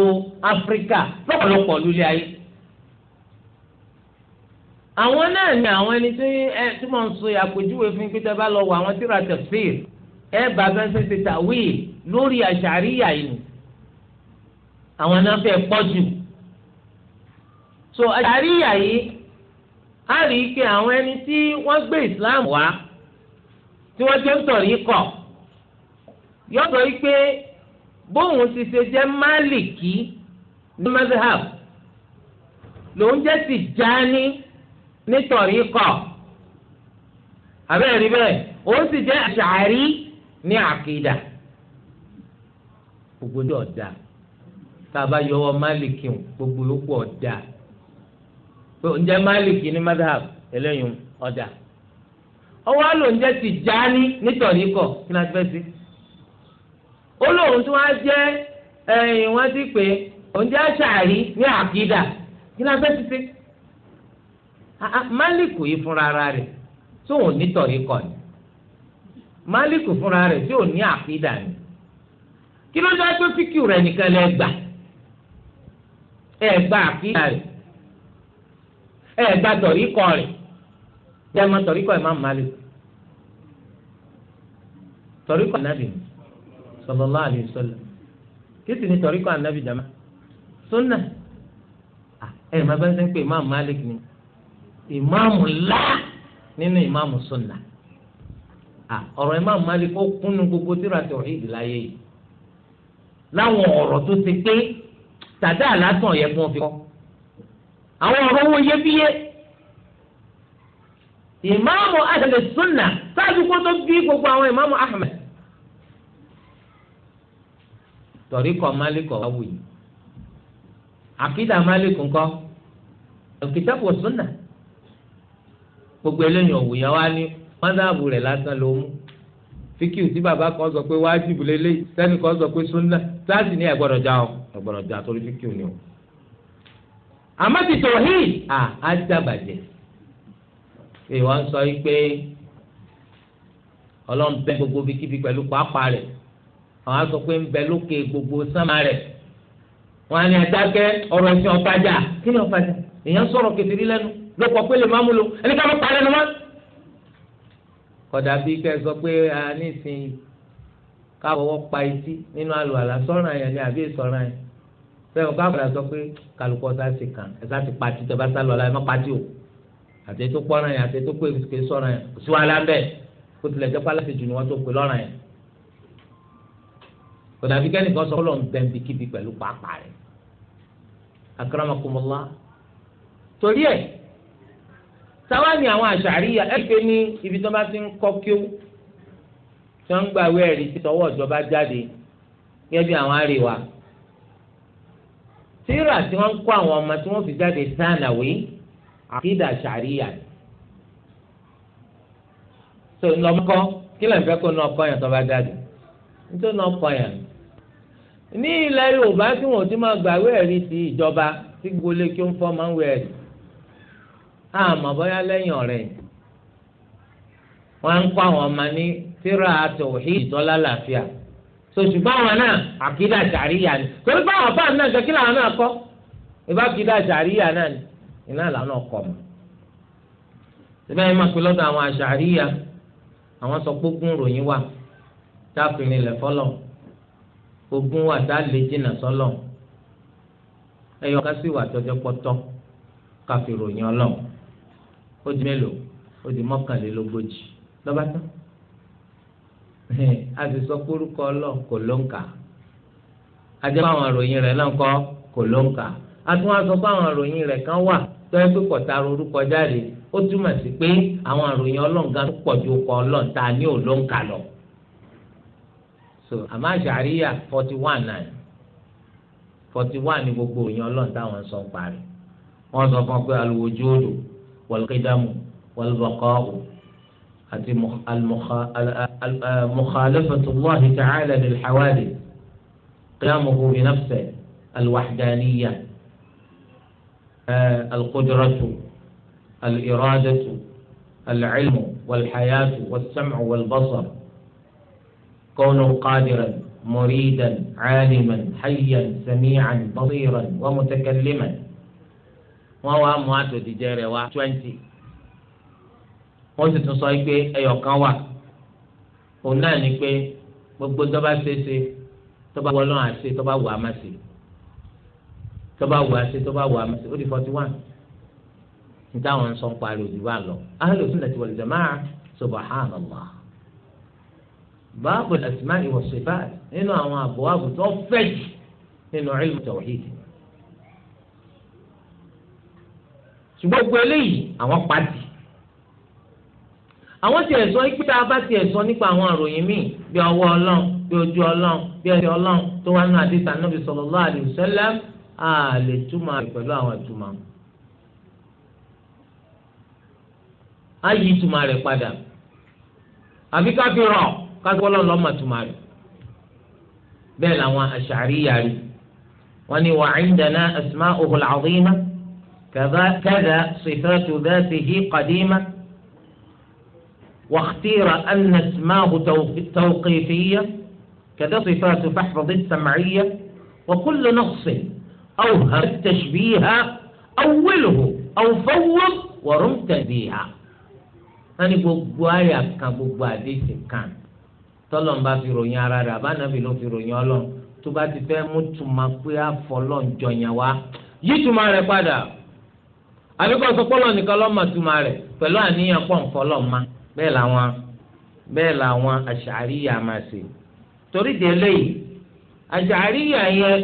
áfíríkà lọ́pọ̀lọpọ̀ lulẹ̀ ayé àwọn náà ni àwọn ẹni tí ẹ tí mo ń so àpèjúwe fún pété bá lọ wọ àwọn tíra tẹfíìr ẹ bá fẹsẹ̀ ṣe tàwíì lórí àṣàríyà yìí àwọn náà fẹ́ pọ̀ jù so àṣàríyà yìí. ha rí i pé àwọn ẹni tí wọ́n gbé islam wá tí wọ́n jẹ́ ń tọ̀rí kọ̀ yọ̀dọ̀ yìí pé bóun ti ṣe jẹ́ máàlìkì ní mazhab lòun jẹ́ tìjáni ní tọ̀rí kọ̀ àbẹ́rẹ́ rí bẹ́ẹ̀ òun sì jẹ́ àṣàárí ní àkìdá gbogbo ní ọ̀dà tá a pé oúnjẹ máàlìkì ní madhab eléyìí ọjà ọwọ́ àlò ti já ní nítorí kọ̀ kí a ti fẹ́ sí. ó lóun tí wọ́n á jẹ́ ẹ̀yìn wọ́n ti pè oúnjẹ àṣàrí ní àkídà kí a fẹ́ sí sí. Ah, máàlìkù yìí fúnra ara rẹ̀ tí ni máàlìkù fúnra rẹ̀ tí òun ní àkídà ni kí ló dá pé fíkì rẹ̀ nìkan lẹ ẹ ẹ gba tọ̀rí kọ rẹ̀ jẹ́ ẹ má tọ̀rí kọ ẹ̀ má má lè tọ̀rí kọ ànábì sallallahu alaihi wasallam kí ni tọ̀rí kọ ànábì jàmá sunna ẹ ẹ má bá ń sẹ́ ń pè má má lè ìmáàmù ńlá nínú ìmáàmù sunna ọ̀rọ̀ ìmáàmù Malik ó kúnnu gbogbo tíra tauhid láyé yìí láwọn ọ̀rọ̀ tó ti pé tàdá àlásàn yẹ fún ọ fi kọ́ àwọn ọ̀rọ̀ owó iyebíye ìmáàmù ahli sunna sáájú kó tó bí gbogbo àwọn ìmáàmù ahmed tọ̀ríkọ̀ málíkọ̀ wá wù yìí àkídà málíkù ńkọ́ al-kitabu wa sunna gbogbo eléyìí òwúyẹ wá ní mọ́sáàbù rẹ̀ lásán ló mú fíkì tí bàbá kan sọ pé wájibù lélẹ́yìí sẹ́ni sọ pé sunna sáàsì ní ẹ̀gbọ́dọ̀ já ọ ẹ̀gbọ́dọ̀ já torí fíkì ò o àmọ́ ti tauhid à á dàbàjẹ́ ìwọ ń sọ pé ọlọ́run bẹ gbogbo bíkíbi pẹ̀lú pàápàá rẹ̀ àwọn á sọ pé ń bẹ lókè gbogbo sánmà rẹ̀ wọn á adákẹ́ ọ̀rọ̀ ẹ̀sìn ọ̀tajà kí ni ọ̀tajà èèyàn sọ̀rọ̀ kẹfìrí lẹ́nu ló kọ pé lè má mú lo ẹni ká ló pa lẹ́nu mọ́. kódà bíi kẹ́ ẹ sọ pé a nísìnyí káwọ́wọ́ pa etí nínú àlùhàlà sọ́ràn yẹn ni àbí ìsọ̀ràn yẹn sẹ́wọ̀n ká padà sọ pé kálukú ọ̀sá ti kàn ẹ̀sá ti pati tẹ̀ bá sá lọ́la ẹ̀ má pati o àti ètò pọ́nrán yẹn àti ètò pé èké sọ̀rọ̀ yẹn kò sí wàhálà ń bẹ̀ kó tilẹ̀ jẹ́ pálá ti jù ni wọ́n tó pè lọ́ràn yẹn. kò dàbí kẹ́nìkan sọ ọlọ́run bẹ́ǹbì kíbi pẹ̀lú pàápàá rẹ̀ akramakumullah torí ẹ̀ sáwá ni àwọn àṣàríyà ẹ̀ pé ní ibi tó bá ti ń kọ́ kíó tí wọ́n ń gbàwé ẹ̀rí tọwọ́ ìjọba jáde gẹ́gẹ́ bí àwọn àríwá tíra tí wọ́n ń kó àwọn ọmọ tí wọ́n fi jáde sànàwé àkídà sàríyà tó lọ́mọkọ́ kí lè fẹ́ kó ná ọkọ yẹn tó bá jáde nítorí ná ọkọ yẹn ní ilẹ̀ Yorùbá tí wọ́n ti máa gbàwé ẹ̀rí ti ìjọba tí gbolé kí ó fọ́ máa ń wẹ̀ ẹ̀rí àmọ́ bóyá lẹ́yìn ọ̀rẹ́ wọ́n kó àwọn ọmọ ní tíra àtọ̀wé ìtọ́lá làáfíà sòṣùgbọ́n àwọn náà àkídà àṣàríyà ni torí bá àwọn fáwọn náà kẹ́kí làwọn náà kọ́ ìbá àkídà àṣàríyà náà ni iná làwọn náà kọ́ mọ́. síbẹ̀ yìí máa pe lọ́dọ̀ àwọn àṣàríyà àwọn sọ pé ogún ròyìn wà tá a fìrìn lẹ̀ fọ́lọ̀ ogún wà tá a lè jìnnà sọ́lọ̀ ẹ̀yọ́ ká sì wà tọ́jọ́ pọ́tọ́ ká fi ròyìn ọlọ́run ó di mélòó ó di mọ́kànlélógójì lọ́bátán a sì sọ pé orúkọ ọlọ́run kò ló ń kà ajẹ́ pé àwọn àròyìn rẹ̀ náà kọ́ kò ló ń a tún wá sọ pé àwọn àròyìn rẹ̀ kan wà tó yẹ pé kọ̀tà orúkọ jáde ó túmọ̀ sí pé àwọn àròyìn ọlọ́run gan pọ̀ ju ọkọ̀ tá a ní òun ló ń kà lọ. so àmọ́ àṣàríyà forty one nine forty one ni gbogbo òyìn ọlọ́run táwọn sọ ń parí wọ́n sọ fún ọ pé alùwòjú odò wọ̀lùkídàmù wọ̀lùbọ̀kọ́ọ̀hù مخالفة الله تعالى للحوادث قيامه بنفسه الوحدانية آه، القدرة الإرادة العلم والحياة والسمع والبصر كونه قادرا مريدا عالما حيا سميعا بصيرا ومتكلما وهو مواتو تجاري 20 wọ́n sì tún sọ pé ẹyọ kan wà òun náà ni pé gbogbo dọ́ba ṣeéṣe tọ́ba wọ lọ́rùn àṣe tọ́ba wọ àmàṣe tọ́ba wọ àṣe tọ́ba wọ àmàṣe ó di forty one níta wọn sọ ń parí òdì wa lọ ahlu sunnati wal jamaa subhanallah báàbò asma'i wa sifat nínú àwọn àbọ̀ àbùtọ́ fẹ́ jù nínú ilmu tawhid ṣùgbọ́n gbogbo àwọn pàdé àwọn tiẹ̀ sọ ikú tá a bá tiẹ̀ sọ nípa àwọn àròyìn míì bí ọwọ́ ọlọ́run bí ojú ọlọ́run bí ẹsẹ̀ ọlọ́run tó wà nínú àdìsá nàbì sallallahu alaihi wasallam á lè túmọ̀ pẹ̀lú àwọn ìtumọ̀. á yí ìtumọ̀ rẹ̀ padà àbí ká fi rọ̀ ká fi ọlọ́run lọ́mọ ìtumọ̀ rẹ̀ bẹ́ẹ̀ làwọn àṣàríyà rí wọn ni wa indana asma'uhu واختير أن اسماه توقيفية كذا صفات فاحفظ السمعية وكل نقص أو هب تشبيها أوله أو فوض ورم تنبيها wọ́n ní gbogbo àyà kan gbogbo àdéhùn kan tọ́lọ̀ ń bá fi ròyìn ara rẹ̀ àbánábì ló fi ròyìn ọlọ́run tó bá ti fẹ́ mú tuma pé àfọlọ́njọyàn wa yí tuma rẹ̀ padà àbíkọ́ sọpọ́lọ́ nìkan lọ́mọ tuma rẹ̀ pẹ̀lú àníyàn pọ̀ ń fọlọ́ ma bẹ́ẹ̀ làwọn bẹ́ẹ̀ làwọn àṣàríyà máa ṣe torí di eléyìí àṣàríyà yẹn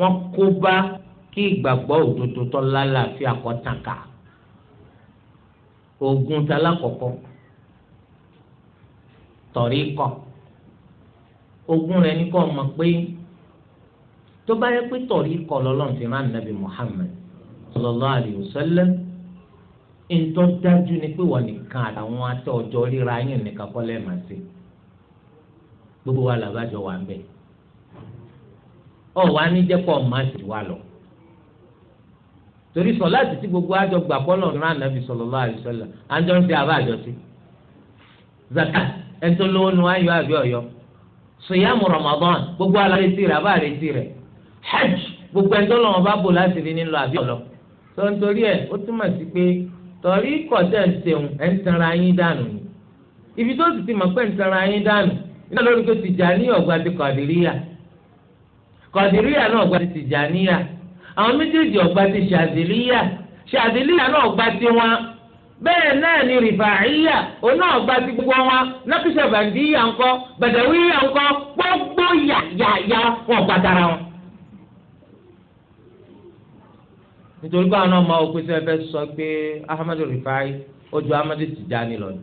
wọ́n kó bá kí ìgbàgbọ́ òdodo tó lálàáfíà kọ́ tàn ká ogun talakọ̀kọ́ tọ̀rí kọ́ ogun rẹ̀ ní kọ́ mọ̀ pé tó bá yẹ pé tọ̀rí kọ́ lọ́lọ́run ti rán nàbì Muhammad sallallahu alaihi wasallam ntọ́ dájú ni pé wọ́n nìkan àtàwọn atọ́ ọjọ́ ríra yín nìkan kọ́ lẹ́ẹ̀mà sí gbogbo wa làbájọ wà ń bẹ̀ ọ wà ní jẹ́pọ̀ máa sì wà lọ torí sọ láti tí gbogbo àjọ gbà pọ́lọ̀ náà nàbì sallallahu alaihi wasallam àjọ ń fi àbá sí zakat ẹ̀ńtọ́ lówó nu ayọ̀ àbí ọ̀yọ́ sọ̀yàmù Ramadan gbogbo alárètí rẹ̀ àbá àrètí rẹ̀ hajj gbogbo ẹ̀ńtọ́ lọ́wọ́ bá bò láti rí nílò àbí ọ̀lọ́ sọ ẹ̀ ó túmọ̀ sí pé torí kọ̀tẹ́ ń ṣeun yín dànù ni ibi tó sì ti mọ̀ pé ń tijaniya yín dànù iná lórí ọ̀gbà ti Kọ̀dìríyà Kọ̀dìríyà náà ọ̀gbà ti Tìjàníyà àwọn méjèèjì ọ̀gbà ti Ṣàdìlíyà Ṣàdìlíyà náà ọ̀gbà ti bẹ́ẹ̀ náà ni rìfàáyà òun náà ọ̀gbà ti gbogbo bàdàwíyà wọn nítorí pé àwọn ọmọ òkú sẹ fẹ́ sọ pé Ahmadu Rifai ó ju Tijani lọ ni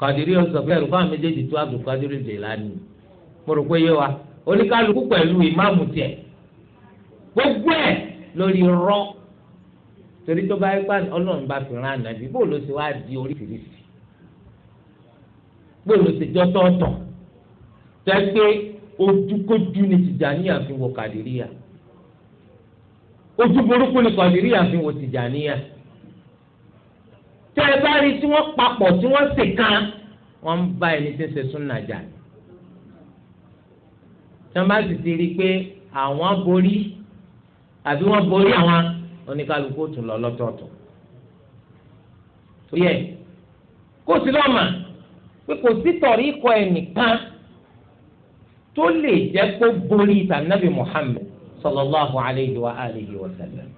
Kadiri ó sọ pé ẹrù fáwọn méjèèjì tó Abdul Kadiri Jilani mo rò pé yé wa oníkálukú pẹ̀lú ìmáàmù tiẹ̀ gbogbo ẹ̀ lórí rọ́ torí tó bá yẹ pé ọlọ́run bá fi rán ànábì bó ló ṣe wáá di oríṣiríṣi bó ló ṣe jọ tọ̀ọ̀tọ̀ tẹ́ pé ojúkójú ni Tìjàníyà fi wọ Kàdíríyà ojú burúkú ni kọ̀dìrí àfihàn wò Tìjàníyà tẹ́ ẹ bá rí tí wọ́n papọ̀ tí wọ́n sì kan wọ́n ń bá ẹni tí ń ṣe súnà jà tí wọ́n bá sì ti rí i pé àwọn borí àbí wọ́n borí àwọn oníkálukú tún lọ lọ́tọ̀ọ̀tọ̀ tó yẹ kó sì lọ́ọ́ mà pé kò sí tọ̀rí ikọ̀ ẹnìkan tó lè jẹ́ kó borí tànàbí Muhammad sallallahu alayhi wa alihi wa sallam.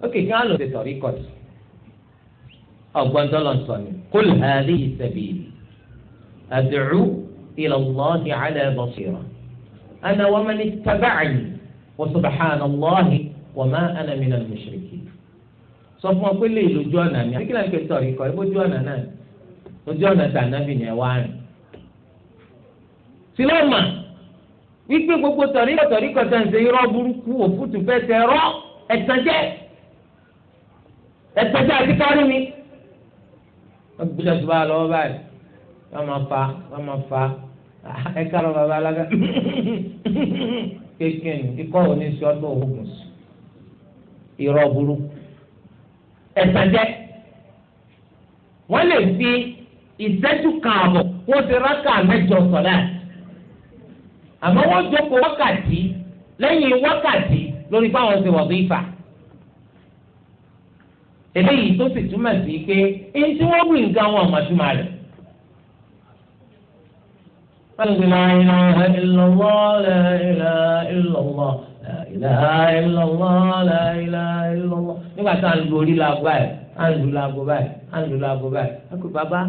ó kì í kí wọ́n lò ṣe tọ̀rí kọ̀tù ọgbọ́n tọ́lọ̀ sọ ni qul hadhihi sabili ad'u ila Allahi ala basira ana wa man ittaba'ani wa subhanallahi wa ma ana minal mushrikin sọ fún wa pé lè lójú ọ̀nà ni àbíkí láti sọ̀rọ̀ ikọ̀ ẹ bójú ọ̀nà náà lójú ọ̀nà tà nábì ni wá rìn. sílọ́ọ̀mà wípé gbogbo tọ̀ríkọ̀ tọ̀ríkọ̀ tẹ̀ ń ṣe irọ́ burúkú òfútù fẹ́ tẹ rọ́ ẹ̀tẹ̀jẹ́ ẹ̀tẹ̀jẹ́ àti kárí mi. wọ́n gbúdọ̀ tó bá a lọ́wọ́ báyìí wọ́n máa fa wọ́n máa fa ẹ kárọ̀ bàbá alága kéèké ni ikọ́ òní sí ọdún òògùn sí irọ́ burúkú ẹ̀tẹ̀jẹ́ wọ́n lè fi ìṣẹ́jú kan àbọ̀ kó o ti rákà mẹ́jọ sọ̀rọ̀ àmọ́ wọ́n jókòó wákàtí lẹ́yìn wákàtí lórí báwọn ṣe wàdífà eléyìí tó sì túmọ̀ sí pé èyí tí wọ́n wí nǹkan wọn àmọ́ túmọ̀ rẹ̀. قلب لا إله إلا الله لا إله إلا الله لا إله إلا الله لا إله إلا الله nígbà tá à ń lu orí laago báyìí à ń lu laago báyìí à ń lu laago báyìí a kò bàbá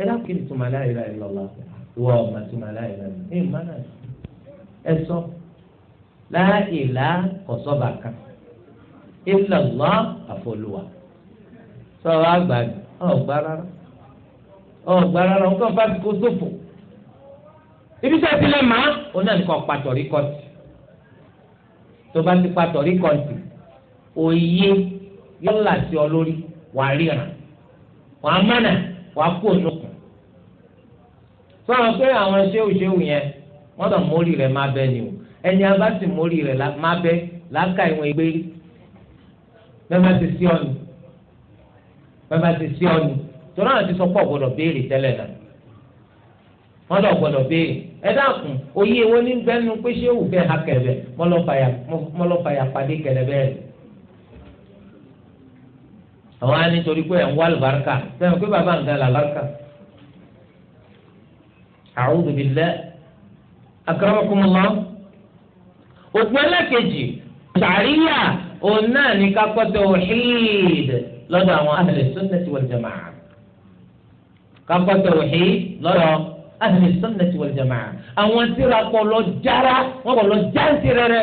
ẹ dákìrì tó máa la ilaha illallah ìwọ ọmọ tó máa la ilaha illallah ẹ má náà ẹsọ láìlá kọsọba kan ìlànà àfọlùwà sọ̀rọ̀ àgbàdo ọ̀gbà rárá ọ̀gbà rárá ọ̀gbà bá ti kó sófò ibi tí a ti lè máa ó náà nìkan pàtọ́rí kọ́ọ̀tì tó bá ti pàtọ́rí kọ́ọ̀tì òye yọ̀là sí ọ lórí wà á ríran wà á mánà wà á kó ònú sọ̀rọ̀ pé àwọn ṣéwù ṣéwù yẹn wọ́n kàn mórí rẹ̀ má bẹ́ ni o ẹni a bá sì mórí rẹ̀ má bẹ́ láka ìwọ̀n ìgbé bẹ́ẹ̀ ti sí ọ̀nù bẹ́ẹ̀ ti sí ọ̀nù torí àwọn ti sọ pé ọ̀gbọ́dọ̀ béèrè tẹ́lẹ̀ náà wọ́n lọ gbọ́dọ̀ béèrè ẹ dákun oyè ewo ní bẹ́ẹ̀nu pé ṣé òwú bẹ́ẹ̀ ha kẹ̀lẹ́bẹ̀ mọ́lọ́fàyà pàdé kẹ̀lẹ́bẹ̀ rẹ̀ àwọn á nítorí pé ẹ̀ ń wá àlùbáríkà sẹ́wọ̀n pé bàbá ń ga àlùbáríkà a'udhu billah. akramakum Allah òpin kejì sàríyà òun náà ní kakọ́tọ̀ tawhid lọ́dọ̀ àwọn ahli sunnati wal jama'a kakọ́tọ̀ tawhid lọ́dọ̀ ahli sunnati wal jama'a àwọn tíra kọlọ jára wọn kọlọ jáǹtì rẹrẹ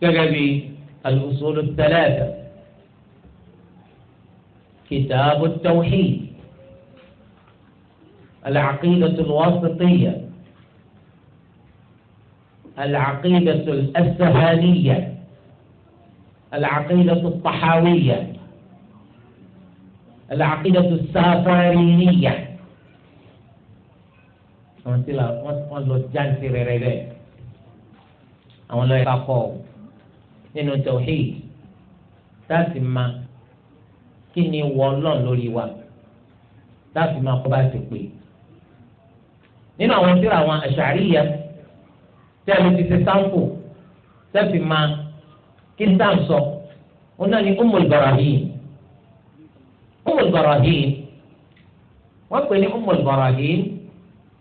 gẹ́gẹ́ bí al-usul ath-thalatha kitab at-tawhid. العقيدة الواسطية العقيدة الأسهالية العقيدة الطحاوية العقيدة السافارينية wọ́n ti la wọ́n lọ jáǹtì rẹ̀rẹ̀ bẹ́ẹ̀ àwọn lọ́ọ́ yẹra kọ́ nínú tawhid láti ma kí ni wọ́n lọ́n lórí wa láti ma kọ́ bá ti pè é nínú àwọn tíra àwọn àṣàríyà tẹ́lẹ̀ ti ṣe sáǹpù tẹ́fì máa kí sáà sọ wọn náà ní Ummul Barahim Ummul Barahim wọ́n pè ní Ummul Barahim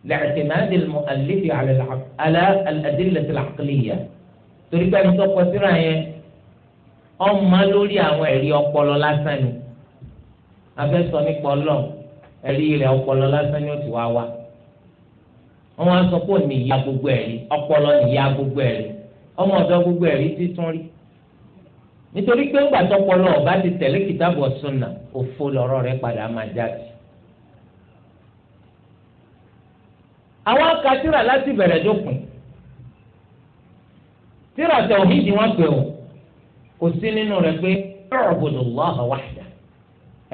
li'timadi al-mu'allifi 'ala al-adillati al-'aqliyya torí pé ẹni tó kọ síra yẹn ọmọ lórí àwọn ẹ̀rí ọpọlọ lásán ni afẹ́ sọ nípa ọlọ́ ẹ̀rí rẹ̀ ọpọlọ lásán ni ó ti wá wá. wọn wá sọ pé nìyá gbogbo ẹ̀ rí ọpọlọ ya gbogbo ẹ̀ rí ọmọ ọ̀dọ̀ gbogbo ẹ̀ rí títún rí nítorí pé ọba ti tẹ̀lé kìtàbù ọ̀sùnà òfo lọ́rọ̀ rẹ̀ padà máa jáde. àwọn akatira láti bẹ̀rẹ̀ dópin tíra tẹ̀wọ̀hídì wọn pè ó kò sí nínú pé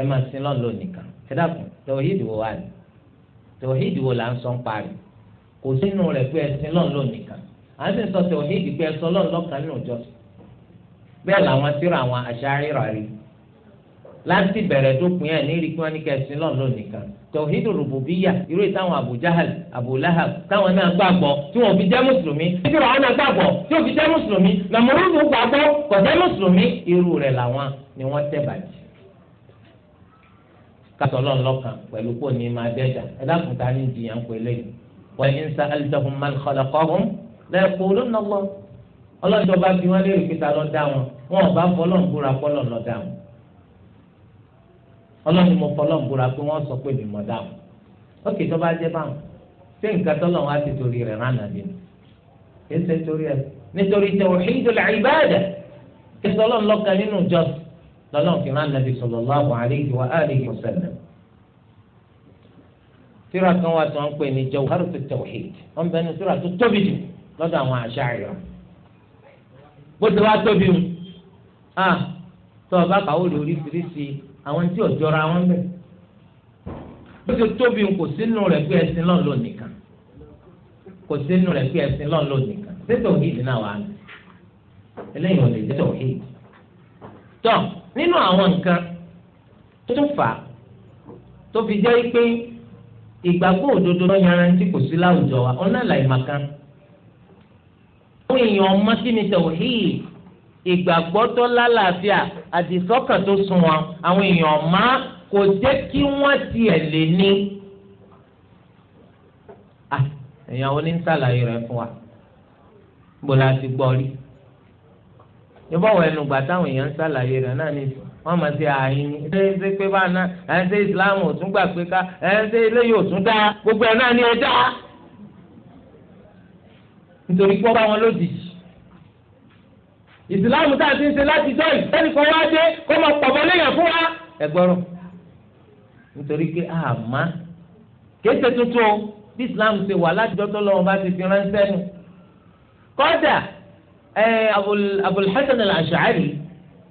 máa sin lọ́nà lónìí kan wo wà ní wo là ń sọ ń parí. kò sínú rẹ̀ pé ẹsìn lọ́n lò nìkan à ń sọ tẹ̀ òní ìdìgbẹ́ ẹsọ lọ́n lọ́kàn nínú ìjọsìn bẹ́ẹ̀ làwọn àwọn rí láti bẹ̀rẹ̀ ẹ̀ ní rí wọ́n ní nìkan rùbùbíyà irú ìtàwọn táwọn náà gbàgbọ́ tí wọn fi jẹ́ mùsùlùmí títí náà tí wọn fi jẹ́ mùsùlùmí nàmúrúdù gbàgbọ́ kò jẹ́ mùsùlùmí irú rẹ̀ wọ́n tẹ̀ bàjẹ́ wa in sa'altahum man khalaqahum la yaqulunna Allah ọlọ́jọ́ bá bí wọ́n léèrè kíta lọ dá wọn wọn ò bá fọlọ́ ń búra fọlọ́ lọ dá wọn ọlọ́ni mo fọlọ́ ń búra pé wọ́n sọ pé mi mọ̀ dá wọn ó kì í tó bá jẹ́ báwọn ṣé nǹkan tọ́lọ̀ wọn á ti torí rẹ̀ rán nàbí ni kì í ṣe torí ẹ̀ nítorí tawhidul ibada kí tọ́lọ́ ń lọ́ka nínú ìjọsìn lọ́lọ́ fi rán nàbí sallallahu alaihi wa alihi wa sallam tíra kan wà tó ń pè ní Jawharatu Tawhid wọn bẹ ní tíra tó tóbi jù lọ́dọ̀ àwọn Ash'ari bó ti wá tóbi mu a tó o bá kàwé lóríṣiríṣi àwọn tí ò jọra wọn bẹ bó ti tóbi mu kò sínú rẹ̀ pé ẹsìn lọ́n lò nìkan kò sínú rẹ̀ pé ẹsìn lọ́n lò nìkan sẹ́tọ̀ hìd náà wà ní eléyìí ò jẹ́ tọ̀ hìd tọ́ nínú àwọn nǹkan tó fà tó fi jẹ́ pé ìgbàgbọ́ òdodo lọ yanrantí kò sí láwùjọ wa ọ̀nà làìmọ̀kan. àwọn èèyàn ọmọ sí ni tẹ̀wọ̀hìí ìgbàgbọ́ tó lálàáfíà àdìsọ́kàn tó sunwọ̀n àwọn èèyàn ọmọ kò jẹ́ kí wọ́n tiẹ̀ lè ní. èèyàn wo ní sàlàyé rẹ̀ fún wa bó la ti gbọ́ rí. ìbọ̀wọ̀ ẹnu gbà táwọn èèyàn ń sàlàyé rẹ̀ náà nìyí. wọn ma sí àyìn ṣé pé bá ná ẹ̀ ṣe ò tún gbà pé ká ẹ̀ eléyìí ò tún dá gbogbo ẹ̀ náà ni ẹ dá nítorí pé ọba wọn lójijì ìsìláàmù tá a ti ń ṣe láti jọ wá dé kó wa nítorí pé àmá tuntun bí ṣe wà ti fi ránṣẹ́ nù kọ́dà Abul al-Ash'ari.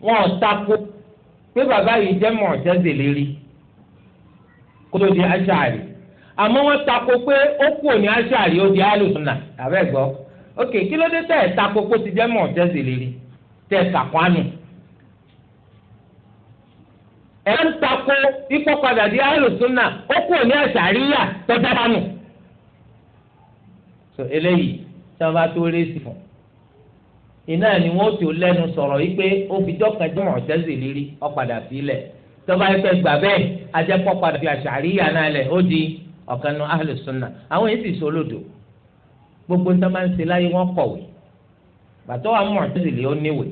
wọn ò takò pé bàbá yìí jẹ́ mọ̀ọ́tẹ́sílẹ̀ rí kó tó di aṣáàrí àmọ́ wọ́n takò pé ó kúrò ní aṣáàrí ó di alùsùnà àbẹ́ gbọ́ ok kí ló dé tẹ̀ takò pé ó ti jẹ́ mọ̀ọ́tẹ́sílẹ̀ rí tẹ̀ sàkwánù ẹ̀ ń takò ìkọ́padà di alùsùnà ó so eléyìí tó rí sí fún un iná ni wọ́n ti lẹ́nu sọ̀rọ̀ yìí pé ó fi jọ́kànjú mọ̀tẹ́sì lérí ọ̀padà sílẹ̀ tọ́ba ẹgbẹ́ gbà bẹ́ẹ̀ ajẹ́pọ̀ padà fi àṣàríyà náà lẹ̀ ó di ọ̀kan nu ahlu sunna àwọn yìí sì sọlódò gbogbo níta máa ń ṣe láyé wọ́n kọ̀wé gbàtọ́ wa mọ̀tẹ́sì lé ó níwè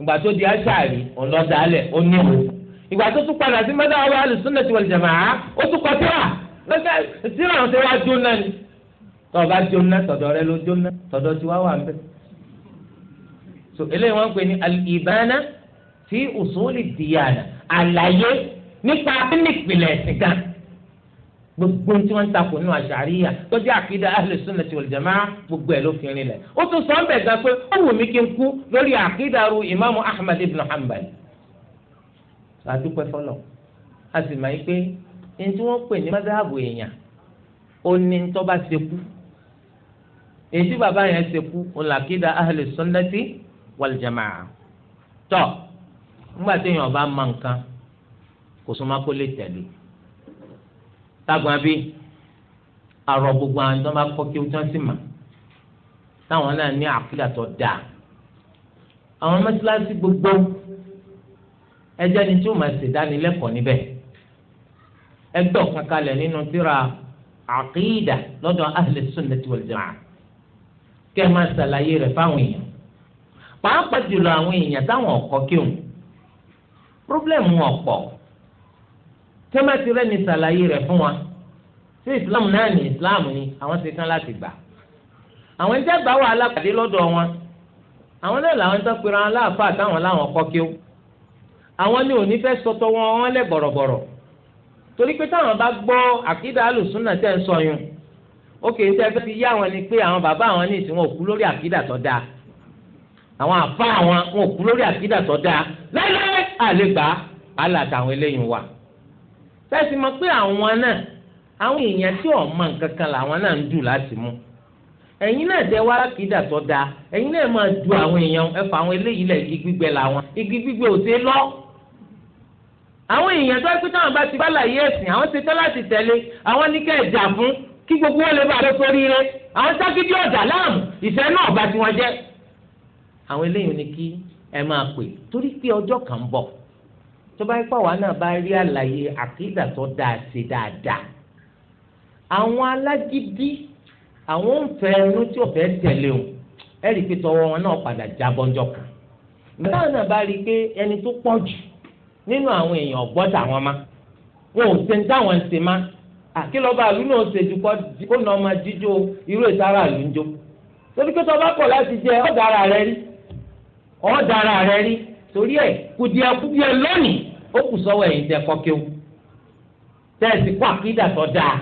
ìgbà di àṣàrí ọ̀nọ́dàálẹ̀ ó níwè ìgbà tó padà sí mẹ́ta àwọn ahlu sunna ti wal jamaa ó tún kọ́ tíra tíra àwọn tó wá jóná ni tọ́ba jóná tọ̀dọ̀ so eléyìí wọ́n ń pè ní al-ibana fi usuli diyana àlàyé nípa nípìnlẹ̀ ẹ̀sìn gan gbogbo tí wọ́n ń takò nínú àṣàríyà tó jẹ́ àkídá ahlus sunnati wal jamaa gbogbo ẹ̀ ló fi rinlẹ̀ ó tún sọ ń bẹ̀ gan pé ó wù mí kí n kú lórí àkídá ru ìmáàmù ahmad ibn hanbal àdúpẹ́ fọlọ́ a sì máa ń pé ẹni tí wọ́n pè ní mọ́sáàbù èèyàn ó ní tọ́ba ṣekú èyí tí bàbá yẹn ṣekú òun làkídá ahlus wal jamaa tọ́ ńgbà téèyàn bá mọ nǹkan kò súnmọ́ kó lè tẹ̀lé tágbọn bí arọ gbogbo àwọn tó bá kọ́ kí wọ́n tán sí mà táwọn náà ní àkídà tó dáa àwọn mọ́sálásí gbogbo ẹjẹ́ ni tí ó máa ṣèdánilẹ́kọ̀ọ́ níbẹ̀ ẹgbẹ́ ọ̀kan kalẹ̀ nínú tírà àkídà lọ́dọ̀ ahlẹ̀ sunnati wal jamaa kẹ́ ẹ máa ṣàlàyé rẹ̀ fáwọn èèyàn pàápàá jùlọ àwọn èèyàn táwọn ọkọ kéwòn pírọblẹmù ọ̀pọ̀ tẹmẹtì rẹ ní sàlàyé rẹ fún wa sí islam náà ní islam ni àwọn ti tán láti gbà àwọn ẹni tẹ́ bá wà alápàdé lọ́dọ̀ wọn àwọn náà làwọn ń tọpẹ ran aláàfáà táwọn láwọn ọkọ kéwòn àwọn ní òní fẹ́ sọtọ wọn wọn lẹ bọ̀rọ̀bọ̀rọ̀ torí pé táwọn bá gbọ́ àkídà alùsùnà tẹ́ ń sọ ó kè é ti yá àwọn ni pé àwọn bàbá àwọn ní ìsìn wọn òkú lórí àkídà tó dáa àwọn àfa àwọn wọn ò kú lórí àkídà tó dáa lẹ́lẹ́ àlégbà alàtàwọn eléyìí wà. sẹ́sì mọ̀ pé àwọn náà àwọn èèyàn tí ò mọ nǹkan kan làwọn náà ń dù láti mú ẹ̀yin náà tẹ wá àkídà tó dáa ẹ̀yin náà máa du àwọn èèyàn ẹ fà àwọn eléyìí lẹ̀ igi gbígbẹ làwọn igi gbígbẹ ò ṣe lọ. àwọn èèyàn tó ẹ pé táwọn bá ti bá làyé ẹ̀sìn àwọn ti tẹ́ láti tẹ̀lé àwọn ní kẹ́ ẹ̀ àwọn eléyìí ni kí ẹ máa pè torí pé ọjọ́ kan ń bọ̀ tó bá pẹ́ wàá náà bá rí àlàyé àkídà tó dáa ṣe dáadáa àwọn alágídí àwọn òǹfẹ́ ẹnu tí òfẹ́ tẹ̀lé o ẹ rí i pé tọwọ́ wọn náà padà jábọ́ ńjọ́ kan ìgbà náà bá rí i pé ẹni tó pọ̀ jù nínú àwọn èèyàn ọ̀gbọ́dà wọn má wọn ò ṣe ń dáwọn ṣe má àkìlọ́ba àlù náà ṣe ju kó nà ọmọ jíjó irú ìsára àlù torí pé tọ́ bá kọ̀ láti jẹ ọ̀gá ara rẹ rí ọ̀dàrà rẹ rí torí ẹ̀ kùdìẹ̀kùdìẹ̀ lónìí ó kù sọ́wọ́ ẹ̀yin tẹ kọ́kíó tẹ́ẹ̀sì kó àkídà tó dáa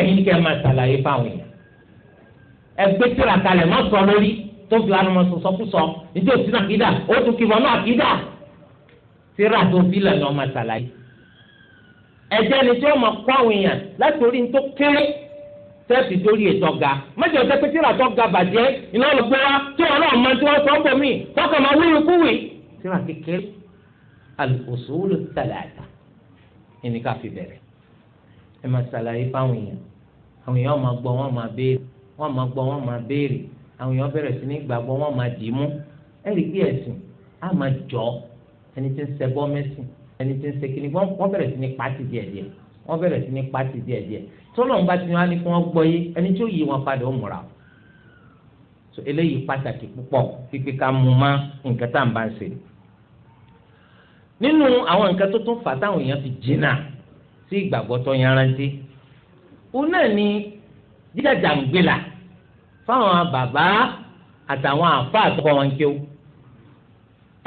ẹ̀yin kẹ́ máa ṣàlàyé fáwọn èèyàn ẹgbẹ́ tíra kalẹ̀ má sọ lórí tó fi lanu níjẹ́ àkídà ó tún kí wọn àkídà tíra tó fi lẹ̀ lọ́ ṣàlàyé ẹ̀jẹ̀ ni tí wọ́n máa kó àwọn kéré tẹ́ẹ̀sì dórí ètò ọ̀gá mẹ́jọ tẹ́ pé tíra tó ga bàjẹ́ iná ló gbé wa tí wọn náà mọ tí wọn sọ ń bọ̀ mí tọkàn máa wúwo kúwì. tíra kékeré al-usul thalatha ẹni ká fi bẹ̀rẹ̀ ẹ máa ṣàlàyé fáwọn èèyàn àwọn èèyàn máa gbọ́ wọn máa béèrè wọn máa gbọ́ wọn máa béèrè àwọn èèyàn bẹ̀rẹ̀ sí ní gbàgbọ́ wọn máa dì í mú ẹ̀rí pé ẹ̀sìn á máa jọ ẹni tí ń ṣẹbọ mẹ́sìn ẹni tí ń ṣe kíni wọ́n bẹ̀rẹ̀ tọ́lọ̀ ń bá ti wá ní kí wọ́n gbọ́ yé ẹni tí ó yí wọn padà ó múra so eléyìí pàtàkì púpọ̀ pípé ká mú má nǹkan tá à ń bá ń ṣe nínú àwọn nǹkan tó tún fà táwọn èèyàn fi jìnnà sí ìgbàgbọ́ tó yanrantí òun náà ni jíjàjàngbìlà fáwọn bàbá àtàwọn àfa àtọkọ wọn kí o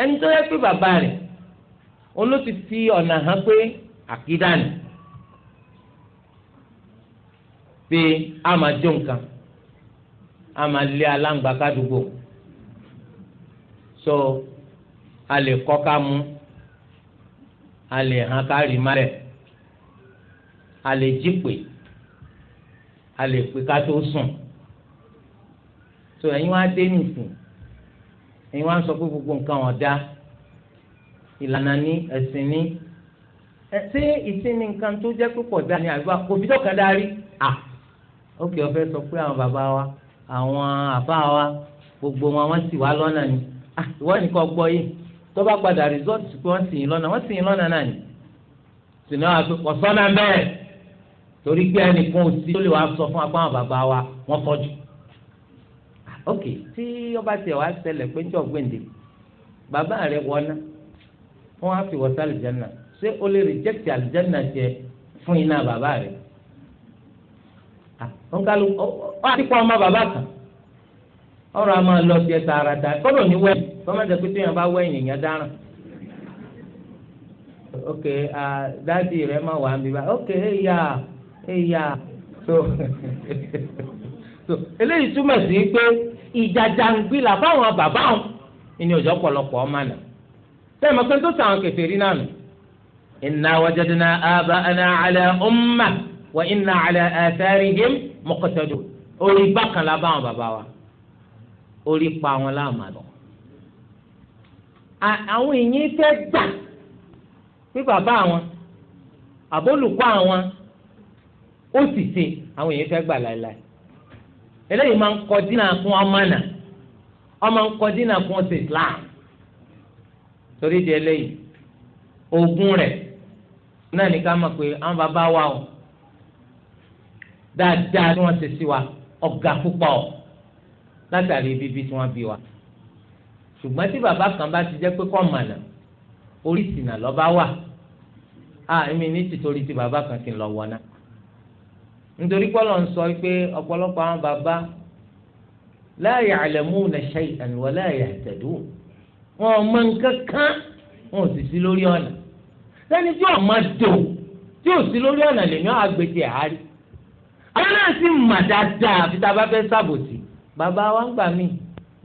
ẹni tó yẹ pé bàbá rẹ̀ olóòtú fi ọ̀nà hàn pé àkídà ni pé a máa jó nǹkan a máa lé aláǹgbá kádùgbò so a lè kọ́ ká mú a lè hàn ká rí má rẹ̀ a lè jí pè a lè pè ká tó sùn so ẹ̀yin wá dé nìsín ẹ̀yin wá sọ pé gbogbo nǹkan ọ̀dá ìlànà ní ẹ̀sìn ní ẹ̀ ṣé ìsìn ní nǹkan tó jẹ́ pípọ̀ dá ní àgbà kò fi dọ́kadà rí ó kì í ọ fẹ́ sọ pé àwọn bàbá wa àwọn àbá wa gbogbo wọn wọ́n sì wá lọ́nà ni ah, ìwọ nìkan gbọ́ yìí tó bá padà rìsọ́ọ̀tì pé wọ́n sì yín lọ́nà wọ́n sì yín lọ́nà náà ni sìnà àpèkọ sọ́nà bẹ́ẹ̀ torí pé ẹnìkan ò sí tó lè wá sọ fún apá àwọn bàbá wa wọ́n fọ́jú. Ah, ok tí ọba tiẹ̀ wá ṣẹlẹ̀ pé jọ gbèǹde bàbá rẹ̀ wọná wọ́n á fi wọ́sá àlìjánà ṣé o lè rìjẹ́kìtì àlìjánà jẹ fún iná bàbá rẹ̀ wọn kálù wọn àti ọmọ bàbá kan ọ̀rọ̀ a máa lọ sí ẹ tààràtà ní bá ok dáàdi rẹ máa wà ń bá ok eya eya so so eléyìí túmọ̀ sí pé ìjàjàngbìlà fáwọn bàbá wọn ìní ọjọ́ pọ̀lọpọ̀ ọmọ sẹ́yìn mọ̀ pé tó kẹfẹ́ rí ala wa inna ala atharihim muqtadun orí bákan la báwọn bàbá wa orí pa wọn láàmà lọ. àwọn èèyàn fẹ́ gbà pé bàbá àwọn àbólùkọ́ àwọn ó sì ṣe àwọn èèyàn fẹ́ gbà láéláé eléyìí máa ń kọ dínà fún ọmọ ọmọ ń kọ dínà fún ọ̀sẹ̀ Islam torí di eléyìí ogun rẹ̀ náà ní ká mọ̀ pé àwọn bàbá wa o dáadáa ni wọ́n ti sí wa ọ̀gá púpọ̀ látàrí bíbí tí wọ́n bí wa ṣùgbọ́n tí bàbá kan bá ti jẹ́ pé kọ́ mànà orí ìsìnà lọ́ba wà á èmi ní tìtorí ti bàbá kan kì í lọ wọná nítorí pọ́lọ́ ń sọ pé ọ̀pọ̀lọpọ̀ àwọn bàbá la ya'lamuna shay'an wa la yahtadun wọn ò mọ nǹkan kan wọn ò sì sí lórí ọ̀nà lẹ́ni tí ò máa dò tí ò sí lórí ọ̀nà lèmi àgbèjì àárí àwọn náà sì mà dáadáa àfi tá a bá fẹ́ ṣàbòsí bàbá wa ń gbà mí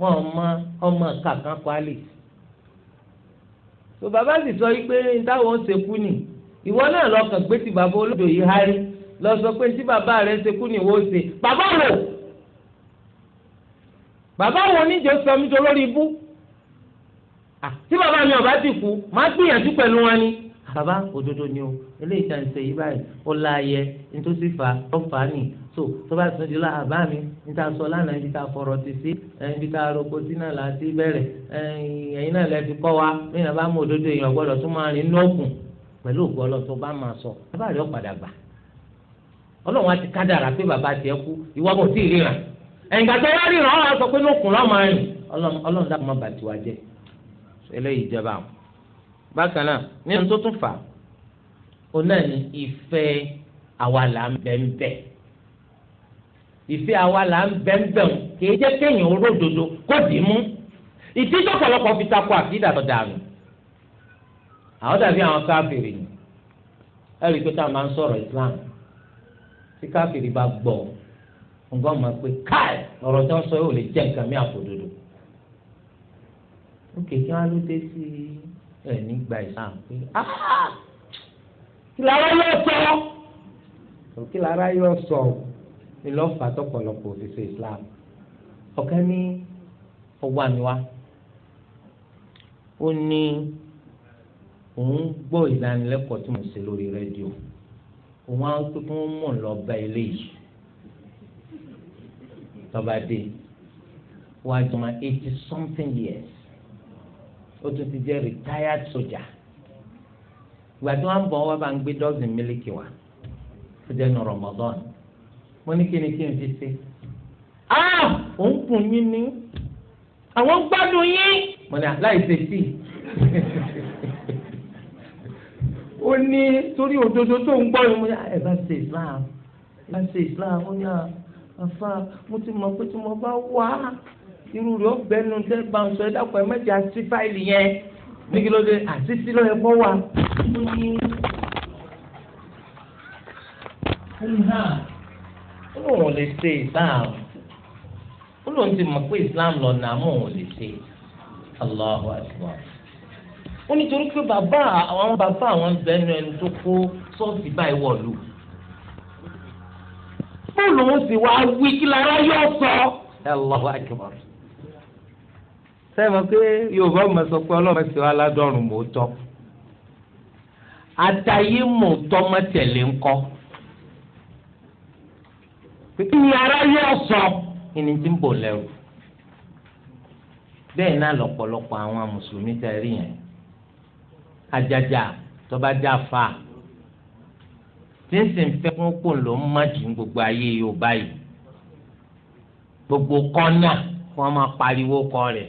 wọn ọmọ ọmọ kàkan kwalì tó bàbá sì sọ pé táwọn ṣekú ni ìwọ náà lọkàn pé tí bàbá olódò yìí hárí lọ sọ pé tí bàbá rẹ ṣekú ni wọ́n ṣe bàbá wò bàbá wo oníjẹ sọ mi tó lórí ibú tí bàbá mi ò bá ti kú má gbìyànjú pẹ̀lú wọn ni. kaba òdodo ni o eléyìí tá à ń ṣe yìí báyìí ó láàyè nítòsí ó so tó bá di la àbá mi níta sọ lánàá ibi tá a ti sí ibi tá a roko sí náà ti bẹ̀rẹ̀ ẹ̀yin náà lẹ fi kọ́ wa níyàn bá mú òdodo èèyàn gbọ́dọ̀ tó máa rìn lọ́kùn pẹ̀lú òkú ọlọ́tọ́ bá máa sọ bàbá rẹ̀ ó padà gbà ọlọ́run á ti kádàrà pé bàbá kú ìwọ bákan náà nínú tó tún fà á ó náà ní ìfẹ́ àwa là ń bẹ́ńbẹ́ ìfẹ́ àwa là ń bẹ́ńbẹ́ òun kì í jẹ́ kéèyàn olódodo kó dì í mú ìdíjọ́ ọ̀pọ̀lọpọ̀ fi takò àkídà tó dànù àwọn dàbí àwọn káfìrì ni ẹ̀rí pé táwọn máa ń sọ̀rọ̀ Islam tí káfìrì bá gbọ́ nǹkan máa pé káì ọ̀rọ̀ tí wọ́n sọ yóò lè jẹ́ nǹkan mi àfòdodo ó kéèké wọn ló dé sí i ẹ nígbà ìsàn pé ah, ah, kí lára yóò sọ kí lára yóò sọ ni lọ́fà tọ̀pọ̀lọpọ̀ òṣìṣẹ́ Islam ọ̀kan ní ọgbà mi wá ó ní òun gbọ́ ìdánilẹ́kọ̀ọ́ tí mo ṣe lórí rédíò òun á pé kí wọ́n mọ̀ lọ bá ilé yìí tọ́ba dé wọ́n á jọ máa eighty something years ó tún ti jẹ́ retired sójà ìgbà tí wọ́n ń bọ̀ wọ́n bá ń gbé dọ́sìn mílíkì wá tó jẹ́ nu Ramadan mo ní kí ni kí n fi ṣe ah òun kùn yín ni àwọn gbádùn yín mo ní láì ṣe sí ó ní torí òdodo tó ń gbọ́ ni mo ní ẹ bá ṣe Islam ẹ bá ṣe Islam ó ní àfa mo ti mọ̀ pé tí mo bá wà á irú rẹ̀ ó bẹnu tẹ́ bá ẹ dákun ẹ mẹ́jẹ àti fáìlì yẹn ní kí ló dé àtìsí ló yẹ kó wà. ó lóun lè ṣe islam ó lóun ti mọ̀ pé islam lọ́nà àmọ́ òun lè ṣe Allahu akbar ó nítorí pé bàbá àwọn bàbá àwọn bẹnu ẹni tó kó ṣọ́ọ̀ṣì báyìí wọ̀lú bóòlù ó sì wá wí kí lára yóò sọ. Allahu akbar. sẹ́mi pé yorùbá ọmọ sọ pé ọlọ́mọ sì wá ládọ́rùn mò ń tọ́ àtàyé mò ń tọ́ ní aráyé ìní tí ń bò lẹ́rù bẹ́ẹ̀ náà lọ́pọ̀lọpọ̀ àwọn mùsùlùmí tẹ ajaja já fa ń fẹ́ fún kò ló ń gbogbo ayé yorùbá yìí gbogbo kọ́nà wọ́n pariwo kọ́ rẹ̀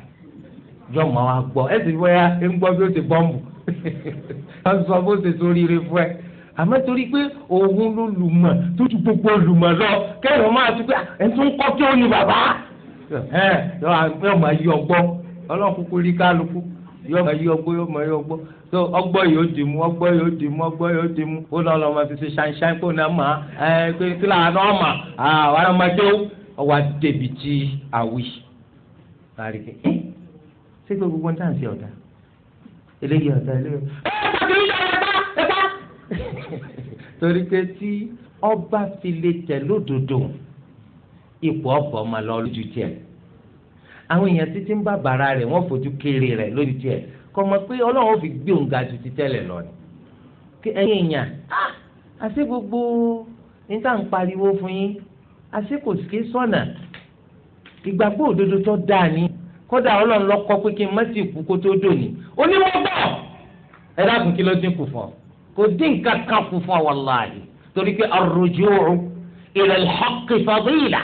yọ mọ wa gbọ́ ẹ sì bóyá ẹ ń gbọ́ bí ó ti bọ́ǹbù wọ́n sọ bó ṣe sórí rẹ fún ẹ àmọ́ torí pé òun ló lù mọ̀ tó ju gbogbo lù mọ̀ lọ kẹ́rọ̀ máa tún pé ah, ẹ tún kọ́ kí ó ní bàbá ẹ yọ máa yọ gbọ́ ọlọ́run kúkú rí kálukú yọ máa yọ gbọ́ yọ máa yọ gbọ́ so ọgbọ́ yóò di mu ọgbọ́ yóò di mu ọgbọ́ yóò di mu ó lọ́ọ́ lọ́ọ́ máa fi ṣe ṣáínṣáín kó náà mà ẹ pé kí láà náà mà á wàá máa jó ọwọ́ àdébìtì ṣé pé gbogbo nǹkan ṣe ọ̀dà eléyìí ọ̀dà eléyìí ọ̀dà torí pé tí ọba fi lè tẹ̀ lódodo ipò ọ̀bọ̀ ọmọ lọ lójú tiẹ̀ àwọn èèyàn títí ń bá bàrà rẹ̀ wọ́n fojú kéré rẹ̀ lójú tiẹ̀ kọ́ mọ̀ pé ọlọ́run fi gbé òun ga ju ti tẹ́lẹ̀ lọ ni kí ẹ̀yin èèyàn àti gbogbo níta ń pariwo fún yín àti kò sí sọ̀nà ìgbàgbọ́ òdodo tó dáa ni. kódà ọlọ́run lọ kọ́ pé kí n má sì kú kó tó dòní ẹ dákun kí ló dín kù fún ọ kò dín nǹkan kan kù fún ọ torí pé ila al nke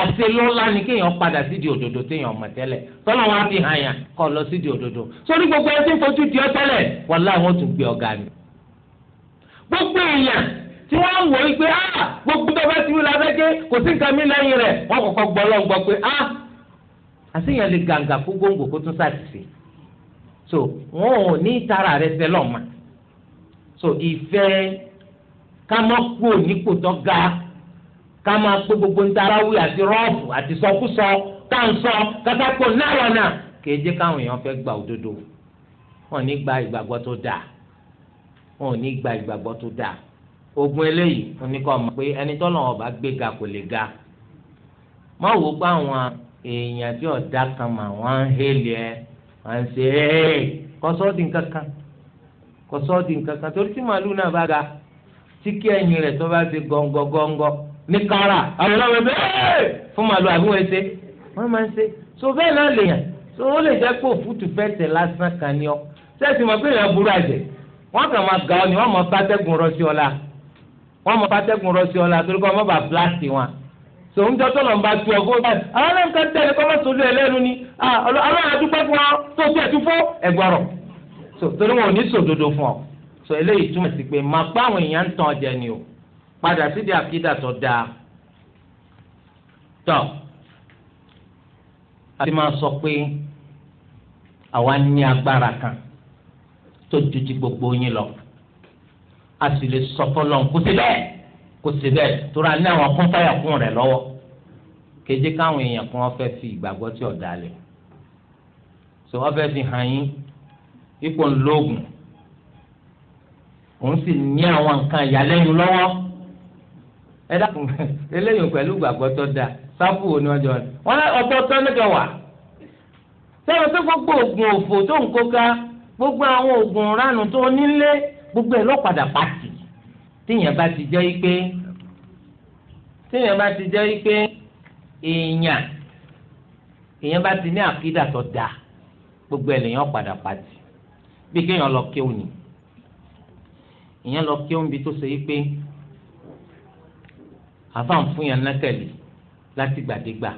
àti lọ́la ni kéèyàn padà sídìí òdodo téèyàn mọ̀ tẹ́lẹ̀ tọ́lá fi hàn yàn kọ́ lọ sídìí gbogbo tí ń fojú di ọ tẹ́lẹ̀ wàláhì wọn tún gbé gbogbo èèyàn tí wọ́n wò ó pé ah, gbogbo bàbá tí la fẹ́ kò sí nǹkan mi lẹ́yìn rẹ̀ wọ́n kọ́kọ́ gbọ́ àṣeyàn lè gàǹgà kó góńgò kó tún ṣàṣìṣe so wọn ò ní tara rẹ sẹlọ mà so ìfẹ́ ká má kú nípò tó ga ká má pé gbogbo ntaráwí àti rọ́ọ̀bù àti sọkúsọ tá à ń sọ kátàkó náírà náà kèé jẹ́ káwọn èèyàn fẹ́ gba òdodo wọn ò ní gba ìgbàgbọ́ tó dáa wọn ò ní gba ìgbàgbọ́ tó dáa ogun eléyìí oníkọ́ pé ẹni tọ́lọ́run bá gbéga kò lè ga mọ̀ wò pé àwọn èèyàn tí ọ̀dà kan mà wọ́n ń hélì ẹ̀ wọ́n ń ṣe é kọ́sọ́ọ̀dì kankan kọ́sọ́ọ̀dì kankan torí tí màlúù náà bá ga tí kí ẹ̀yìn rẹ̀ tó bá ṣe gọ́ngọ́gọ́ngọ́ ní kára àwọn ọlọ́wọ́ bẹ́ẹ̀ fún màlúù àbí wọ́n ṣe wọ́n máa ń ṣe so bẹ́ẹ̀ náà lèèyàn so ó lè jẹ́ pé òfútù fẹ́tẹ̀ lásán kan ni ọ sẹ́ẹ̀sì mọ̀ pé èèyàn burú àjẹ́ wọ́n kàn máa ga ọ ni wọ́n mọ̀ pátẹ́gùn rọ sí ọ sòun jọ tọ́lọ̀ ń bá tu ọ̀gbọ́n báyìí àwọn ẹlẹ́nu kan tẹ̀lé kọ́ mọ́tò olú ẹlẹ́nu ni ọlọ́run àdúgbò fún ọ tó tẹ̀ tún fún ẹgbọ́rọ̀ torí wọn ò ní sòdodo fún ọ sọ eléyìí túmọ̀ sí pé máa pa àwọn èèyàn ń tàn ọjà ni o padà sídìí àkídà tó dáa tọ́ àti máa sọ pé àwa ní agbára kan tó ju ti gbogbo yín lọ a sì lè sọ fọlọ́n kó sí bẹ́ẹ̀ kò sí bẹ́ẹ̀ tóra ní àwọn kún fáyà kún rẹ̀ lọ́wọ́ kéde káwọn èèyàn kan fẹ́ fi ìgbàgbọ́ tí ọ̀dà lẹ̀ so wọ́n fẹ́ fi hàn yín ipò ńlọ́ọ̀gùn òun sì ní àwọn nǹkan ìyàlẹ́nu lọ́wọ́ ẹ dákun eléyìí pẹ̀lú ìgbàgbọ́ tó dáa sáfù òní ọjọ́ rẹ̀ wọ́n lé ọ̀tọ̀ tó nígbà wà sẹ́wọ́n tó gbogbo oògùn òfò tó ń kóka gbogbo àwọn oògùn ránù tó nílé gbogbo ẹ̀ lọ́padà pàtì téèyàn bá ti jẹ́ pé téèyàn bá ti jẹ́ pé èèyàn èèyàn bá ti ní àkídà tó dáa gbogbo ènìyàn padà pàtì bí kéèyàn lọ kéwù ni èèyàn lọ kéwù bí tó ṣe pé àfáàn fún yàn nákàlì láti gbàdégbà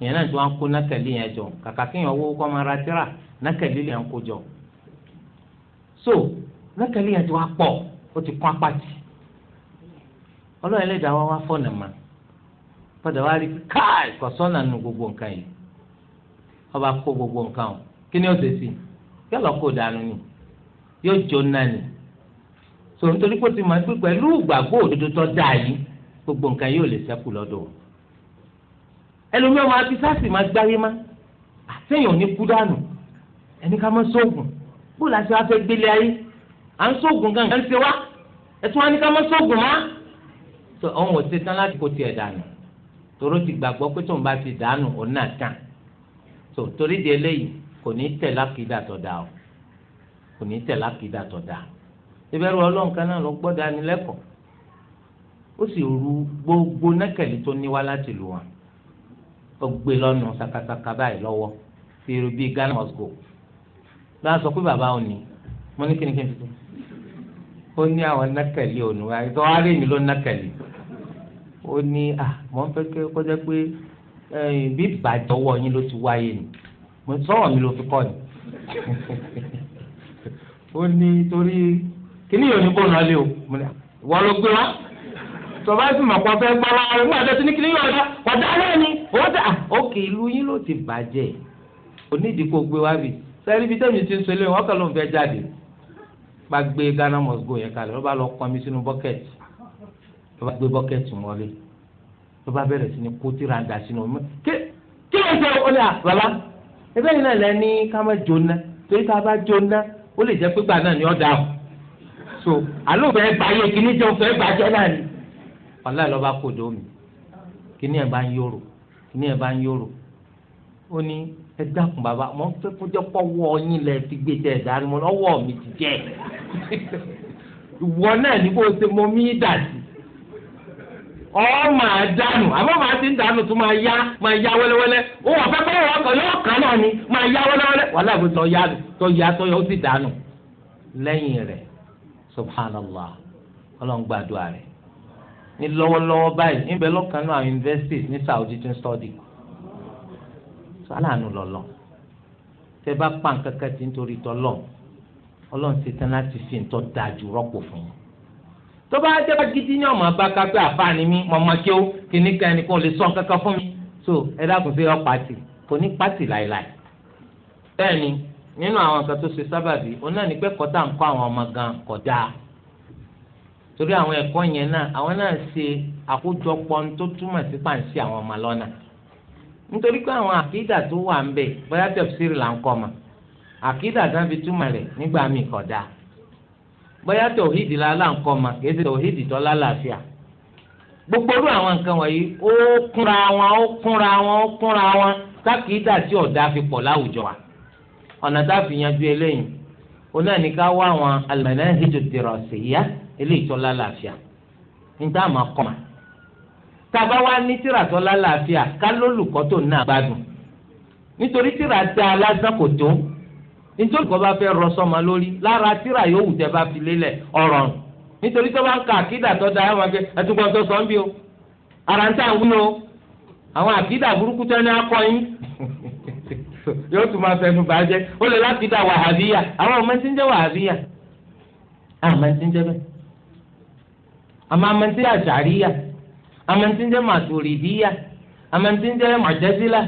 èèyàn náà tí wọn kó nákàlì yẹn jọ kàkà kéèyàn owó kọ́ máa ra tíra nákàlì yẹn kó jọ so nákàlì yẹn ti wá pọ̀ ó ti kún apáti ọlọ́run ẹlẹ́dàá wa wá fọ̀nà mà padà wá rí káì kọ̀sọ́nà nu gbogbo nǹkan yìí ọba kó gbogbo nǹkan o kí ni ó ṣe sí yóò lọ kó dànù ni yóò jó náà ni sọ nítorí pé ó ti máa gbé pẹ̀lú ìgbàgbọ́ òdodo tó dáa yìí gbogbo nǹkan yóò lè ṣẹ́kù lọ́dọ̀ o ẹlòmíràn máa fi sáàsì máa gbáyé má àtẹ̀yìn ní kú dànù ẹni ká má sóògùn bó la wá fẹ́ gbélé ayé à ń sóògùn gan gan ṣe wá ẹtún wá ní ká má sóògùn má tó ọ̀hún ò ṣe tán láti kó tiẹ̀ dànù tòró ti gbàgbọ́ pé tóun bá ti dànù òun náà tàn tó torí di eléyìí kò ní tẹ̀ lákìdá tó dà o kò ní tẹ̀ lákìdá tó dà ìbẹ̀rù ọlọ́run kan náà ló gbọ́ dánilẹ́kọ̀ọ́ ó sì ru gbogbo nẹ́kẹ̀lì tó níwá láti lù wọn ó gbé lọ́nu sakasaka báyìí lọ́wọ́ fi irú bíi Ghana must lọ́wọ́ sọ pé bàbá òní mo ní kíni kí n ó ní àwọn nákàlí ònú àìsàn wàá rí mi ló nákàlí ó ní à mọ̀ ń fẹ́ kí ó jẹ́ pé bí ìbàjẹ́ ọwọ́ yín ló ti wáyé ni mo sọ̀rọ̀ mi ló fi kọ́ ni ó ní torí kíní yóò ní kó nà lé o wọ́n ló gbé wá tọba sì mọ̀ pọ̀ fẹ́ gbọ́ wá ọ̀rọ̀ nígbà tó ti ní kíní yóò dá ọ̀dà náà ni ó dà òkè ìlú yín ló ti bàjẹ́ onídìí kó gbé wá bì sẹ́ẹ́rì bíi tẹ́mi ti ń sọ eléyìí wọ́n kàn ló ń fẹ́ jáde bá gbé Ghana must go yẹn kalẹ̀ ló bá lọ pọnmi sínú bọ́kẹ́tì ló bá gbé bọ́kẹ́tì wọlé ló bá bẹ̀rẹ̀ sí ní kó tíra ń da sínú omi kí kí ló ń sọ ọ lẹ́yà bàbá ẹgbẹ́ yìí náà lẹ́ ní ká má jóná torí ká bá jóná ó lè jẹ́ pípa náà ni ọ́ dà ó so àló fẹ́ báyé kíní jẹun fẹ́ bàjẹ́ náà ni ọ̀la lọ́ba kò dó mi kíní ẹ̀ bá ń yòrò kíní ẹ̀ bá ń yòrò ó ní ẹ dákun bàbá mọ pé kójọ pọ wọ ọyìn lẹ fi gbé tẹ mi ti jẹ ìwọ náà ní kó o ṣe mo mí dà sí ọ máa dànù àmọ́ màá ti ń dànù tó máa yá máa yá wẹ́lẹ́wẹ́lẹ́ ó wà pẹ́pẹ́ wọ́n kàn yóò náà ni máa yá wẹ́lẹ́wẹ́lẹ́ wà láàbò tó yá tó yá tó ó sì dànù lẹ́yìn rẹ̀ subhanallah ọlọ́run gbàdúrà rẹ̀ ní lọ́wọ́lọ́wọ́ báyìí níbẹ̀ lọ́kàn náà invest ní Saudi study. aláàánú lọ́lọ́ tẹ́ bá pa nǹkan kan tí nítorí tọ́lọ́ ọlọ́run ti tán láti fi ń tọ́ da jù rọ́pò fún yín tó bá jẹ́ bá gidi ní ọmọ bá kápẹ́ àfáàní mi mọ̀ máa kí ó kan ẹnìkan lè sọ nǹkan fún mi so ẹ dákun sí ọ pàtì kò ní pàtì láìláì bẹ́ẹ̀ ni nínú àwọn nǹkan tó ṣe sábàbí òun náà ní pé kọ́tà ń kọ́ àwọn ọmọ gan kọjá torí àwọn ẹ̀kọ́ yẹn náà àwọn náà ṣe àkójọpọ̀ tó túmọ̀ sí pàǹsí àwọn ọmọ lọ́nà nítorí pé àwọn àkídà tó wà ń bẹ bóyá tẹ̀síìrì là ń kọ́ ma àkídà tó ń fi túmọ̀ rẹ̀ nígbà míì kọ̀ bóyá tòhídì la là ń kọ́ ma kì í ṣe tó lálàáfíà gbogbo irú àwọn nǹkan wọ̀nyí ó kúnra wọn ó kúnra wọn ó kúnra wọn tí ọ̀dà fi pọ̀ láwùjọ wa ọ̀nà tá a fi yanjú eléyìí oní àníká wá àwọn al-manahij ad-dirasiyya eléyìí tó lálàáfíà tàbá wa ní tíra lálàáfíà ká lólùkọ́ tó náà gbádùn nítorí tíra a lásán kò tó nítorí kọ́ bá fẹ́ rọ lórí lára yóò wù tẹ́ bá fi lélẹ̀ ọ̀rọ̀ nítorí tó bá ń ka da ẹ̀ wọ́n fi ẹtùkọ́ tó sọ ń o ara ń tà ń àwọn àkídà burúkú tó ní akọyín yóò tún máa fẹnu bàjẹ́ ó lè àwọn ọmọ ń jẹ́ amẹntinjẹ màtòrìdíyà amẹntinjẹ mọ̀tẹ́sílà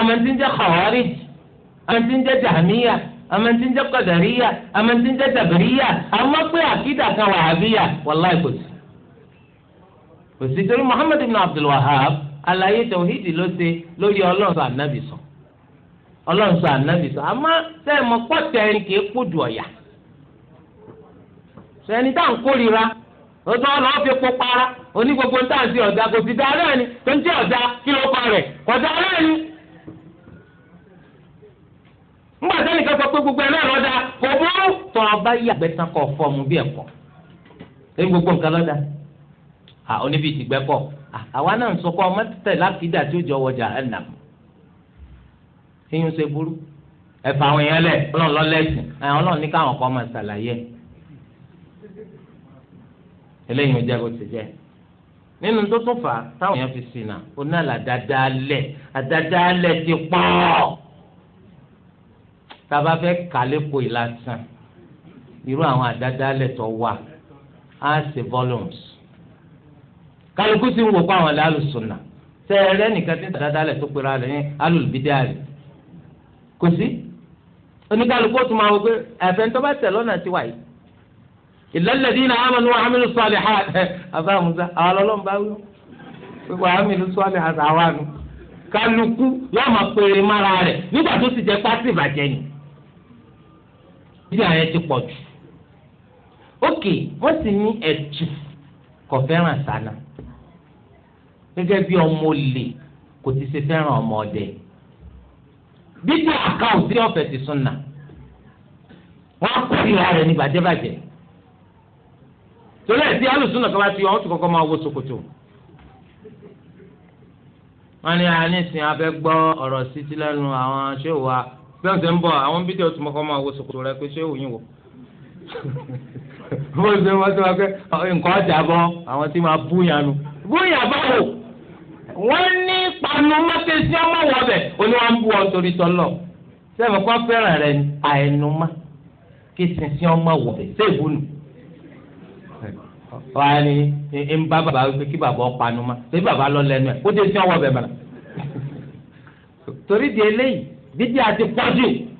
amẹntinjẹ kọ̀wárì amẹntinjẹ jàmíyà amẹntinjẹ kọ̀dàríyà amẹntinjẹ tàbíríyà àwọn pé àkídà kan wàhábíyà wàláì kò sí. kò sí torí Muhammad ibn Abdul Wahhab alaye tawhidi ló ṣe lórí ọlọ́run ànábì sọ ọlọ́run sọ ànábì sọ àmọ́ sẹ́yìn mọ́ pọ́tẹ́rin kì í kúdù ọ̀yà sẹ́ni tá à ń kórira ó fi pupa ara oní gbogbo ń tàn sí ọ̀dà kò sì dáa náà ni tó ń jẹ́ ọ̀dà kí ló kọ rẹ̀ kò dáa náà ni. ńgbà sẹ́ni kan sọ pé gbogbo ẹ̀ náà lọ́dà kò burú tọ́ ọ bá yàgbẹ́ tán kọ́ fọ́ọ̀mù bí ẹ̀kọ́ ẹ̀ gbogbo nǹkan lọ́dà à oníbi ìtìgbẹ́ kọ́ àwa náà ń sọ pé ọmọ tẹ̀ láfíìdà tí ó jọ wọjà ẹ̀ nà eyín ṣe burú ẹ̀fà àwọn èèyàn lẹ̀ ọlọ́run lọ́lẹ́sìn nínú tó tún fà á táwọn èèyàn fi sìn náà ó náà là dáadáalẹ̀ àdáadáalẹ̀ ti pọ̀ tába fẹ́ kàlẹ́kọ̀ ìlàsàn irú àwọn àdáadáalẹ̀ tó wà á ṣe volumes kálukú sì ń wò pa àwọn alùsùnà tẹ́ẹ̀rẹ́ nìkan tí àdáadáalẹ̀ tó pera rẹ̀ ní alùlùbídàrí kò sí oníkálukú tún máa wọ pé ẹ̀fẹ̀ ń tọ́ bá tẹ̀ lọ́nà tiwa yìí ìlẹ́lẹ́dínà amanu wa amilu salihat abáàmùsá àwọn ọlọ́run bá wí wípé amilu salihat àwa nu kálukú yóò máa pèrè mára rẹ̀ nígbà tó ti ni ìdí àyẹn ti pọ̀ jù ókè wọ́n sì ní ẹ̀tù kò fẹ́ràn sánà gẹ́gẹ́ bí ọmọ olè kò ti ṣe fẹ́ràn ọmọ ọdẹ bíbí àkáwù ọ̀fẹ́ ti sún nà wọ́n á rẹ̀ ní torí ẹ̀ tí alùsùn náà kọ́ bá ti wọ́n ti kọ́kọ́ máa wo ṣòkòtò wọ́n ní anísìn abẹ́ gbọ́ ọ̀rọ̀ sí ti lẹ́nu àwọn ṣéwù wa bí wọ́n ti ń bọ̀ àwọn fídíò tí mo kọ́ máa wo ṣòkòtò rẹ pé ṣéwù yín wò bó ṣe wọ́n ti wá pé nǹkan ọjà bọ́ àwọn tí máa búyanu búyà báwo wọ́n ní panu mọ́tẹ́sí ọmọ wọ̀ bẹ̀ oní wọn bú ọ torí tọ́lọ̀ sẹ́mi kọ́ fẹ́ràn rẹ àìnumá kí wà á ní ń bá bàbá wípé kí bàbá ọ̀pánu ma ṣé lọ lẹ́nu ẹ ó dé sí ọwọ bẹ̀rẹ̀ mọ́ra. torí di eléyìí bídí àti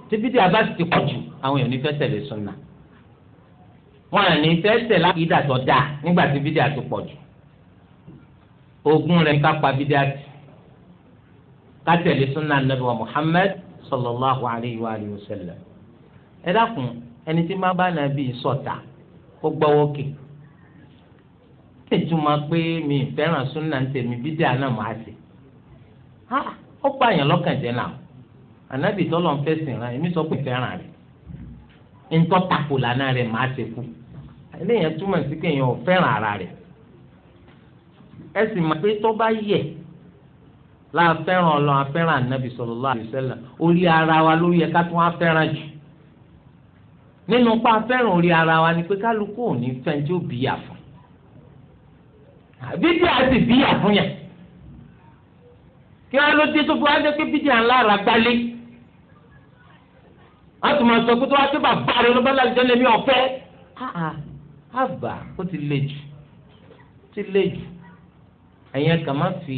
tí bídí àbá ti pọ́jù àwọn èèyàn ní fẹ́ tẹ̀lé sunna wọn à ní fẹ́ tẹ̀lé àkídà tó nígbà tí ogun ká pa ká tẹ̀lé sunna nabi wa sallallahu alayhi wa wa sallam ẹ dákun ẹni tí má bá nàbí ìtumọ̀ pé mi fẹ́ràn súnà ń tèmi bídíà náà máa ṣe ó pa àyàn lọ́kàn jẹ́ náà ànábì tọ́lọ̀ ń fẹ̀sìn rán èmi sọ pé fẹ́ràn rẹ̀ ńtọ́ tako lànà rẹ̀ máa ṣe kú eléyàn túmọ̀ sí kéèyàn ò fẹ́ràn ara rẹ̀ ẹ sì mọ̀ pé tọ́ bá yẹ láà fẹ́ràn ọlọ́run afẹ́ràn ànábì sallallahu alaihi wasallam orí ara wa lórí ẹ ká tún wá fẹ́ràn jù nínú pa afẹ́ràn orí ara wa ni pé kálukú ò ní fẹ́ tí ó bídí àti bíyà fún yà kí wọn ló dé tó fún wa jẹ pé bídí à ń lára gbálé wọn tún máa sọ pé tó wá pé bàbá rẹ ló bá lálejò lẹbi ọ̀fẹ́ àbá ó ti le jù ti le jù ẹ̀yin kàn má fi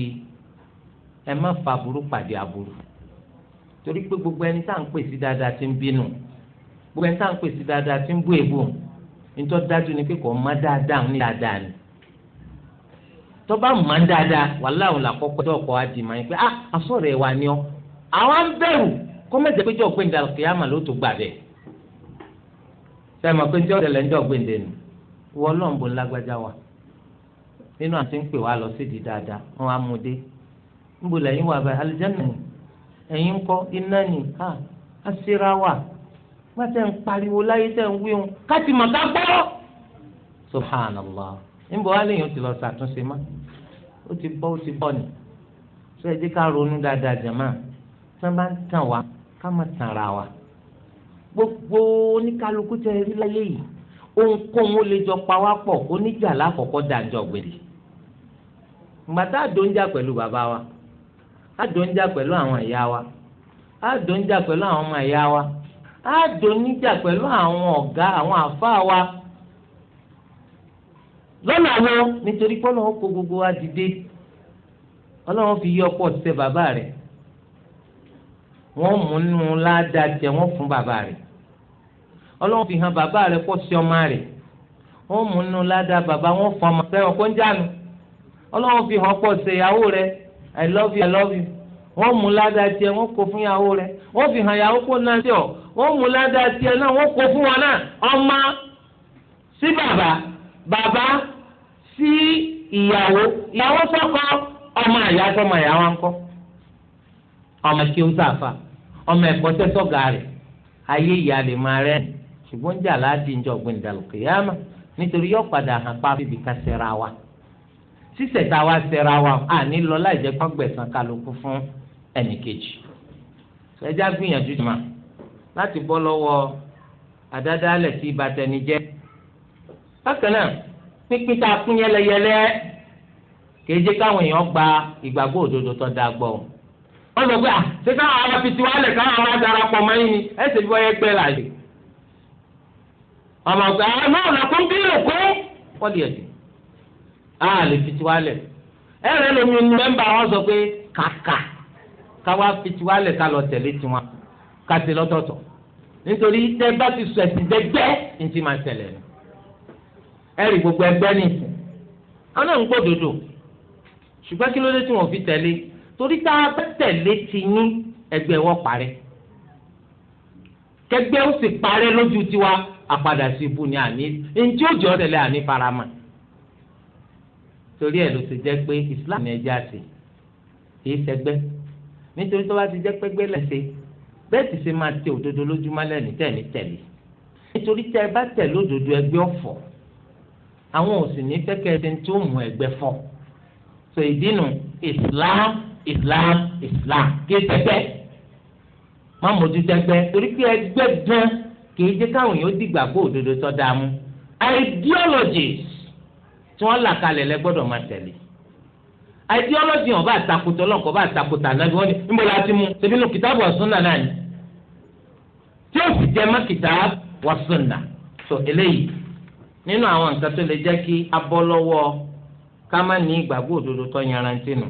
ẹ má fa aburú pàdé aburú torí pé gbogbo ẹni tá à ń pè sí dáadáa ti ń bínú gbogbo ẹni tá à ń pè sí dáadáa ti ń bú èbò nítorí dájú ni pé kò má dáadáa ní dáadáa ni tọba ma ndị ń dáadáa wàhálà a làkọ́kọ́ tó ọkọ̀ àti màá yín pé ah àsọ̀rọ̀ ẹ̀ wà ní ọ àwọn ń bẹ̀rù kó mẹ́jẹ pé jọ̀gbìn dà kìyàmà ló tó gbà bẹ́ẹ̀ sẹ́mi pé jọ̀ọ́dẹ̀lẹ̀ ń wa nínú àti ń pè wá lọ dáadáa wọn á mú dé lẹ́yìn wà bẹ́ẹ̀ alìjẹ́nà ẹ̀yìn kọ́ iná ni a aṣèrà wà ń pariwo láyé ń níbo wá lẹ́yìn ti lọ ṣàtúnṣe má ó ti bọ́ ó ti bọ́ ni sọ ẹ jẹ́ ká ronú dáadáa jàmá tí wọ́n bá ń tàn wá ká má tàn ra wa gbogbo oníkálukú tẹ rí láyé yìí ohunkóhun ó lè jọ pa wá pọ̀ oníjà lákọ̀ọ́kọ́ dàjọ́ gbèrè gbàtà àdóńjà pẹ̀lú bàbá wa àdóńjà pẹ̀lú àwọn ìyá wa àdóńjà pẹ̀lú àwọn ọmọ ìyá wa àdóńjà pẹ̀lú àwọn ọ̀gá àwọn àfáà wa lọ́nà àwọn nítorí pé ọlọ́run kó gbogbo wa dìde ọlọ́run fi yí ọ̀pọ̀ ṣe bàbá rẹ̀ wọ́n mú nù ládàá jẹ wọ́n fún bàbá rẹ̀ ọlọ́run fi hàn bàbá rẹ̀ pọ̀ sí ọmọ rẹ̀ wọ́n mú nù ládàá bàbá wọ́n fún ọmọ sẹ́wọ̀n kó ń jánu ọlọ́run fi hàn pọ̀ ṣe ìyàwó rẹ̀ i love you i love you wọ́n mú ládàá tiẹ̀ wọ́n kó fún ìyàwó rẹ̀ wọ́n fi hàn ìyàwó kó náà sí ọ wọ́n mú ládàá tiẹ̀ náà wọ́n kó fún wọn náà ọmọ sí bàbá bàbá sí ìyàwó ìyàwó ọmọ àyà sọmọ àyà wọn ọmọ kí ó sàfà ọmọ ẹ̀kọ́ sẹ́sọ̀gà rẹ̀ ayé ìyá lè máa rẹ́ ṣùgbọ́n jà láti ìjọ gbẹ̀ndàlùkì yáàmà nítorí yóò padà hàn pa bíbi ká ṣẹra wa sísẹ̀tà wa ṣẹra wa à ní lọ láì jẹ́ fún ẹnì kejì ẹjá gbìyànjú jùmọ̀ láti bọ́ lọ́wọ́ àdádálẹ̀ tí ìbátẹni jẹ́ bákan pínpín tá a pín yẹlẹyẹlẹ kì í jẹ́ káwọn èèyàn gba ìgbàgbọ́ òdodo tó dáa gbọ́ wọ́n sọ pé à ṣé káwọn ará fi tiwa lẹ̀ káwọn ará darapọ̀ mọ́ yín ni ẹ sì fọ́ yẹn pẹ́ là lè ọmọ ọgbà àwọn náà nà kún bí òkú wọ́n di ẹ̀dùn á lè fi tiwa lẹ̀ ẹ rẹ̀ lómi mẹ́mbà wọn sọ pé kàkà káwa fi tiwa lẹ̀ ká lọ tẹ̀lé tiwọn ká lọ́tọ̀ọ̀tọ̀ nítorí tẹ́ bá ti sọ ẹ̀rí gbogbo ẹgbẹ́ nìsín àwọn náà ń gbọ́ dòdò ṣùgbọ́n kí ló dé tí wọ́n fi tẹ̀lé torí tá a bá tẹ̀lé ti yín ẹgbẹ́ wọ́n parẹ́ kẹgbẹ́ ó sì parẹ́ lójú tiwa àpadà sí ibu ni àní ntí ó jọ tẹ̀lé àní farama torí ẹ̀ ló ti jẹ́ pé Islam ní ẹja sí kì í ṣẹgbẹ́ nítorí tó bá ti jẹ́ pẹ́gbẹ́ lẹ́sẹ̀ bẹ́ẹ̀ ti ṣe máa tẹ òdodo lójúmọ́ lẹ́nu tẹ̀lé tẹ̀lé nítorí tẹ bá tẹ̀ lódodo ẹgbẹ́ ọ̀fọ̀ àwọn ò sì ní fẹ́kẹ́ ẹni tó mú ẹgbẹ́ fọ́ so ìdínú Islam Islam Islam kí ẹgbẹ́ má mójú tẹgbẹ́ torí pé ẹgbẹ́ gan kì í jẹ́ káwọn èèyàn dìgbà kó òdodo tó dáa mú ideologies tí wọ́n là kalẹ̀ lẹ gbọ́dọ̀ máa tẹ̀lé ideology wọn bá takùtọ̀ lọ́nkọ́ bá takùtà náà wọ́n ní níbo la ti mú ṣebí nu kìtàbù wa sunna náà ni tí ó sì jẹ́ mọ́ kìtàbù wa sunna so eléyìí nínú àwọn nǹkan tó lè jẹ́ kí abọ́ lọ́wọ́ ká má ní ìgbàgbọ́ òdodo tó yanrantí nù.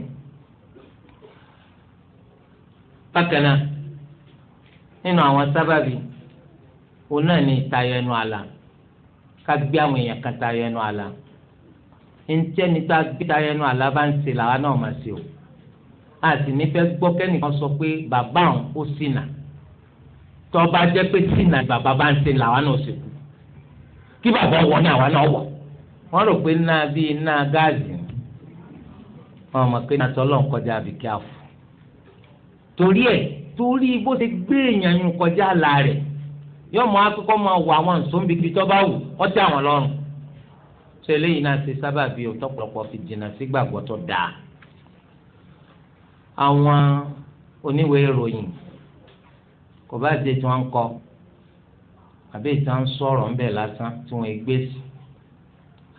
bákan náà nínú àwọn sábàbí òun náà ní ìtayọ ẹnu àlà ká gbé àwọn èèyàn kan tayọ ẹnu àlà ntẹni tá a gbé tayọ ẹnu àlà bá ń ṣe làwa náà máa ṣe o a sì gbọ́ kẹ́nìkan sọ pé bàbá òun ó ṣìnà tó jẹ́ pé ṣìnà bàbá bá ń ṣe làwa náà ṣe kí bàbá wọ ní àwa náà wọ wọn rò pé iná bíi iná gáàsì wọn mọ̀ pé iná tọlọ ń kọjá àbí kí a fò torí ẹ̀ torí bó ṣe gbé èèyàn yín kọjá àlà rẹ̀ yóò mọ akókó máa wọ àwọn nsọmbìkì tó bá wù ọtí àwọn lọ́rùn tó eléyìí náà ṣe sábà bíi òtọ̀pọ̀lọpọ̀ fi jìnnà sí gbàgbọ́ tó dáa àwọn oníwèé ìròyìn kò bá ṣe tí wọ́n ń kọ àbí ìta ń sọ̀rọ̀ ńbẹ̀ lásán tí wọ́n gbé sí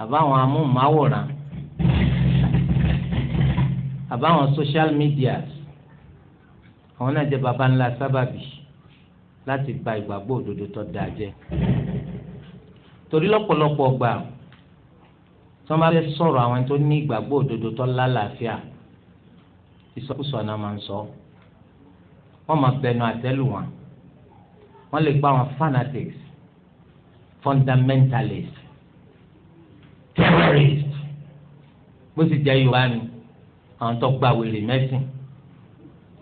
àbáwọn amóhùnmáwòrán àbáwọn social media àwọn náà jẹ́ baba ńlá sábàbí láti ba ìgbàgbọ́ òdodo tó dáa jẹ́ torí lọ́pọ̀lọpọ̀ gbà tí wọ́n bá fẹ́ sọ̀rọ̀ àwọn tó ní ìgbàgbọ́ òdodo tó lálàáfíà ìsọkúsọ náà máa ń sọ wọ́n máa bẹnu àtẹ́lù wọn wọ́n lè pa àwọn fanatics fundamentalist terrorist bó sì jẹ́ yorùbá ni àwọn tó gba wèrè mẹ́sìn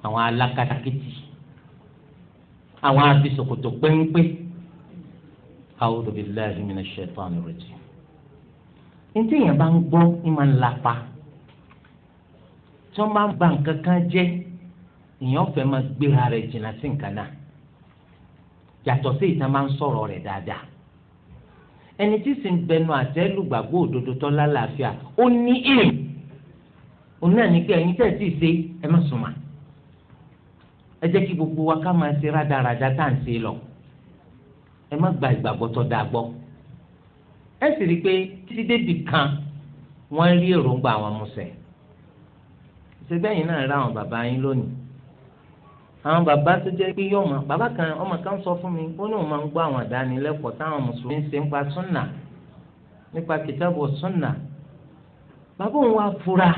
àwọn alákatakítí àwọn abisokoto péńpé a'udhu billahi minash shaitani rajim ntí èèyàn bá ń gbọ́ ń máa ń lapa tí wọ́n bá ń ba nǹkan kan jẹ́ èèyàn fẹ́ máa gbéra rẹ̀ jìnnà sí nǹkan náà yàtọ̀ sí ìtàn máa ń sọ̀rọ̀ rẹ̀ dáadáa ẹni tí sì ń bẹnu àtẹ́lù gbàgbọ́ òdodo tó lálàáfíà ó ní ìlú òun náà ní pé ẹ̀yin tẹ̀ tí ì ṣe ẹ má sùn mà ẹ jẹ́ kí gbogbo wa ká máa ṣe rádaràda tá à ń ṣe lọ ẹ má gba ìgbàgbọ́ tó dáa gbọ́ ẹ sì rí i pé títí débì kan wọ́n rí èròǹgbà àwọn musẹ̀ ṣe bẹ́yìn náà ra àwọn bàbá yín lónìí àwọn bàbá tó jẹ́ pé yọ̀ọ̀mọ̀ bàbá kan ọmọ kan sọ fún mi ó ní òun máa ń gbọ́ àwọn àdánilẹ́kọ̀ọ́ táwọn mùsùlùmí ń ṣe nípa súnà nípa kìtàbù súnà bàbá òun wá fura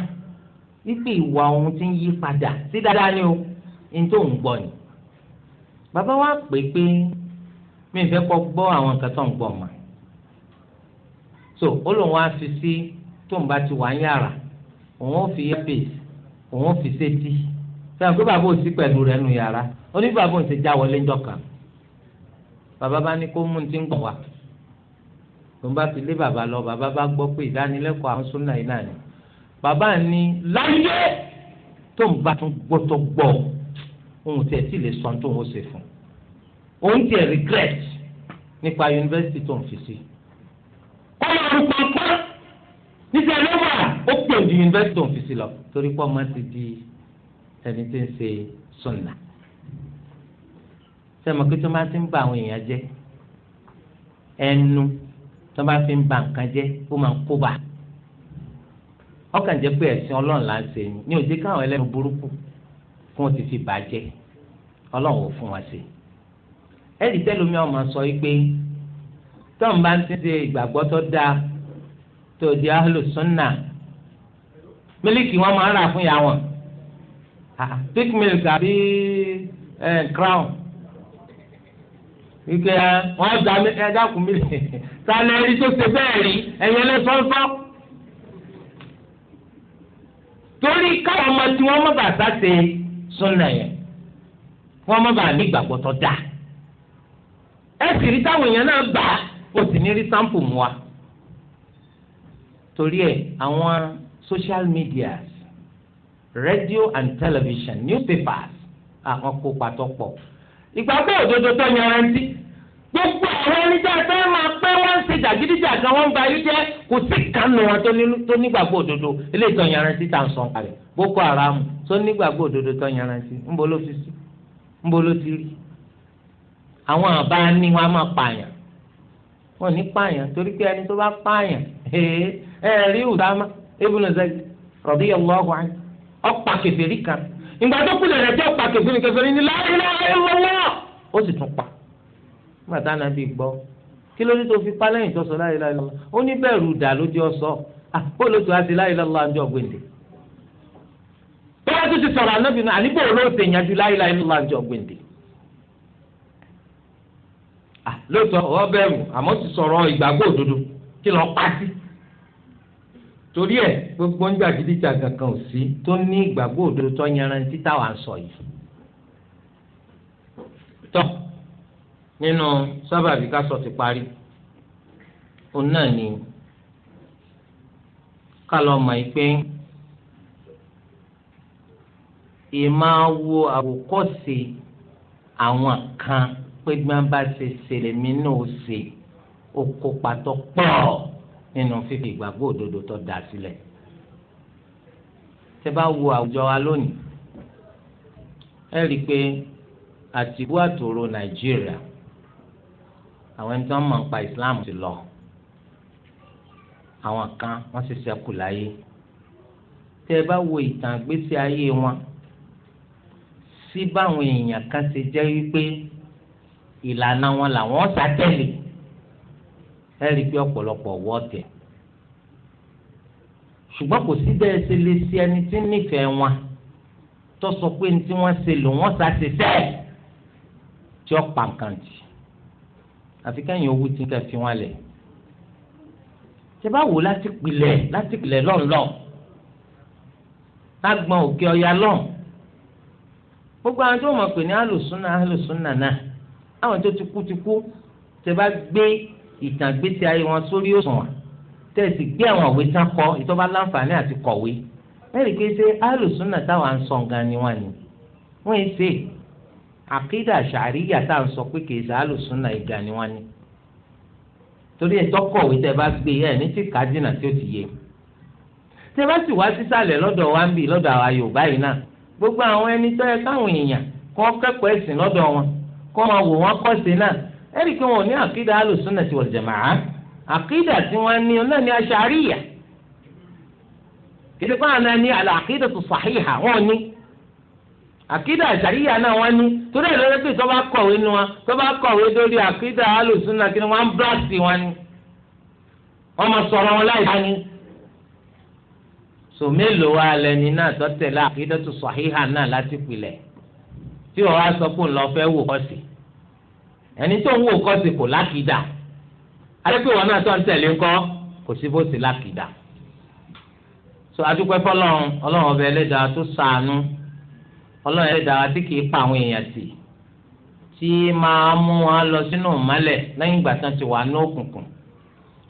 wípé ìwà òun ti ń yí padà sí dáadáa ni o ní tó ń gbọ́ ni bàbá wa pè pé mi fẹ́ kọ́ gbọ́ àwọn nǹkan tó ń gbọ́ mà so ó lóun wá fi sí tóun bá ti wà ń yàrá òun ó fi earpiece òun ó fi sétí sẹ́wọ̀n pé bàbá òsì pẹ̀lú rẹ̀ nù yàrá ó ní bàbá òsì já wọlé ńjọ kan bàbá bá ní kó mú ti ń gbọ̀ wá tó ń bá fi lé bàbá lọ bàbá bá gbọ́ pé ìdánilẹ́kọ̀ọ́ àwọn súnà yìí náà ni bàbá ní láyé tó ń bá tún gbọ́ tó gbọ́ ohun tiẹ̀ sì lè sọ tó ń ṣe fún ohun tiẹ̀ regret nípa yunifásitì tó ń fi sí ọmọ orúkọ pọ́n níṣẹ́ ló wà ó pè ní yunifásitì tó ń fi sí lọ torí pé ọmọ ti di ẹni tí ń ṣe sunna sẹ́mi pé tó máa ti ń ba àwọn èèyàn jẹ́ ẹnu tó máa fi ń ba nǹkan jẹ́ ó máa ń kóbá ọkàn jẹ́ pé ẹ̀sìn ọlọ́run là ń ṣe ni ní òjì káwọn ẹlẹ́nu burúkú fún ti fi bàjẹ́ ọlọ́run ò fún wa ṣe ẹ̀rí tẹ́lómi ọmọ sọ yìí pé tọ́m bá ń ṣe ìgbàgbọ́ tó dáa tó di ahlus sunna mílíkì wọn máa ń rà fún ìyá wọn thick milk àbí crown wípé wọn gba ẹja kùn mí lè ta ni ẹni tó ṣe bẹ́ẹ̀ rí ẹ̀yìn ẹlẹ́sọ́nsọ́ torí káwọn ọmọ tí wọ́n mọ̀ bá sáṣe súnà yẹn wọ́n mọ̀ bá ní ìgbàgbọ́ tó dáa ẹ sì rí táwọn èèyàn náà gbà ó sì ní rí sáǹpù mu wa torí ẹ àwọn social medias radio and television newspapers àwọn kópa pọ pọ̀. ododo òdodo tó yanrantí gbogbo àwọn oníjà tó máa pẹ́ wọ́n ń ṣe jàgídíjàgan wọ́n ń ba ayé jẹ́ kò sí kánú wọn tó Boko Haram tó nígbàgbọ́ òdodo tó yanrantí ńbo ló fi sí ńbo ló ti rí àwọn àbá ni wọn á máa pààyàn wọn ní pààyàn torí pé ẹni tó bá ọ̀pá kẹfẹ́rí kan ìgbà tó kú lẹ̀rẹ̀ jẹ́ ọ̀pá kẹfẹ́rí ni láyéláyé lọ́wọ́ ó sì tún pa nígbà tá àná bí gbọ́ kí ló tó fi pa lẹ́yìn tó sọ láyéláyé lọ́wọ́ ó ní bẹ̀rù dà ló ọ̀sọ́ àpò a ti láyéláyé lọ́wọ́ àjọ tó ti sọ̀rọ̀ àníbò lọ́wọ́ torí ẹ gbogbo ń gbàgídíjà kankan ò sí tó ní ìgbàgbọ́ òdodo tó yanrantí táwa ń sọ yìí. tọ́ nínú sábàbí ká sọ ti parí òun náà ni ká lọ mọ̀ yìí pé ìmáa wo àwòkọ́ṣe àwọn kan pé gbọ́n bá ṣe ṣẹlẹ̀ mí náà ṣe ó kópa pọ̀ nínú fífi ìgbàgbọ́ òdodo tó dá sílẹ̀ tẹ́ bá wo àwùjọ wa lónìí ẹ rí i pé àtìbú àtòrò nàìjíríà àwọn ẹni tó ń mọ̀ nípa islam ti lọ àwọn kan wọ́n sì ṣẹ́kù láyé tẹ́ bá wo ìtàn àgbésí ayé wọn sí báwọn èèyàn kan ṣe jẹ́ wípé ìlànà wọn làwọn ṣàtẹ̀lé ẹ rí i pé ọ̀pọ̀lọpọ̀ wọ́ tẹ̀ ṣùgbọ́n kò sí bẹ́ẹ̀ ṣe lè ṣe ẹni tí nífẹ̀ẹ́ wọn tó sọ pé ní tí wọ́n ṣe lò wọ́n ṣàṣìṣẹ́ tí ó pàǹkàǹtì àfi kẹ́yìn owó tí kẹ́ fi wọn lẹ̀ ṣe bá wò láti pilẹ̀ láti pilẹ̀ lọ́nlọ́ lágbọn òkè ọ̀yà lọ́n gbogbo àwọn tó mọ̀ pé ní alùsùnà alùsùnà náà àwọn tó ti kú ti kú ṣe bá gbé ìtàgbésí ayé wọn sórí òṣùwọ̀n tẹ̀sí gbé àwọn òwe tán kọ ìtọ́ba láǹfààní àti kọ̀wé ẹ̀rí pé ṣé alùsùnà táwa ń sọ nǹkan ni wọ́n ni wọ́n ń ṣe àkídà ṣàríyà tá à ń sọ pé kì í ṣe alùsùnà ìgbà ni wọ́n ni torí ẹ̀ tọ́kọ̀wé tẹ bá gbé ẹ̀ ní tí kàdínà tí ó ti yé tẹ bá sì wá sísàlẹ̀ lọ́dọ̀ wa ń bì lọ́dọ̀ àwa Yorùbá yìí náà gbogbo àwọn ẹni tó yẹ káwọn èèyàn kọ́ kẹ́kọ̀ọ́ ẹ̀sìn lọ́dọ̀ wọn kọ́ wọn wò wọ́n kọ́ sí náà ẹ̀rí pé wọn ò ní àkídà alùsùnàtì wal jama'a àkídà tí wọ́n ní ọ̀nà ní aṣàríyà kìdí kan náà ní àkídà tó sàhíhà wọn ní àkídà aṣàríyà náà wọ́n ní torí ẹ̀ lọ́dọ́ pé tó bá kọ̀wé ní wọn tó bá kọ̀wé lórí àkídà alùsùnàtì wọn ń wọn ní wọ́n máa wọn láì dání so mélòó wa lẹni náà àkídà tó sàhíhà náà láti ẹni tó ń wò kọ́ sí kò lákìdá alẹ́pẹ́ wọn náà tó ń tẹ̀lé ńkọ́ kò sí bó sí lákìdá. so adúpẹ́ fọlọ́run ọlọ́run ọba ẹlẹ́dàá tó sànú ọlọ́run ẹlẹ́dàá tí kìí pa àwọn èèyàn T'i tí máa mú wọn lọ sínú ìmọ́lẹ̀ lẹ́yìn ìgbà tán ti wà ní òkùnkùn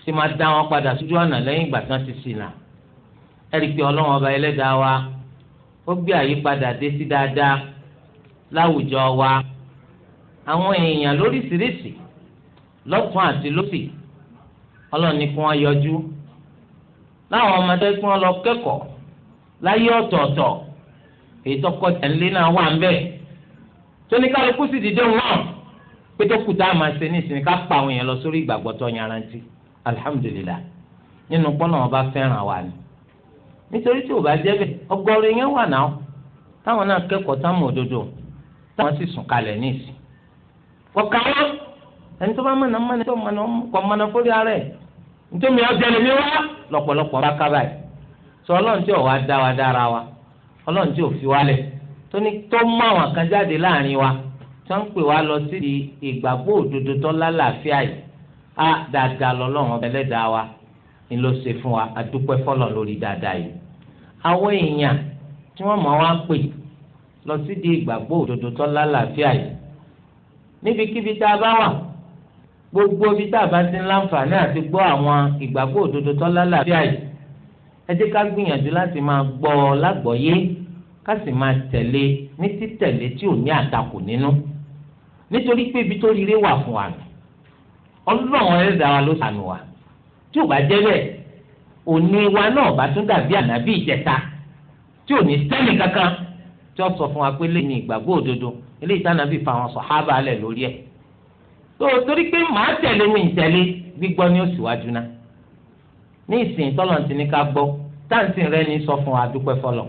tí máa dá wọn padà ọ̀nà lẹ́yìn ìgbà tán ti ọba ẹlẹ́dàá wa ó gbé àyípadà dé sí dáadáa wa àwọn èèyàn lóríṣiríṣi lọ́tún àti lósì ọlọ́run ní kí wọ́n yọjú láwọn ọmọdé kí wọ́n lọ kẹ́kọ̀ọ́ láyé ọ̀tọ̀ọ̀tọ̀ èyí tó kọ́ tẹ̀lé náà wà ń bẹ̀ tóníkàlùkù sì dìde wọn pé tó kù tá a máa ká pa àwọn èèyàn lọ sórí ìgbàgbọ́ tó yanrantí alihamudulilá nínú pọ́nà wọn bá fẹ́ràn wa ni nítorí tí ò bá jẹ́ bẹ́ẹ̀ ọgọ́rin yẹn wà náà táwọn náà kẹ́kọ̀ọ́ táwọn òdodo táwọn sì sùn kalẹ̀ nísìnyí kọ̀ọ̀kan wọn ẹni tó bá mọ̀nà mọ̀nà tó mọ̀nà kọ̀ mọ̀nà fúri ara ẹ̀ nítorí ọjà lèmi wá lọ̀pọ̀lọpọ̀ bá kábà ẹ̀ sọ ọlọ́run tí ò wá dá wa dára wa ọlọ́run tí ò fi wálẹ̀ tó ní tó mọ àwọn kan jáde láàrin wa tó ń pè wá lọ sí ìgbàgbọ́ òdodo tó lálàáfíà yìí á dáadáa lọ́lọ́run ọ̀bẹ̀lẹ́dàá wa ni ló ṣe fún wa adúpẹ́ fọlọ́ lórí dáadáa yìí àwọn èèyàn tí wọ́n mọ̀ wá pè lọ sí ìgbàgbọ́ òdodo tó lálàáfíà yìí níbikíbi tá a bá wà gbogbo ibi tá a bá ti ń láǹfààní àti gbọ́ àwọn ìgbàgbọ́ òdodo tó lálàáfíà yìí ẹ jẹ́ ká gbìyànjú láti máa gbọ́ ọ lágbọ́yé ká sì máa tẹ̀lé ní títẹ̀lé tí ò ní àtakò nínú nítorí pé ibi tó rire wà fún wa ọlọ́run ẹ̀dá wa ló sànù wa tí ò bá jẹ́ bẹ́ẹ̀ òní wa náà bá tún dàbí ànábì ìjẹta tí ò ní sẹ́ni kankan tí wọ́n sọ fún wa pé lẹ́yìn ìgbàgbọ́ òdodo eléyìí táwọn àbí fa àwọn sọ̀hábà lẹ̀ lórí ẹ̀ tó torí pé màá tẹ̀lé mi tẹ̀lé gbígbọ́ ni ó síwájú náà ní ìsìn tọ́lọ̀ ti ní ká gbọ́ táǹsì rẹ ní sọ fún wa dúpẹ́ fọlọ́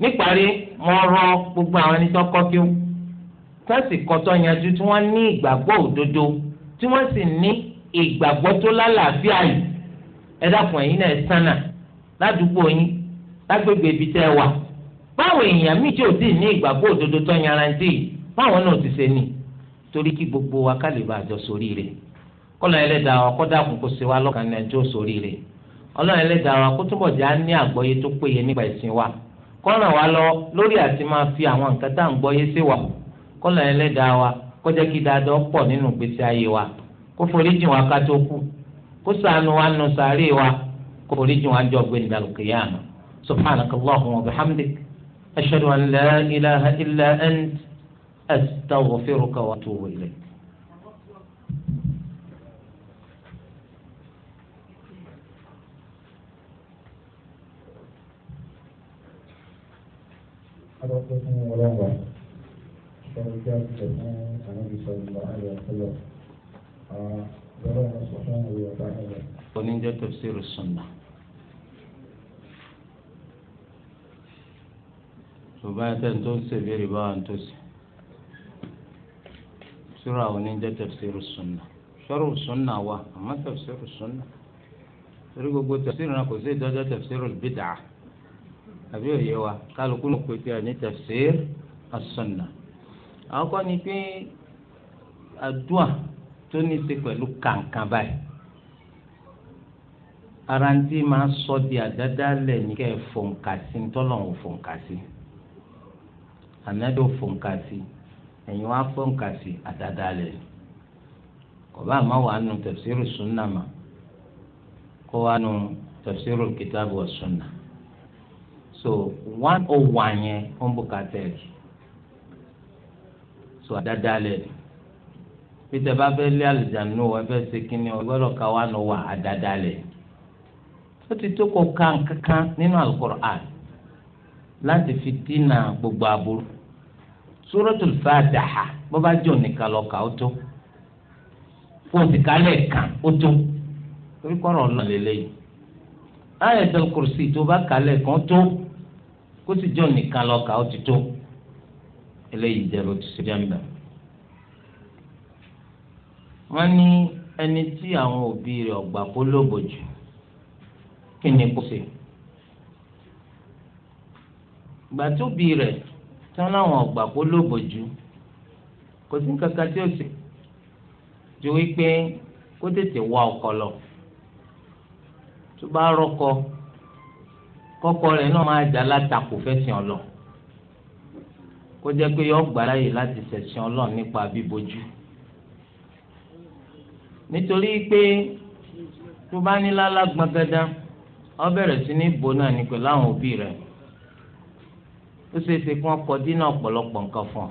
níparí mo rọ gbogbo àwọn ẹni tó kọ́ kí ó tọ́sì kọ́tọ́ yanjú tí wọ́n ní ìgbàgbọ́ òdodo tí wọ́n sì ní ìgbàgbọ́ tó lálàáfíà yìí ẹ dákun ẹ̀yin náà sánà ládùúgbò yín lágbègbè ibi tẹ́ ẹ wà báwo èèyàn míì tí ò tí ì ní ìgbàgbọ́ òdodo tó yanrantí báwọn náà ti ṣe ni torí kí gbogbo wa ká lè bá àjọ sórí rẹ̀ kọ́lọ́ ẹlẹ́dàá wa kọ́ dàkún kó ṣe wá lọ́kàn ní ẹjọ́ sórí rẹ̀ ọlọ́run ẹlẹ́dàá wa kó túbọ̀ ní àgbọ́yé tó péye lọ lórí àti máa fi àwọn nǹkan tá à ń gbọ́yé sí wa kọ́lọ́ wa kó jẹ́ kí nínú ayé wa kó wa ká tó kú kó wa nù sàárè wa kó أشهد أن لا إله إلا أنت أستغفرك وأتوب إليك ومن ده تفسير السنه ṣùgbọ́n ẹsẹ̀ tó ń ṣe ìbéèrè bá wà tó ṣe sura oníjẹ́ tafsiru sunna sọ́rọ̀ sunna wa àmọ́ tafsiru sunna torí gbogbo tafsiru náà kò sí ìdájọ́ tafsiru bid'a àbí wa kálukú ló pe ní tafsir àwọn kọ́ ni pé àdúà tó ní ṣe pẹ̀lú báyìí sọ di ní sí anabi ò fòǹkà sí ẹ̀yin wá fòǹkà sí àdáadáa lẹ̀ kọ̀bá àmọ́ wàá nu tafsiru sunna mà kó wàá nu tafsiru kìtàbù wa sunna so one oh one yẹn ó ń bùkátà ẹ̀ so àdáadáa lẹ̀ peter bá fẹ́ lé àlùjánu ẹ fẹ́ ṣe kínní ọ gbọ́dọ̀ ká wàá nu wà àdáadáa lẹ̀ ó ti tó kó kankan nínú Al-Qur'an láti fi dínà gbogbo aburú suratul fatiha bó bá jọ nìkan lọ kà ó tó kó o sì kálẹ̀ kan ó tó torí kọ́ ọ̀rọ̀ náà lélẹ́yìn ayatul kursi tó bá kálẹ̀ kan tó kó sì jọ nìkan lọ kà ti tó eléyìí jẹ́ ló ti ṣe jẹ́ ní ẹni tí àwọn òbí rẹ̀ ọ̀gbà kó lóbò jù kí ni kó ṣe gbàtóbi rẹ̀ tí wọ́n láwọn ọ̀gbà kó lóbòjú kò sí kankan tí ó sì ju wípé kó tètè wá ọkọ lọ tó bá rọkọ kọkọ rẹ̀ náà máa jà látakò fẹsẹ̀ ọlọ kó jẹ́ pé yọ gbà láàyè láti ṣẹ̀sìn Ọlọ́run nípa bíbojú nítorí pé tó bá ní lálá gbọ̀ngàdá ọ bẹ̀rẹ̀ sí ní bò náà ní pẹ̀lú àwọn òbí rẹ̀ ó ṣe é ṣe kí wọ́n kọ dínà ọ̀pọ̀lọpọ̀ nǹkan fún ọ ó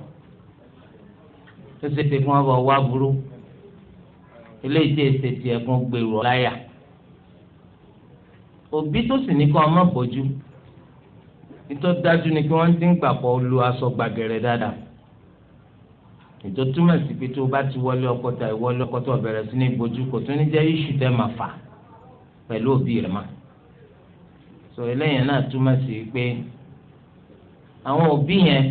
ṣe é ṣe kí wọ́n bọ̀ wá burú eléyìí tí èsè tiẹ̀ kan gbèrú ọ̀láyà òbí tó sì ní kó ọmọ bójú nítorí dájú ni kí wọ́n ti ń gbàpọ̀ lu aṣọ gbàgẹ̀rẹ̀ dáadáa ètò túmọ̀ sí pé tó o bá ti wọlé ọkọ ta ìwọlé ọkọ tó o bẹ̀rẹ̀ sí ní bójú kò tún ní jẹ́ iṣu tẹ́ máa fà pẹ̀lú òbí rẹ̀ mọ́ sọ eléyìí náà túmọ̀ sí pé àwọn òbí yẹn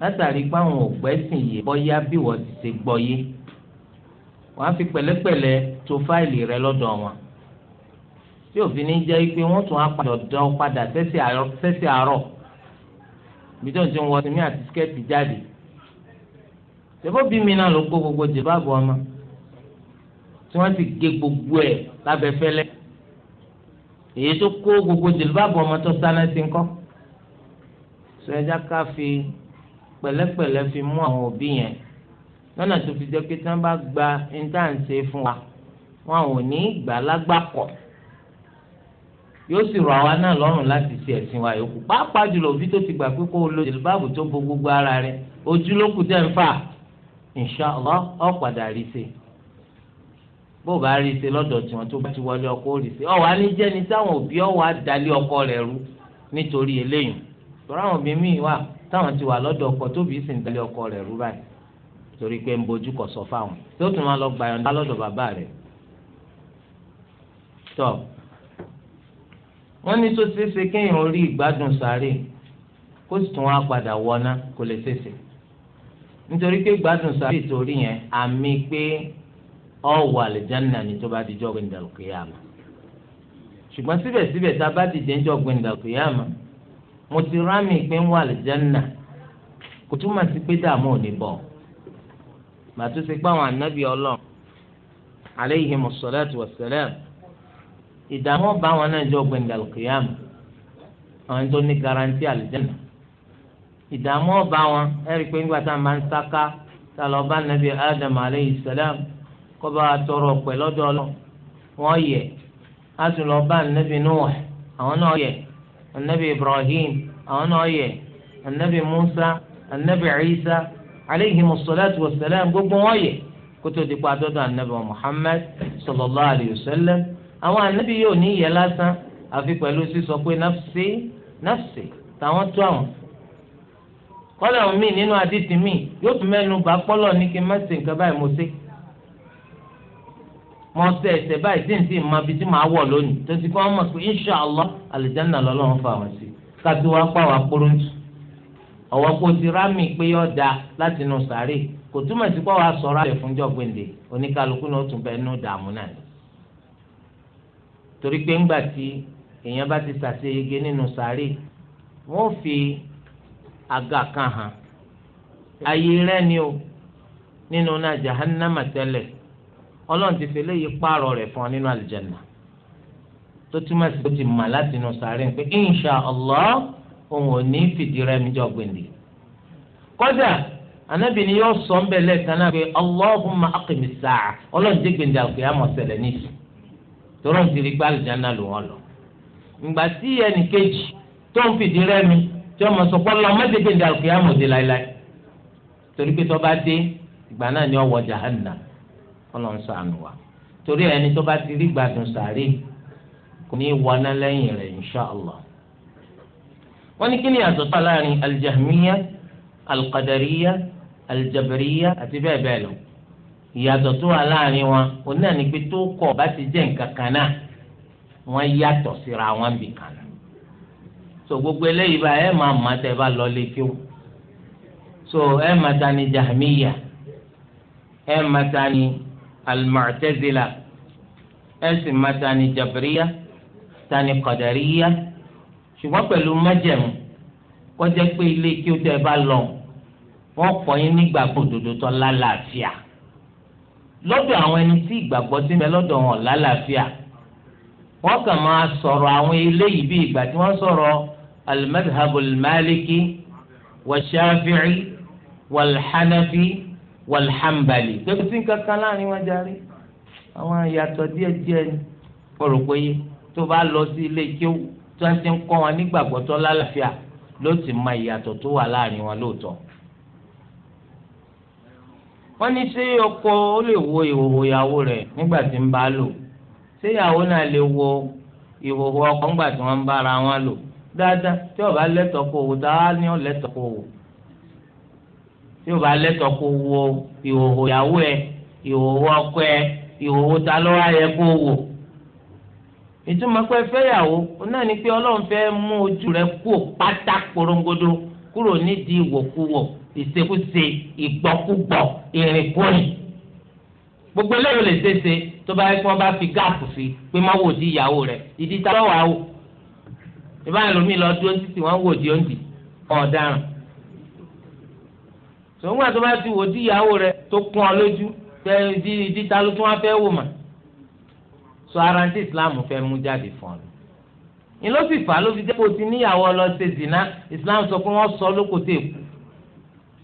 látàrí pé àwọn ògbẹ́sìn yìí bọ́yá bí wọ́n ti ṣe gbọ́ yé wọ́n á fi pẹ̀lẹ́pẹ̀lẹ́ tó fáìlì rẹ lọ́dọ̀ wọn tí òfin ní jẹ́ pé wọ́n tún á padà dán padà sẹ́sẹ̀ àárọ̀ bíjọ́ tí ń wọ sinmi àti skẹ́ẹ̀tì jáde ṣèbó bí mi náà ló kó gbogbo jìbáàbò ọmọ tí wọ́n ti gé gbogbo ẹ̀ lábẹ́ fẹ́lẹ́ èyí tó kó gbogbo jìbáàbò ọmọ tó sáná sí ń kọ́ sọ̀rọ̀jà ká fi pẹ̀lẹ́pẹ̀lẹ́ fi mú àwọn òbí yẹn lọ́nà tó fi jẹ́ pé tí wọ́n bá gba intanṣe fún wa wọn ò ní gbà lágbàkọ̀ yóò sì rọ àwa náà lọ́rùn láti ṣe ẹ̀sìn wa yòókù pàápàá jùlọ òbí tó ti gbà pé kó o lo jìlbáàbù tó bo gbogbo ara rẹ ojú ló kù tẹ́ ń fà ìnṣàlá ọ̀ padà rí ṣe bó o bá rí ṣe lọ́dọ̀ tiwọn tó bá ti wọlé ọkọ rí ṣe ọ̀ wá ní jẹ́ni táwọn òbí ọ̀ wá dalé ọkọ rẹ̀ rú nítorí eléyìí tọ́ra àwọn obìnrin míì wà táwọn ti wà lọ́dọ̀ ọkọ tóbi sì ń tẹ̀lé ọkọ rẹ̀ rú báyìí torí pé ń bojú kọ̀ sọ fáwọn tí ó tún máa lọ gbàyànjú lọ́dọ̀ bàbá rẹ̀ tọ́ wọ́n ní tó ṣeé ṣe kéèyàn rí ìgbádùn sáré kó sì tún wá padà wọná kó lè ṣeéṣe nítorí pé ìgbádùn sáré torí yẹn àmì pé ọ wà àlùjánnà ni tó bá di jọ́ gbẹ̀ndàlùkìyàmà ṣùgbọ́n síbẹ̀síbẹ̀ tá a bá dìde ń jọ́ gbẹ̀ndàlùkìyàmà mo ti rámì pé ń wà lìjánà kò túmọ̀ sí pé dààmú ò ní bọ̀ màtó ṣe pé àwọn ànábì ọlọ́run aleyhi musalatu wasalam ìdààmú ọba àwọn náà jọ gbẹndàlù kìyàm àwọn tó ní garanti àlìjánà ìdààmú ọba wọn ẹrí pé nígbà tá a máa ń sáká tá a lọ bá nàbí adam aleyhi salam kọ́ bá a tọrọ pẹ̀lọ́dọ̀ ọlọ́run wọ́n yẹ a sì lọ bá nàbí nuwa àwọn náà yẹ anabi ibrahim àwọn náà yẹ anabi musa anabi isa aleyhi musalatu wa salam gbogbo wọn yẹ kótó ti pa dọdọ anabi muhammad sallallahu alayhi wa sallam àwọn anabi yóò ní yẹ lásán àfi pẹ̀lú sísọ pé nafsi nafsi táwọn tó àwọn kọ́lẹ̀ mi nínú adé ti mi yóò tún mẹ́nu bá pọ́lọ̀ ní kí n má ṣe nǹkan báyìí mo ṣe. mo ṣe ẹ̀ṣẹ̀ báyìí tí n sì máa fi tí màá wọ̀ lónìí tó ti kọ́ ọmọ pé insha allah lọ́lọ́run fà wọ́n sí kátó wá pàwọ́ akpọ́rọ́ntù ọ̀wọ́ kó ti rámì pé yọ̀ da láti inú sàárè kò túmọ̀ sí sọ̀rọ̀ àlẹ́ fúnjọ́ gbèǹde náà tún bẹ́ẹ̀ nú dààmú náà ni. torí pé ńgbà tí èèyàn bá ti nínú sàárè wọ́n fi àga kan ayé o nínú náà jahannama ọlọ́run ti fi léyìí pààrọ̀ rẹ̀ fún ọ nínú àlùjànnà tó túmọ̀ sí ti insha allah òun ò ní fìdí rẹ̀ anabi ni yóò sọ nbẹ lẹ́ẹ̀kan náà pé sa'a ọlọ́run ti gbèndé àlùkìyámọ̀ ṣẹlẹ̀ níṣì tọrọ ti rí gbàlù jáná ló wọn lọ ìgbà tí ẹnì kejì tó ń fìdí rẹ̀ mi tí ọmọ sọ pé ọlọ́run torí pé bá Ọlọ́run ṣàánú wa torí ẹni tó bá ti rí gbádùn sàárè kò ní í wọná lẹ́yìn rẹ̀ inṣàlá. wọ́n ní kí ni àtọ́tọ́ láàrin aljahmiya alqadariya aljabariya àti bẹ́ẹ̀ bẹ́ẹ̀ lọ ìyàtọ̀ tó wà láàrin wọn òun náà ní pé tó kọ̀ bá ti jẹ́ nǹkan kan náà wọ́n yàtọ̀ síra wọn bì kan náà. so gbogbo eléyìí bá ẹ máa mọ̀ tẹ́ bá lọ lé kíw so ẹ máa ta ni jahmiya ẹ máa ta ni al اسم ثاني máa ثاني ni شو ta ni kọ̀dàríya ṣùgbọ́n pẹ̀lú májẹ̀mú kọjá pé ilé kí ó tẹ́ bá lọ wọ́n kọ́ yín nígbà gbòdòdó tó lálàáfíà lọ́dọ̀ àwọn ẹni tí ìgbàgbọ́ sí mi lọ́dọ̀ wọn lálàáfíà wọ́n kàn máa sọ̀rọ̀ àwọn eléyìí bí ìgbà tí wọ́n sọ̀rọ̀ al-madhhabul maliki wa shafi'i wal hanafi. Walhambali. pẹ̀lú sí kankan láàrin wọn járe àwọn ìyàtọ̀ díẹ̀díẹ̀ ni kọ̀rọ̀ pé tó bá lọ sí ilé kéwù tí wọ́n ti ń kọ́ wọn nígbàgbọ́ tó lálàáfíà ló ti mọ ìyàtọ̀ tó wà láàrin wọn lóòótọ́. wọ́n ní ṣé ọkọ ó lè wo ìhòòhò ìyàwó rẹ̀ nígbà tí ń bá lò ṣé ìyàwó náà lè wo ìhòòhò ọkọ nígbà tí wọ́n ń bára wọn lò dáadáa tí ó lẹ́tọ̀ọ́ kó wò dáa ni ó lẹ́tọ̀ọ́ kó wò tí o bá lẹ́tọ̀ọ́ kó wo ìhòòhò ìyàwó ẹ ìhòòhò ọkọ ẹ ìhòòhò ta ló wá yẹ kó wò. ìtumọ̀ pé fẹ́yàwó náà ni pé ọlọ́run fẹ́ mú ojú rẹ kú pátá korongodo kúrò nídìí ìwòkuwò ìṣekúṣe ìgbọ́kúgbọ̀ ìrìnkúrìn. gbogbo eléyìí lè ṣeéṣe tó bá yẹ kí wọ́n bá fi gáàpù sí pé má wò di ìyàwó rẹ̀ ìdí ta lọ́wọ́ àwò. ìbáyìí lómi lọ títí wọ́n wò di ó ń di ọ̀daràn sòwò àti bá ti wò tí ìyàwó rẹ tó kún ọ lójú tẹ di ìdíta ló tún wá fẹ́ wò mà sọ ara ní islam fẹ́ mú jáde fún ọ ni ló sì fà á ló fi jẹ́ kó o ti níyàwó lọ ṣe zina islam sọ pé wọ́n sọ lóko tó èkó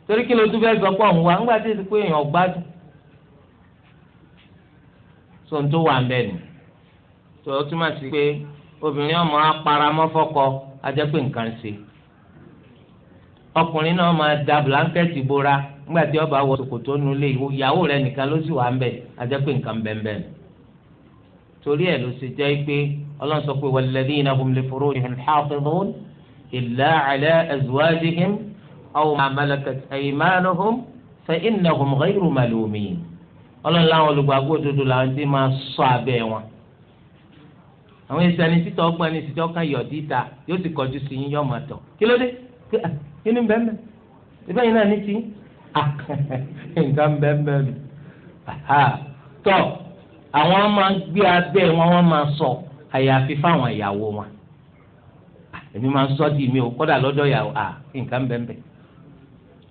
torí kí ló tún fẹ́ sọ pé òun wà ńgbà tí èsì pé èèyàn gbádùn so n tó wà ń bẹ nù tó o túmọ̀ sí pé obìnrin ọmọ aparamọ́ fọ́kọ ajẹ́pẹ́ nǹkan ṣe ọkùnrin náà máa da blanketi bora nígbà tí ó bá wọ ṣòkòtò nulẹ̀ ìyàwó rẹ̀ nìkan ló sì wà ń bẹ̀ ajẹ́pẹ́ nǹkan bẹ́ẹ̀ torí ẹ̀ ló ṣe jẹ́ pé ọlọ́run sọ pé walladhina hum li furujihim hafidhun illa ala azwajihim aw ma malakat aymanuhum fa innahum ghayru malumin ọlọ́run láwọn olùgbàgbọ́ òdodo làwọn ti máa sọ abẹ́ wọn àwọn ìsẹ̀ni ọgbọ́n ìsìtọ́ kan yọ̀ kí ni bẹ́ẹ̀ mẹ́ ibẹ̀ yìí náà ní ti ah, nǹkan bẹ́ẹ̀ mẹ́ mi tọ́ àwọn máa gbé abẹ́ wọn wọ́n máa sọ àyàfi fáwọn ìyàwó wọn ah, èmi máa ń sọ di mi ò kọ́dà lọ́dọ̀ ìyàwó à ah, nǹkan bẹ́ẹ̀ mẹ́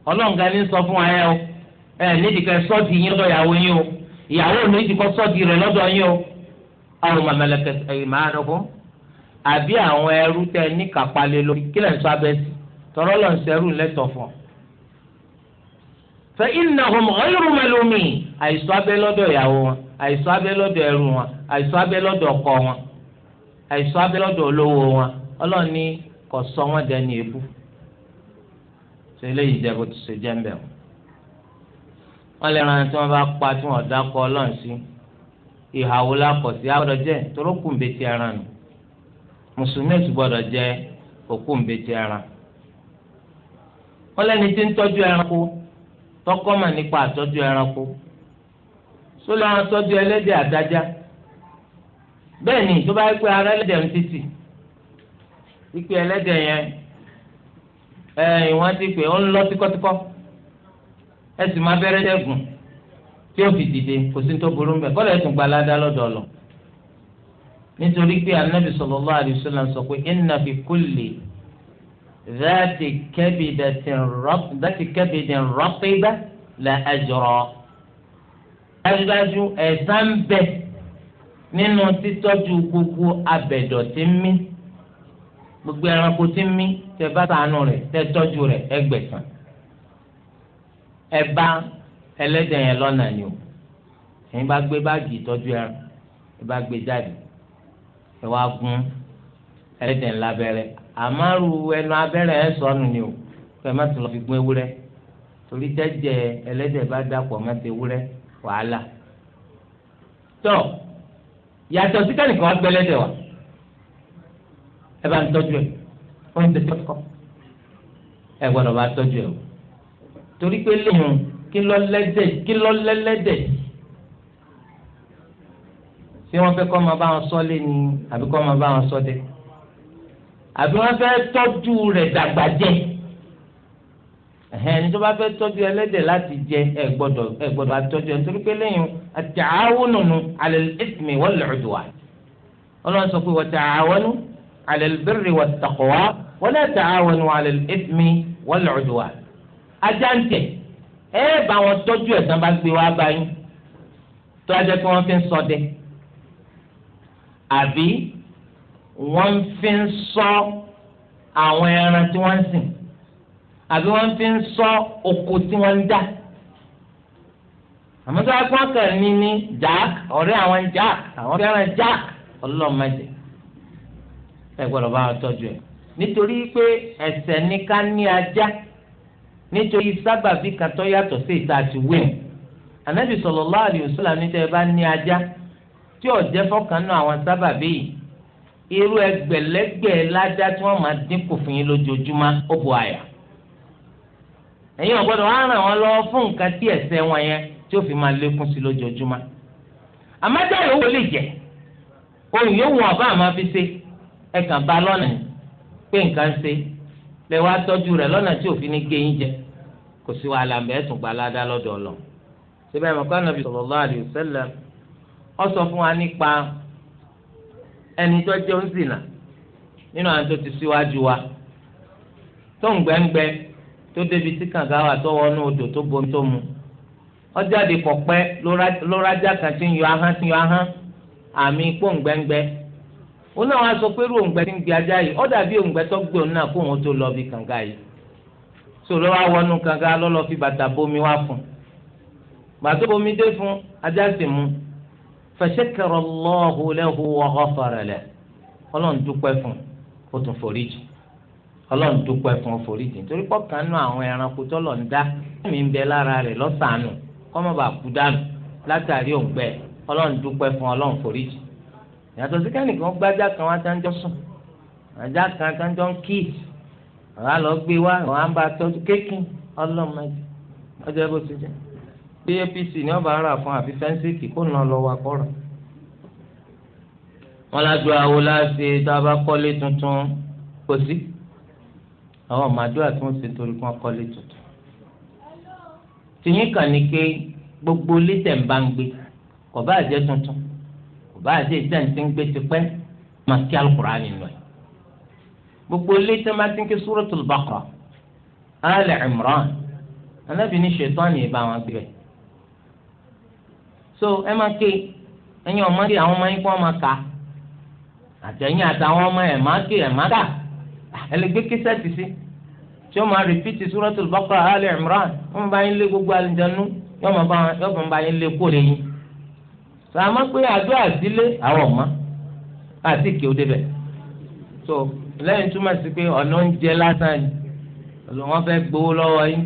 ọlọ́ǹgá ní sọ fún ayé o ẹ nídìí kẹ́ di yín lọ́dọ̀ ìyàwó yín o ìyàwó nídìí kọ́ sọ́ di rẹ̀ lọ́dọ̀ yín o àwọn mọ̀mọ́lẹ́kẹ́ ẹ̀yìn máa rẹ̀ fún àbí àwọn ẹrú tẹ ní kápálẹ̀ lórí kílẹ̀ ń sọ abẹ́ sí tọrọ lọ sẹrù lẹtọ fún ọ. fa innahum ghayru malumin àìsàn abẹ lọ́dọ̀ ìyàwó wọn àìsàn abẹ lọ́dọ̀ ẹrù wọn àìsàn abẹ lọ́dọ̀ ọkọ wọn àìsàn abẹ lọ́dọ̀ olówó wọn Ọlọ́run ní kò sọ wọn dẹni èébú ṣe eléyìí jẹ bó ti ṣe jẹ ń bẹ wọn. wọn lè ran tí wọn bá pa tí wọn dákọ Ọlọ́run sí ìhàwó lápọ̀sí àgbọ̀dọ̀ jẹ́ torókùnbẹ̀tì ẹran nù mùsùlùmí ti gbọ́dọ̀ jẹ́ òkùnbẹ̀tì ẹran wọ́n lẹ́ni tí ń tọ́jú ẹranko tọ́kọ́ mà nípa àtọ́jú ẹranko sólè wọn tọ́jú ẹlẹ́dẹ̀ àdájá bẹ́ẹ̀ ni tó bá ara ẹlẹ́dẹ̀ ń títì pípẹ́ ẹlẹ́dẹ̀ yẹn ẹ̀yìn ti pè ó ń lọ tíkọ́tíkọ́ ẹ sì máa bẹ́rẹ́ dẹ́gùn tí ó fi dìde kò sí tó burú mbẹ tún gba aládá lọ nítorí pé anabi sọ ذات كبدة رب ذات كبد رطبة لا أجرى أجلاجو ẹ̀san bẹ nínú títọ́jú gbogbo abẹ̀dọ̀ tí ń mí gbogbo ẹranko tí ń mí tẹ bá ṣàánú rẹ̀ tẹ tọ́jú rẹ̀ ẹgbẹ̀san ẹ bá ẹlẹ́dẹ̀ yẹn lọ́nà ni o ẹ̀yin bá gbé báàgì ìtọ́jú ẹran ẹ bá gbé jáde ẹ wá gún ẹlẹ́dẹ̀ ńlá bẹ́rẹ́ àmárù ẹnu abẹ́rẹ́ ẹ̀ sọnù ni o kẹ má ti lọ fi gún ewúrẹ́ torí jẹ́jẹ́ ẹlẹ́dẹ̀ bá dàpọ̀ má ti ewúrẹ́ wàhálà. tọ́ yàtọ̀ sí kẹ́nìkan wá gbẹ́lẹ́dẹ̀ wa ẹ bá ń tọ́jú ẹ̀ wọ́n ń tẹ̀sí ọkọ̀ ẹ gbọ́dọ̀ bá tọ́jú ẹ̀ o torí pé lẹ́yìn kí lọ lẹ́dẹ̀ kí lọ lẹ́lẹ́dẹ̀ tí wọ́n fẹ́ kọ́ máa bá wọn sọ lé ni àbí kọ́ máa bá wọn sọ dé àbí wọ́n fẹ́ tọ́jú rẹ̀ dàgbà jẹ ẹni tó bá fẹ́ tọ́jú ẹlẹ́dẹ̀ láti jẹ ẹ gbọ́dọ̀ ẹ gbọ́dọ̀ àtọ́jú ẹ nítorí pé lẹ́yìn àtàwọnù alẹ́ ìsìnmi wọ́n lè dùn wá ọlọ́run sọ pé wọ́n tàwọnù alẹ́ bẹ́rẹ̀ wọ́n tàkọ̀ wá wọ́n lè tàwọnù alẹ́ ìsìnmi wọ́n lè dùn wá. ẹ bá wọn tọ́jú ẹ̀ tán bá gbé wá báyìí tó ajẹ́ pé wọ́n fi ń ṣọdẹ àbí wọ́n fi ń sọ àwọn ẹran tí wọ́n ń sìn àbí wọ́n fi ń sọ oko tí wọ́n ń dá àmọ́ tó wá kàn ní ní jack ọ̀rẹ́ àwọn jack àwọn fẹ́ràn jack ọlọ́mọdé ẹ gbọ́dọ̀ bá wọn tọ́jú ẹ̀ nítorí pé ẹsẹ̀ ní ká ní ajá nítorí sábàbí kan tó yàtọ̀ sí ìta àti wíwù ànábì sallallahu alaihi wasallam ní bá ní ajá tí ò jẹ́ àwọn sábàbí yìí irú ẹgbẹ̀lẹ́gbẹ̀ ládá tí wọ́n máa dínkù fún yín lójoojúmọ́ ó bu àyà ẹ̀yin ọ̀gbọ́dọ̀ wá ràn wọ́n lọ́wọ́ fún nǹkan tí ẹ̀ṣẹ̀ wọn yẹn tí ó fi máa lékún sí lójoojúmọ́ àmọ́jọ́ yòówó lè jẹ́ ohun yòówù ọ̀bá àmọ́ fi ṣe ẹ̀kàn bá lọ́nà pé nǹkan ṣe lẹ wá tọ́jú rẹ̀ lọ́nà tí òfin ní gé yín jẹ kò sí wàhálà mẹ́ ẹ̀tùn gba lọ́dọ̀ ọlọ́ sallallahu alaihi wasallam ó ẹni tó jẹ́ ń zìnà nínú àwọn tó ti síwájú wa tó ń gbẹ́ngbẹ́ tó débi tí kàǹgá wà bomi tó mu ọjọ́de kọ̀pẹ́ ló kan tí ń yọ ahán tí ń yọ ahán àmì ipò ń gbẹ́ngbẹ́ sọ pé irú ń gbé ajá yìí tó gbé òun náà kó òun tó lọ bí kàǹgá yìí so ló wá wọnú kàǹgá lọ́lọ́ fi bàtà bomi wá fún bàtà bomi dé fún fashakara Allahu lahu wa ghafara lahu ọlọ́run dúpẹ́ fún ó tún foríjì ọlọ́run dúpẹ́ fún ó foríjì nítorí pọ́kàn àwọn ẹranko ọrụ ń dá mi ń bẹ lára rẹ̀ lọ́sàánù kọ́mọ́ bá kú dànù látàrí ọlọ́run dúpẹ́ fún ọlọ́run foríjì sí kẹ́nìkan kan wá sùn ajá kan ń kí lọ gbé wá bí apc ní ọba ara fún àbí fẹ́ńsìkì kó nà lọ wa kọ́ra. wọn lájọ àwo láti tá a bá kọ́lé tuntun kò sí àwọn màdúrà tí wọn ṣe torí kí wọn kọ́lé tuntun. tìyín kàn ní pé gbogbo lítẹ̀ ń bá ń gbé kò bá àjẹ́ tuntun kò bá àjẹ́ ìtẹ̀ǹtì ń gbé tipẹ́ máa kí alukura nínú ẹ̀. gbogbo lítẹ̀ máa ti ń ké Suratul Baqara, Al Imran anábìíní ṣètọ́ ni ìbá wọn gbé bẹ́ẹ̀ so ẹ máa ké ẹ̀yin ọmọ ké àwọn ọmọ yín kó ọmọ ká àtẹ̀yìn àtàwọn ọmọ ẹ̀ máa ké ẹ̀ máa ká ẹ lè gbé sí tí ó máa rìpítì Suratul Baqara Ali Imran wọ́n bá yín lé gbogbo àlùjànnú yọ̀ọ́ máa bá yín lé kó lè yín sàmà pé àdó àdílé àwọn ọ̀ma àti ìké ó débẹ̀ so lẹ́yìn túmọ̀ sí pé ọ̀nà ń jẹ lásán ni wọ́n fẹ́ gbowó lọ́wọ́ yín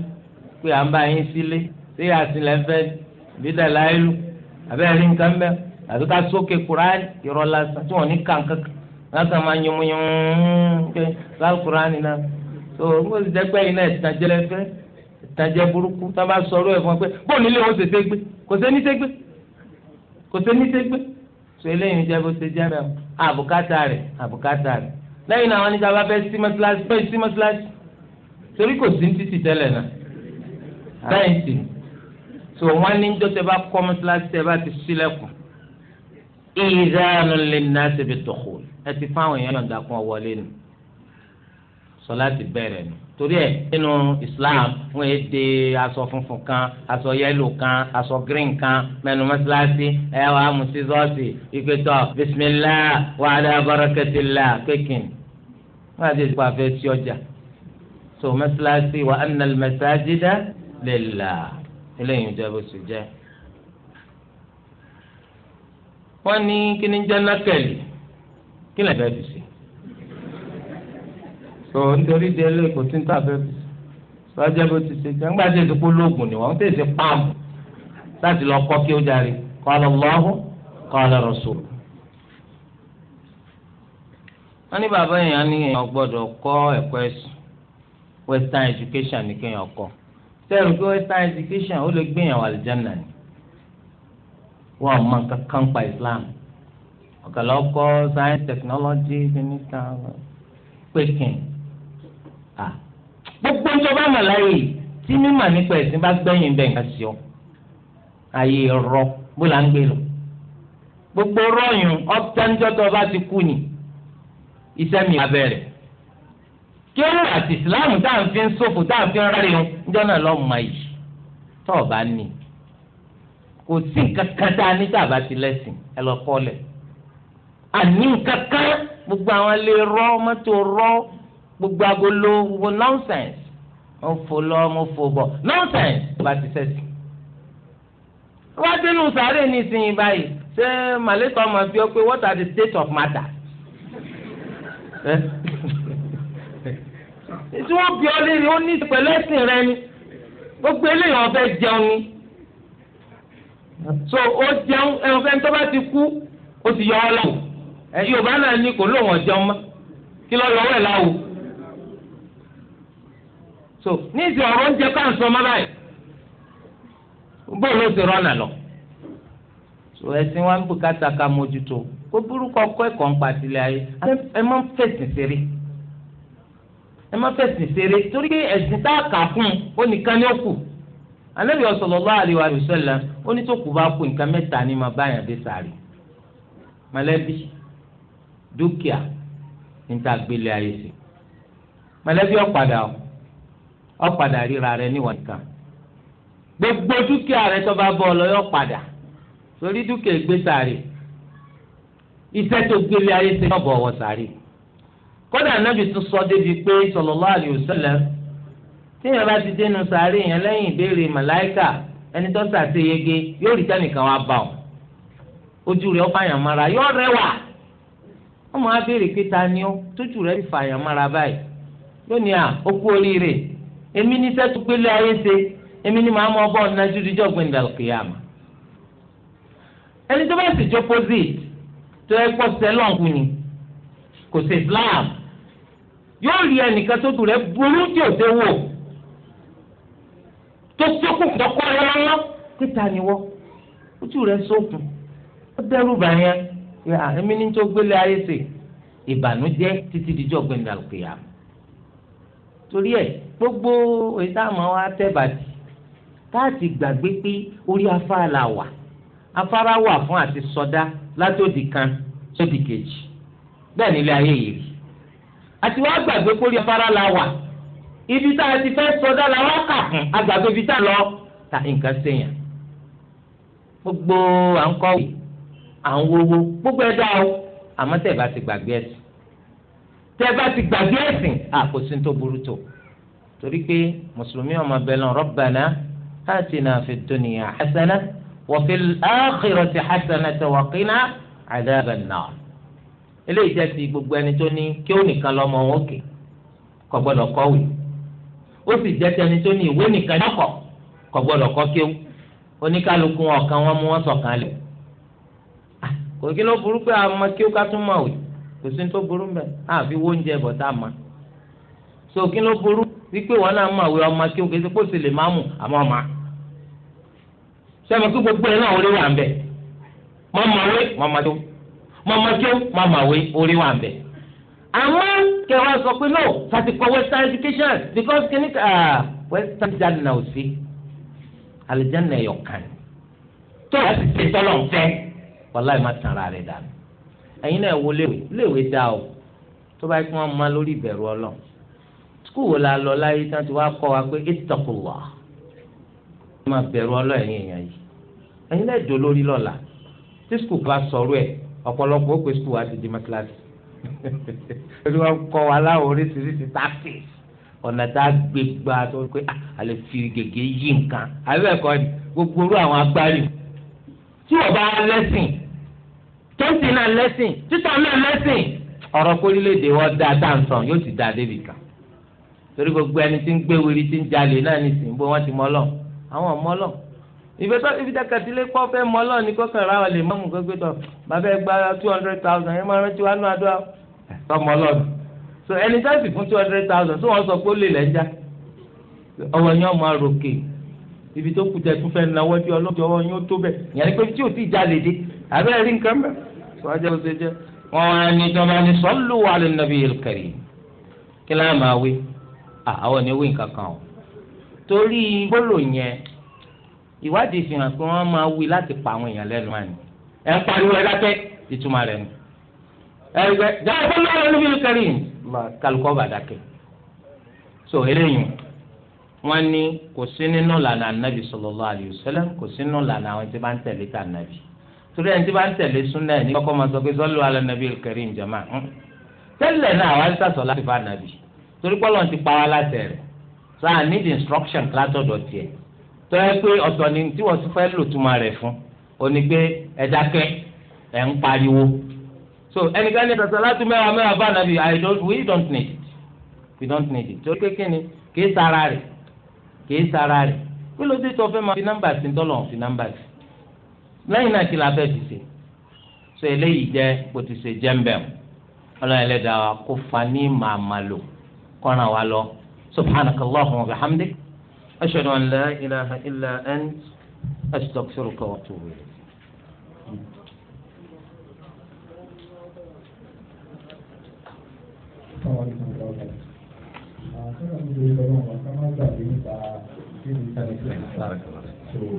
pé à ń bá yín sílé sí àtìlẹ́fẹ́ bídà láìlú abẹ́rẹ́ rí nǹkan bẹ́ẹ̀ àti ká sókè kuraani irọ́ lásán tí wọ́n ní kàǹkan lásán máa yunmuyun pé láti kuraani náà tó o ti dẹ́gbẹ́ yìí náà ìtàjẹ́ lẹ́fẹ́ ìtàjẹ́ burúkú tá a bá sọ̀rọ̀ ẹ̀ fún ọ pé bóun nílé wọn ṣèṣe gbé kò ṣe ní ṣe kò ṣe ní ṣe gbé eléyìí jẹ́ bó ṣe jẹ́ bẹ́ẹ̀ àbùkátà rẹ̀ àbùkátà rẹ̀ lẹ́yìn náà wọ́n ní sábà bẹ́ẹ̀ sí mọ́tíláṣí bẹ́ẹ̀ sí mọ́tíláṣí torí kò sí ní títì tẹ́lẹ̀ náà sáyẹ́ǹsì ni so wọ́n ní tó tẹ bá kọ́ mọ́tíláṣí tẹ bá ti sílẹ̀kùn ìdáhùn lè ná síbi tọ̀kù ẹ ti fáwọn èèyàn yọ̀ǹda kún ọ wọlé nù sọ láti bẹ̀rẹ̀ nù torí ẹ nínú Islam wọn yé de aṣọ funfun kan aṣọ yẹlò kan aṣọ green kan mẹnu mọ́tíláṣí ẹ wà á mú sísọ́ọ̀sì ìpẹ́tọ̀ bisimilah wàhálà barakatilah kékin wọn àti ìdìbò àfẹ́ sí ọjà so mọ́tíláṣí wà á nà lè dá lè là. eléyìí jẹ́ bó ṣe jẹ́. wọ́n ní kíni ni jẹ́ nákẹ́lì kí lè fẹ́ fi sí. nítorí di eléyìí tí ń tà fẹ́ fi sí. bó ti ṣe jẹ́ ńgbà tí lóògùn ni láti lọ kọ́ kí ó lọ ní bàbá ní kọ́ ẹ̀kọ́ western education ní kéèyàn kọ́. sẹ́yìn pé western education ó lè gbìyànjú àlùjáná ni wọn ò mọ kankan pa islam ọ̀kàlà ọkọ science technology minister pékin gbogbo ìjọba àmàlàyé tí mímọ̀ nípa ẹ̀sìn bá gbẹ̀yìn bẹ́ẹ̀ nǹkan sí ọ ayé rọ bó la ń gbé lọ gbogbo rọyùn ọ̀tẹ́ńjọ́tọ̀ bá ti kú ni iṣẹ́ mi abẹ́rẹ́ kí ó lè àti islam tá à ń fi ń sófò tá à ń fi ń rárẹ̀ o níjọ́ náà lọ́ọ́ mọ yìí tó o bá ní kò sí nǹkan tá a ní tá a bá ti lẹ́sìn ẹ lọ kọ́ lẹ̀ àní nǹkan kan gbogbo àwọn lè rọ́ mọ́tò rọ́ gbogbo agolo gbogbo nonsense mo fò lọ mo fò bọ̀ nonsense bá ti sẹ́sìn wá dénú sàárè nísìnyí báyìí ṣé màlẹ́kọ̀ọ́ máa fi ọ pé what are the state of matter eh? tí wọ́n bí ọ léèrè ó ní pẹ̀lú ẹ̀sìn rẹ ni gbogbo eléyìí ọ̀fẹ́ jẹun ni so ó jẹun ẹ̀fẹ́ tó bá ti kú ó ti yọ ọ lọ Yorùbá náà ní kò lóun ọ̀jẹun mọ́ kí lọ́ọ́ yọ ọwọ́ ẹ̀ láwù so ní ìsìn ọ̀rọ̀ oúnjẹ káàsán ọmọ báyìí bóòlù ó ti rọ́nà lọ so ẹ̀sìn wa ń bùkátà ká mójútó kó burúkọ kọ́ ẹ̀kọ́ ń pa sílẹ̀ ayé ẹ má fẹ̀sìn ṣeré ẹ má fẹ̀sìn ṣeré torí ẹ̀sìn tá a kà fún un ó nìkan ní ó kù anabi sallallahu alaihi wa sallam ó ní tó kù bá kú nǹkan mẹ́ta ni máa báyàn dé sàárè mọ̀lẹ́bí dúkìá níta gbélé ayé sí mọ̀lẹ́bí ọ̀padà ọ̀padà ríra rẹ̀ níwọ̀n nìkan gbogbo dúkìá rẹ̀ tó bá bọ̀ lọ́yọ̀ padà torí dúkìá gbé sàárè iṣẹ́ tó gbélé ayé sí náà bọ̀ wọ̀ kódà anábì tún sọ débi pé sallallahu alayhi wa sallam bá ti dénú sàárè yẹn lẹ́yìn ìbéèrè màláìkà ẹni tó yege yóò rí tẹnìkan wá bá ọ ojú rẹ̀ ó fàyàn mara yóò rẹwà wọn máa béèrè pé ta ni ó tójú rẹ̀ fàyàn mara báyìí lónìí à ó kú oríire èmi ní sẹ́tù pélé ayé ṣe èmi ní màá mọ ọbọ̀ ọ̀nàjú díjọ́ gbẹ̀ndàlùkìyàmà ẹni tó bá sì jọ pósìtì tó ẹ pọ̀ sẹ́lọ̀ ọ̀hún ni kò sí Islam yóò rí ẹnìkan tó dùn rẹ burú tí ò dé wò tó sókùn tọkọ rẹ lọ́wọ́ títa ni wọ́ ojú rẹ sókùn ó dẹ́rù bà yẹn yà èmi ní tó gbélé ayé sè ìbànújẹ́ títí dijọ́ gbẹ̀ndà òkèèyà torí ẹ gbogbo ìsáàmù wa tẹ́ bàtì káàtì gbàgbé pé orí afárá la wà afárá wà fún àti sọdá látòdì kan sódì kejì bẹ́ẹ̀ nílé ayé yìí àti wàá gbàgbé kórìí afárá la wà ibi tá a ti fẹ́ sọdá la wá kà fún agbàgbé ibi tá a lọ ta nǹkan sèyàn gbogbo à ń kọ́ à ń wowó gbogbo ẹ̀ dá o àmọ́ tẹ̀ bá ti gbàgbé ẹ̀sìn tẹ̀ bá ti gbàgbé ẹ̀sìn àkóso tó burú tó torí pé mùsùlùmí ọmọ bẹ́ẹ̀ lọ Rabbana atina fid dunya hasana wa fil akhirati hasana wa qina adhaban nar eléyìí jẹ́ ti gbogbo ẹni tó ní kí ó nìkan lọ́mọ wọn òkè kò gbọ́dọ̀ kọ́wé ó sì jẹ́ ti ẹni tó ní ìwé nìkan lọ́kọ̀ kò gbọ́dọ̀ kọ́ kéwú oníkálukú ọ̀kan wọn mú wọn sọ̀kan lẹ̀ ah, kò kí ló burú pé àmọ kí ó ká tún mọ̀ wí kò sí tó burú mbẹ àfi wo oúnjẹ bọ̀ tá a ma so kí ló burú wípé wọn náà mọ̀ wí ọmọ kí ó kéde kó sì lè má mú àmọ́ ma sẹ́mi kí gbogbo ẹ̀ náà wọlé wà ń bẹ̀ mọ́ mọ̀ wé mọ́ mọ́ tó mọ̀mọ́kẹ́ mọ̀mọ́wé orí wa ń bẹ̀. àmọ́ kẹwàá sọ pé no sàti kọ western education because kìíní ká ah, western janna ò sí alijanna ẹ̀yọ̀ kan tó a ti ṣe tọ́lọ̀ ń fẹ́ wàláì má tàn ara rẹ̀ dànù. ẹ̀yin náà wo léwe léwe dá o tó bá yẹ kí wọ́n máa lórí ìbẹ̀rù ọlọ́ skul wo la lọ láyé tí wọ́n ti wá kọ́ wa pé ittaqullah wọ́n máa bẹ̀rù ọlọ́ ẹ̀yin èèyàn yìí ẹ̀yin náà dò lọ́la tí skul bá sọ̀rọ̀ ẹ̀ ọ̀pọ̀lọpọ̀ ó pè sùkúù wá ti di mọ́tíláṣí ẹni wọn kọ́ wa láwọn oríṣiríṣi tactics ọ̀nà tá a gbé gba tó pé àlè fi gègé yí nǹkan àbẹ̀ ẹ̀kọ́ ni gbogbo orú àwọn agbárí tí wọ́n bá lẹ́sìn tó ń sìn náà lẹ́sìn títà náà lẹ́sìn ọ̀rọ̀ kórìlédè wọn dáa dáǹsán yóò sì dáa débì kan torí gbogbo ẹni tí ń gbé wiri tí ń jalè náà nìsín bó wọ́n ti mọ́ lọ àwọn mọ́ lọ́ọ̀ ìbẹ́tọ́ ibi tẹ́kẹ̀tì lé kọ́ fẹ́ mọ́ lọ́ọ̀ni kọ́kàn ra wà lè mọ́ mú gbégbé tọ̀ bàbá ẹ two hundred thousand ẹ máa rántí wa nù adúlá tọmọ lọ́ọ̀ni so ẹni tá sì fún two hundred thousand tí wọ́n sọ pé ó lè lẹ́jà ọwọ́ yẹn ọmọ àròkè ibi tó kù tẹ̀tún fẹ́ náwó bí ọlọ́dún ọwọ́ yẹn ó tó bẹ̀ yẹn ni pé tí ò tí ì jalè dé àbẹ́ rí nǹkan mẹ́ sọ́jà ó ṣe jẹ́ wọn wá ní ìjọba ní sọ́lù wà lè nàbí torí bọ́lò yẹn ìwádìí fi hàn pé wọ́n máa wí láti pa àwọn èèyàn lẹ́nu àná ẹ̀ ń pariwo ẹ dákẹ́ ìtumọ̀ rẹ̀ nù. ẹgbẹ́ jáde fún mi àwọn olùbí kẹrì kálukọ́ bá dákẹ́. so eléyìí wọ́n ní kò sí nínú lànà ànábì sallallahu alaihi wasallam kò sí nínú lànà àwọn tí bá ń tẹ̀lé tà ànábì torí ẹni tí bá ń tẹ̀lé súnà ẹ̀ ní kọ́kọ́ máa sọ pé sallu ala nabil karim jama hmm. tẹ́lẹ̀ náà wà ń sàsọ láti fa ànábì torí pọ́lọ́n ti pa wá láti rẹ̀ sáà need instruction látọ̀dọ̀ tiẹ̀ tọ́yẹ pé ọ̀tọ̀ ni tí wọ́n ti fẹ́ lò túmọ̀ rẹ̀ fún òní pé ẹ̀dákẹ́ ẹ̀ ń pariwo so ẹnikẹ́ni sọ̀sọ̀ láti mẹ́wàá mẹ́wàá bá nàbí i don't we don't need it we don't need it torí kékeré ni kìí sara rẹ̀ kìí sara rẹ̀ kí ló dé tó fẹ́ máa fi nọ́mbà sí tọ́lọ̀ fi nọ́mbà sí lẹ́yìn náà kí la fẹ́ fi ṣe so eléyìí jẹ́ kò ti ṣe jẹ́ńbẹ̀ ọlọ́run ẹlẹ́dàá wa kó fa ní màmá lò kọ́ràn wa lọ subhanakallahumma wa bihamdik. أشهد أن لا إله إلا أنت أستغفرك وأتوب إليك Thank you.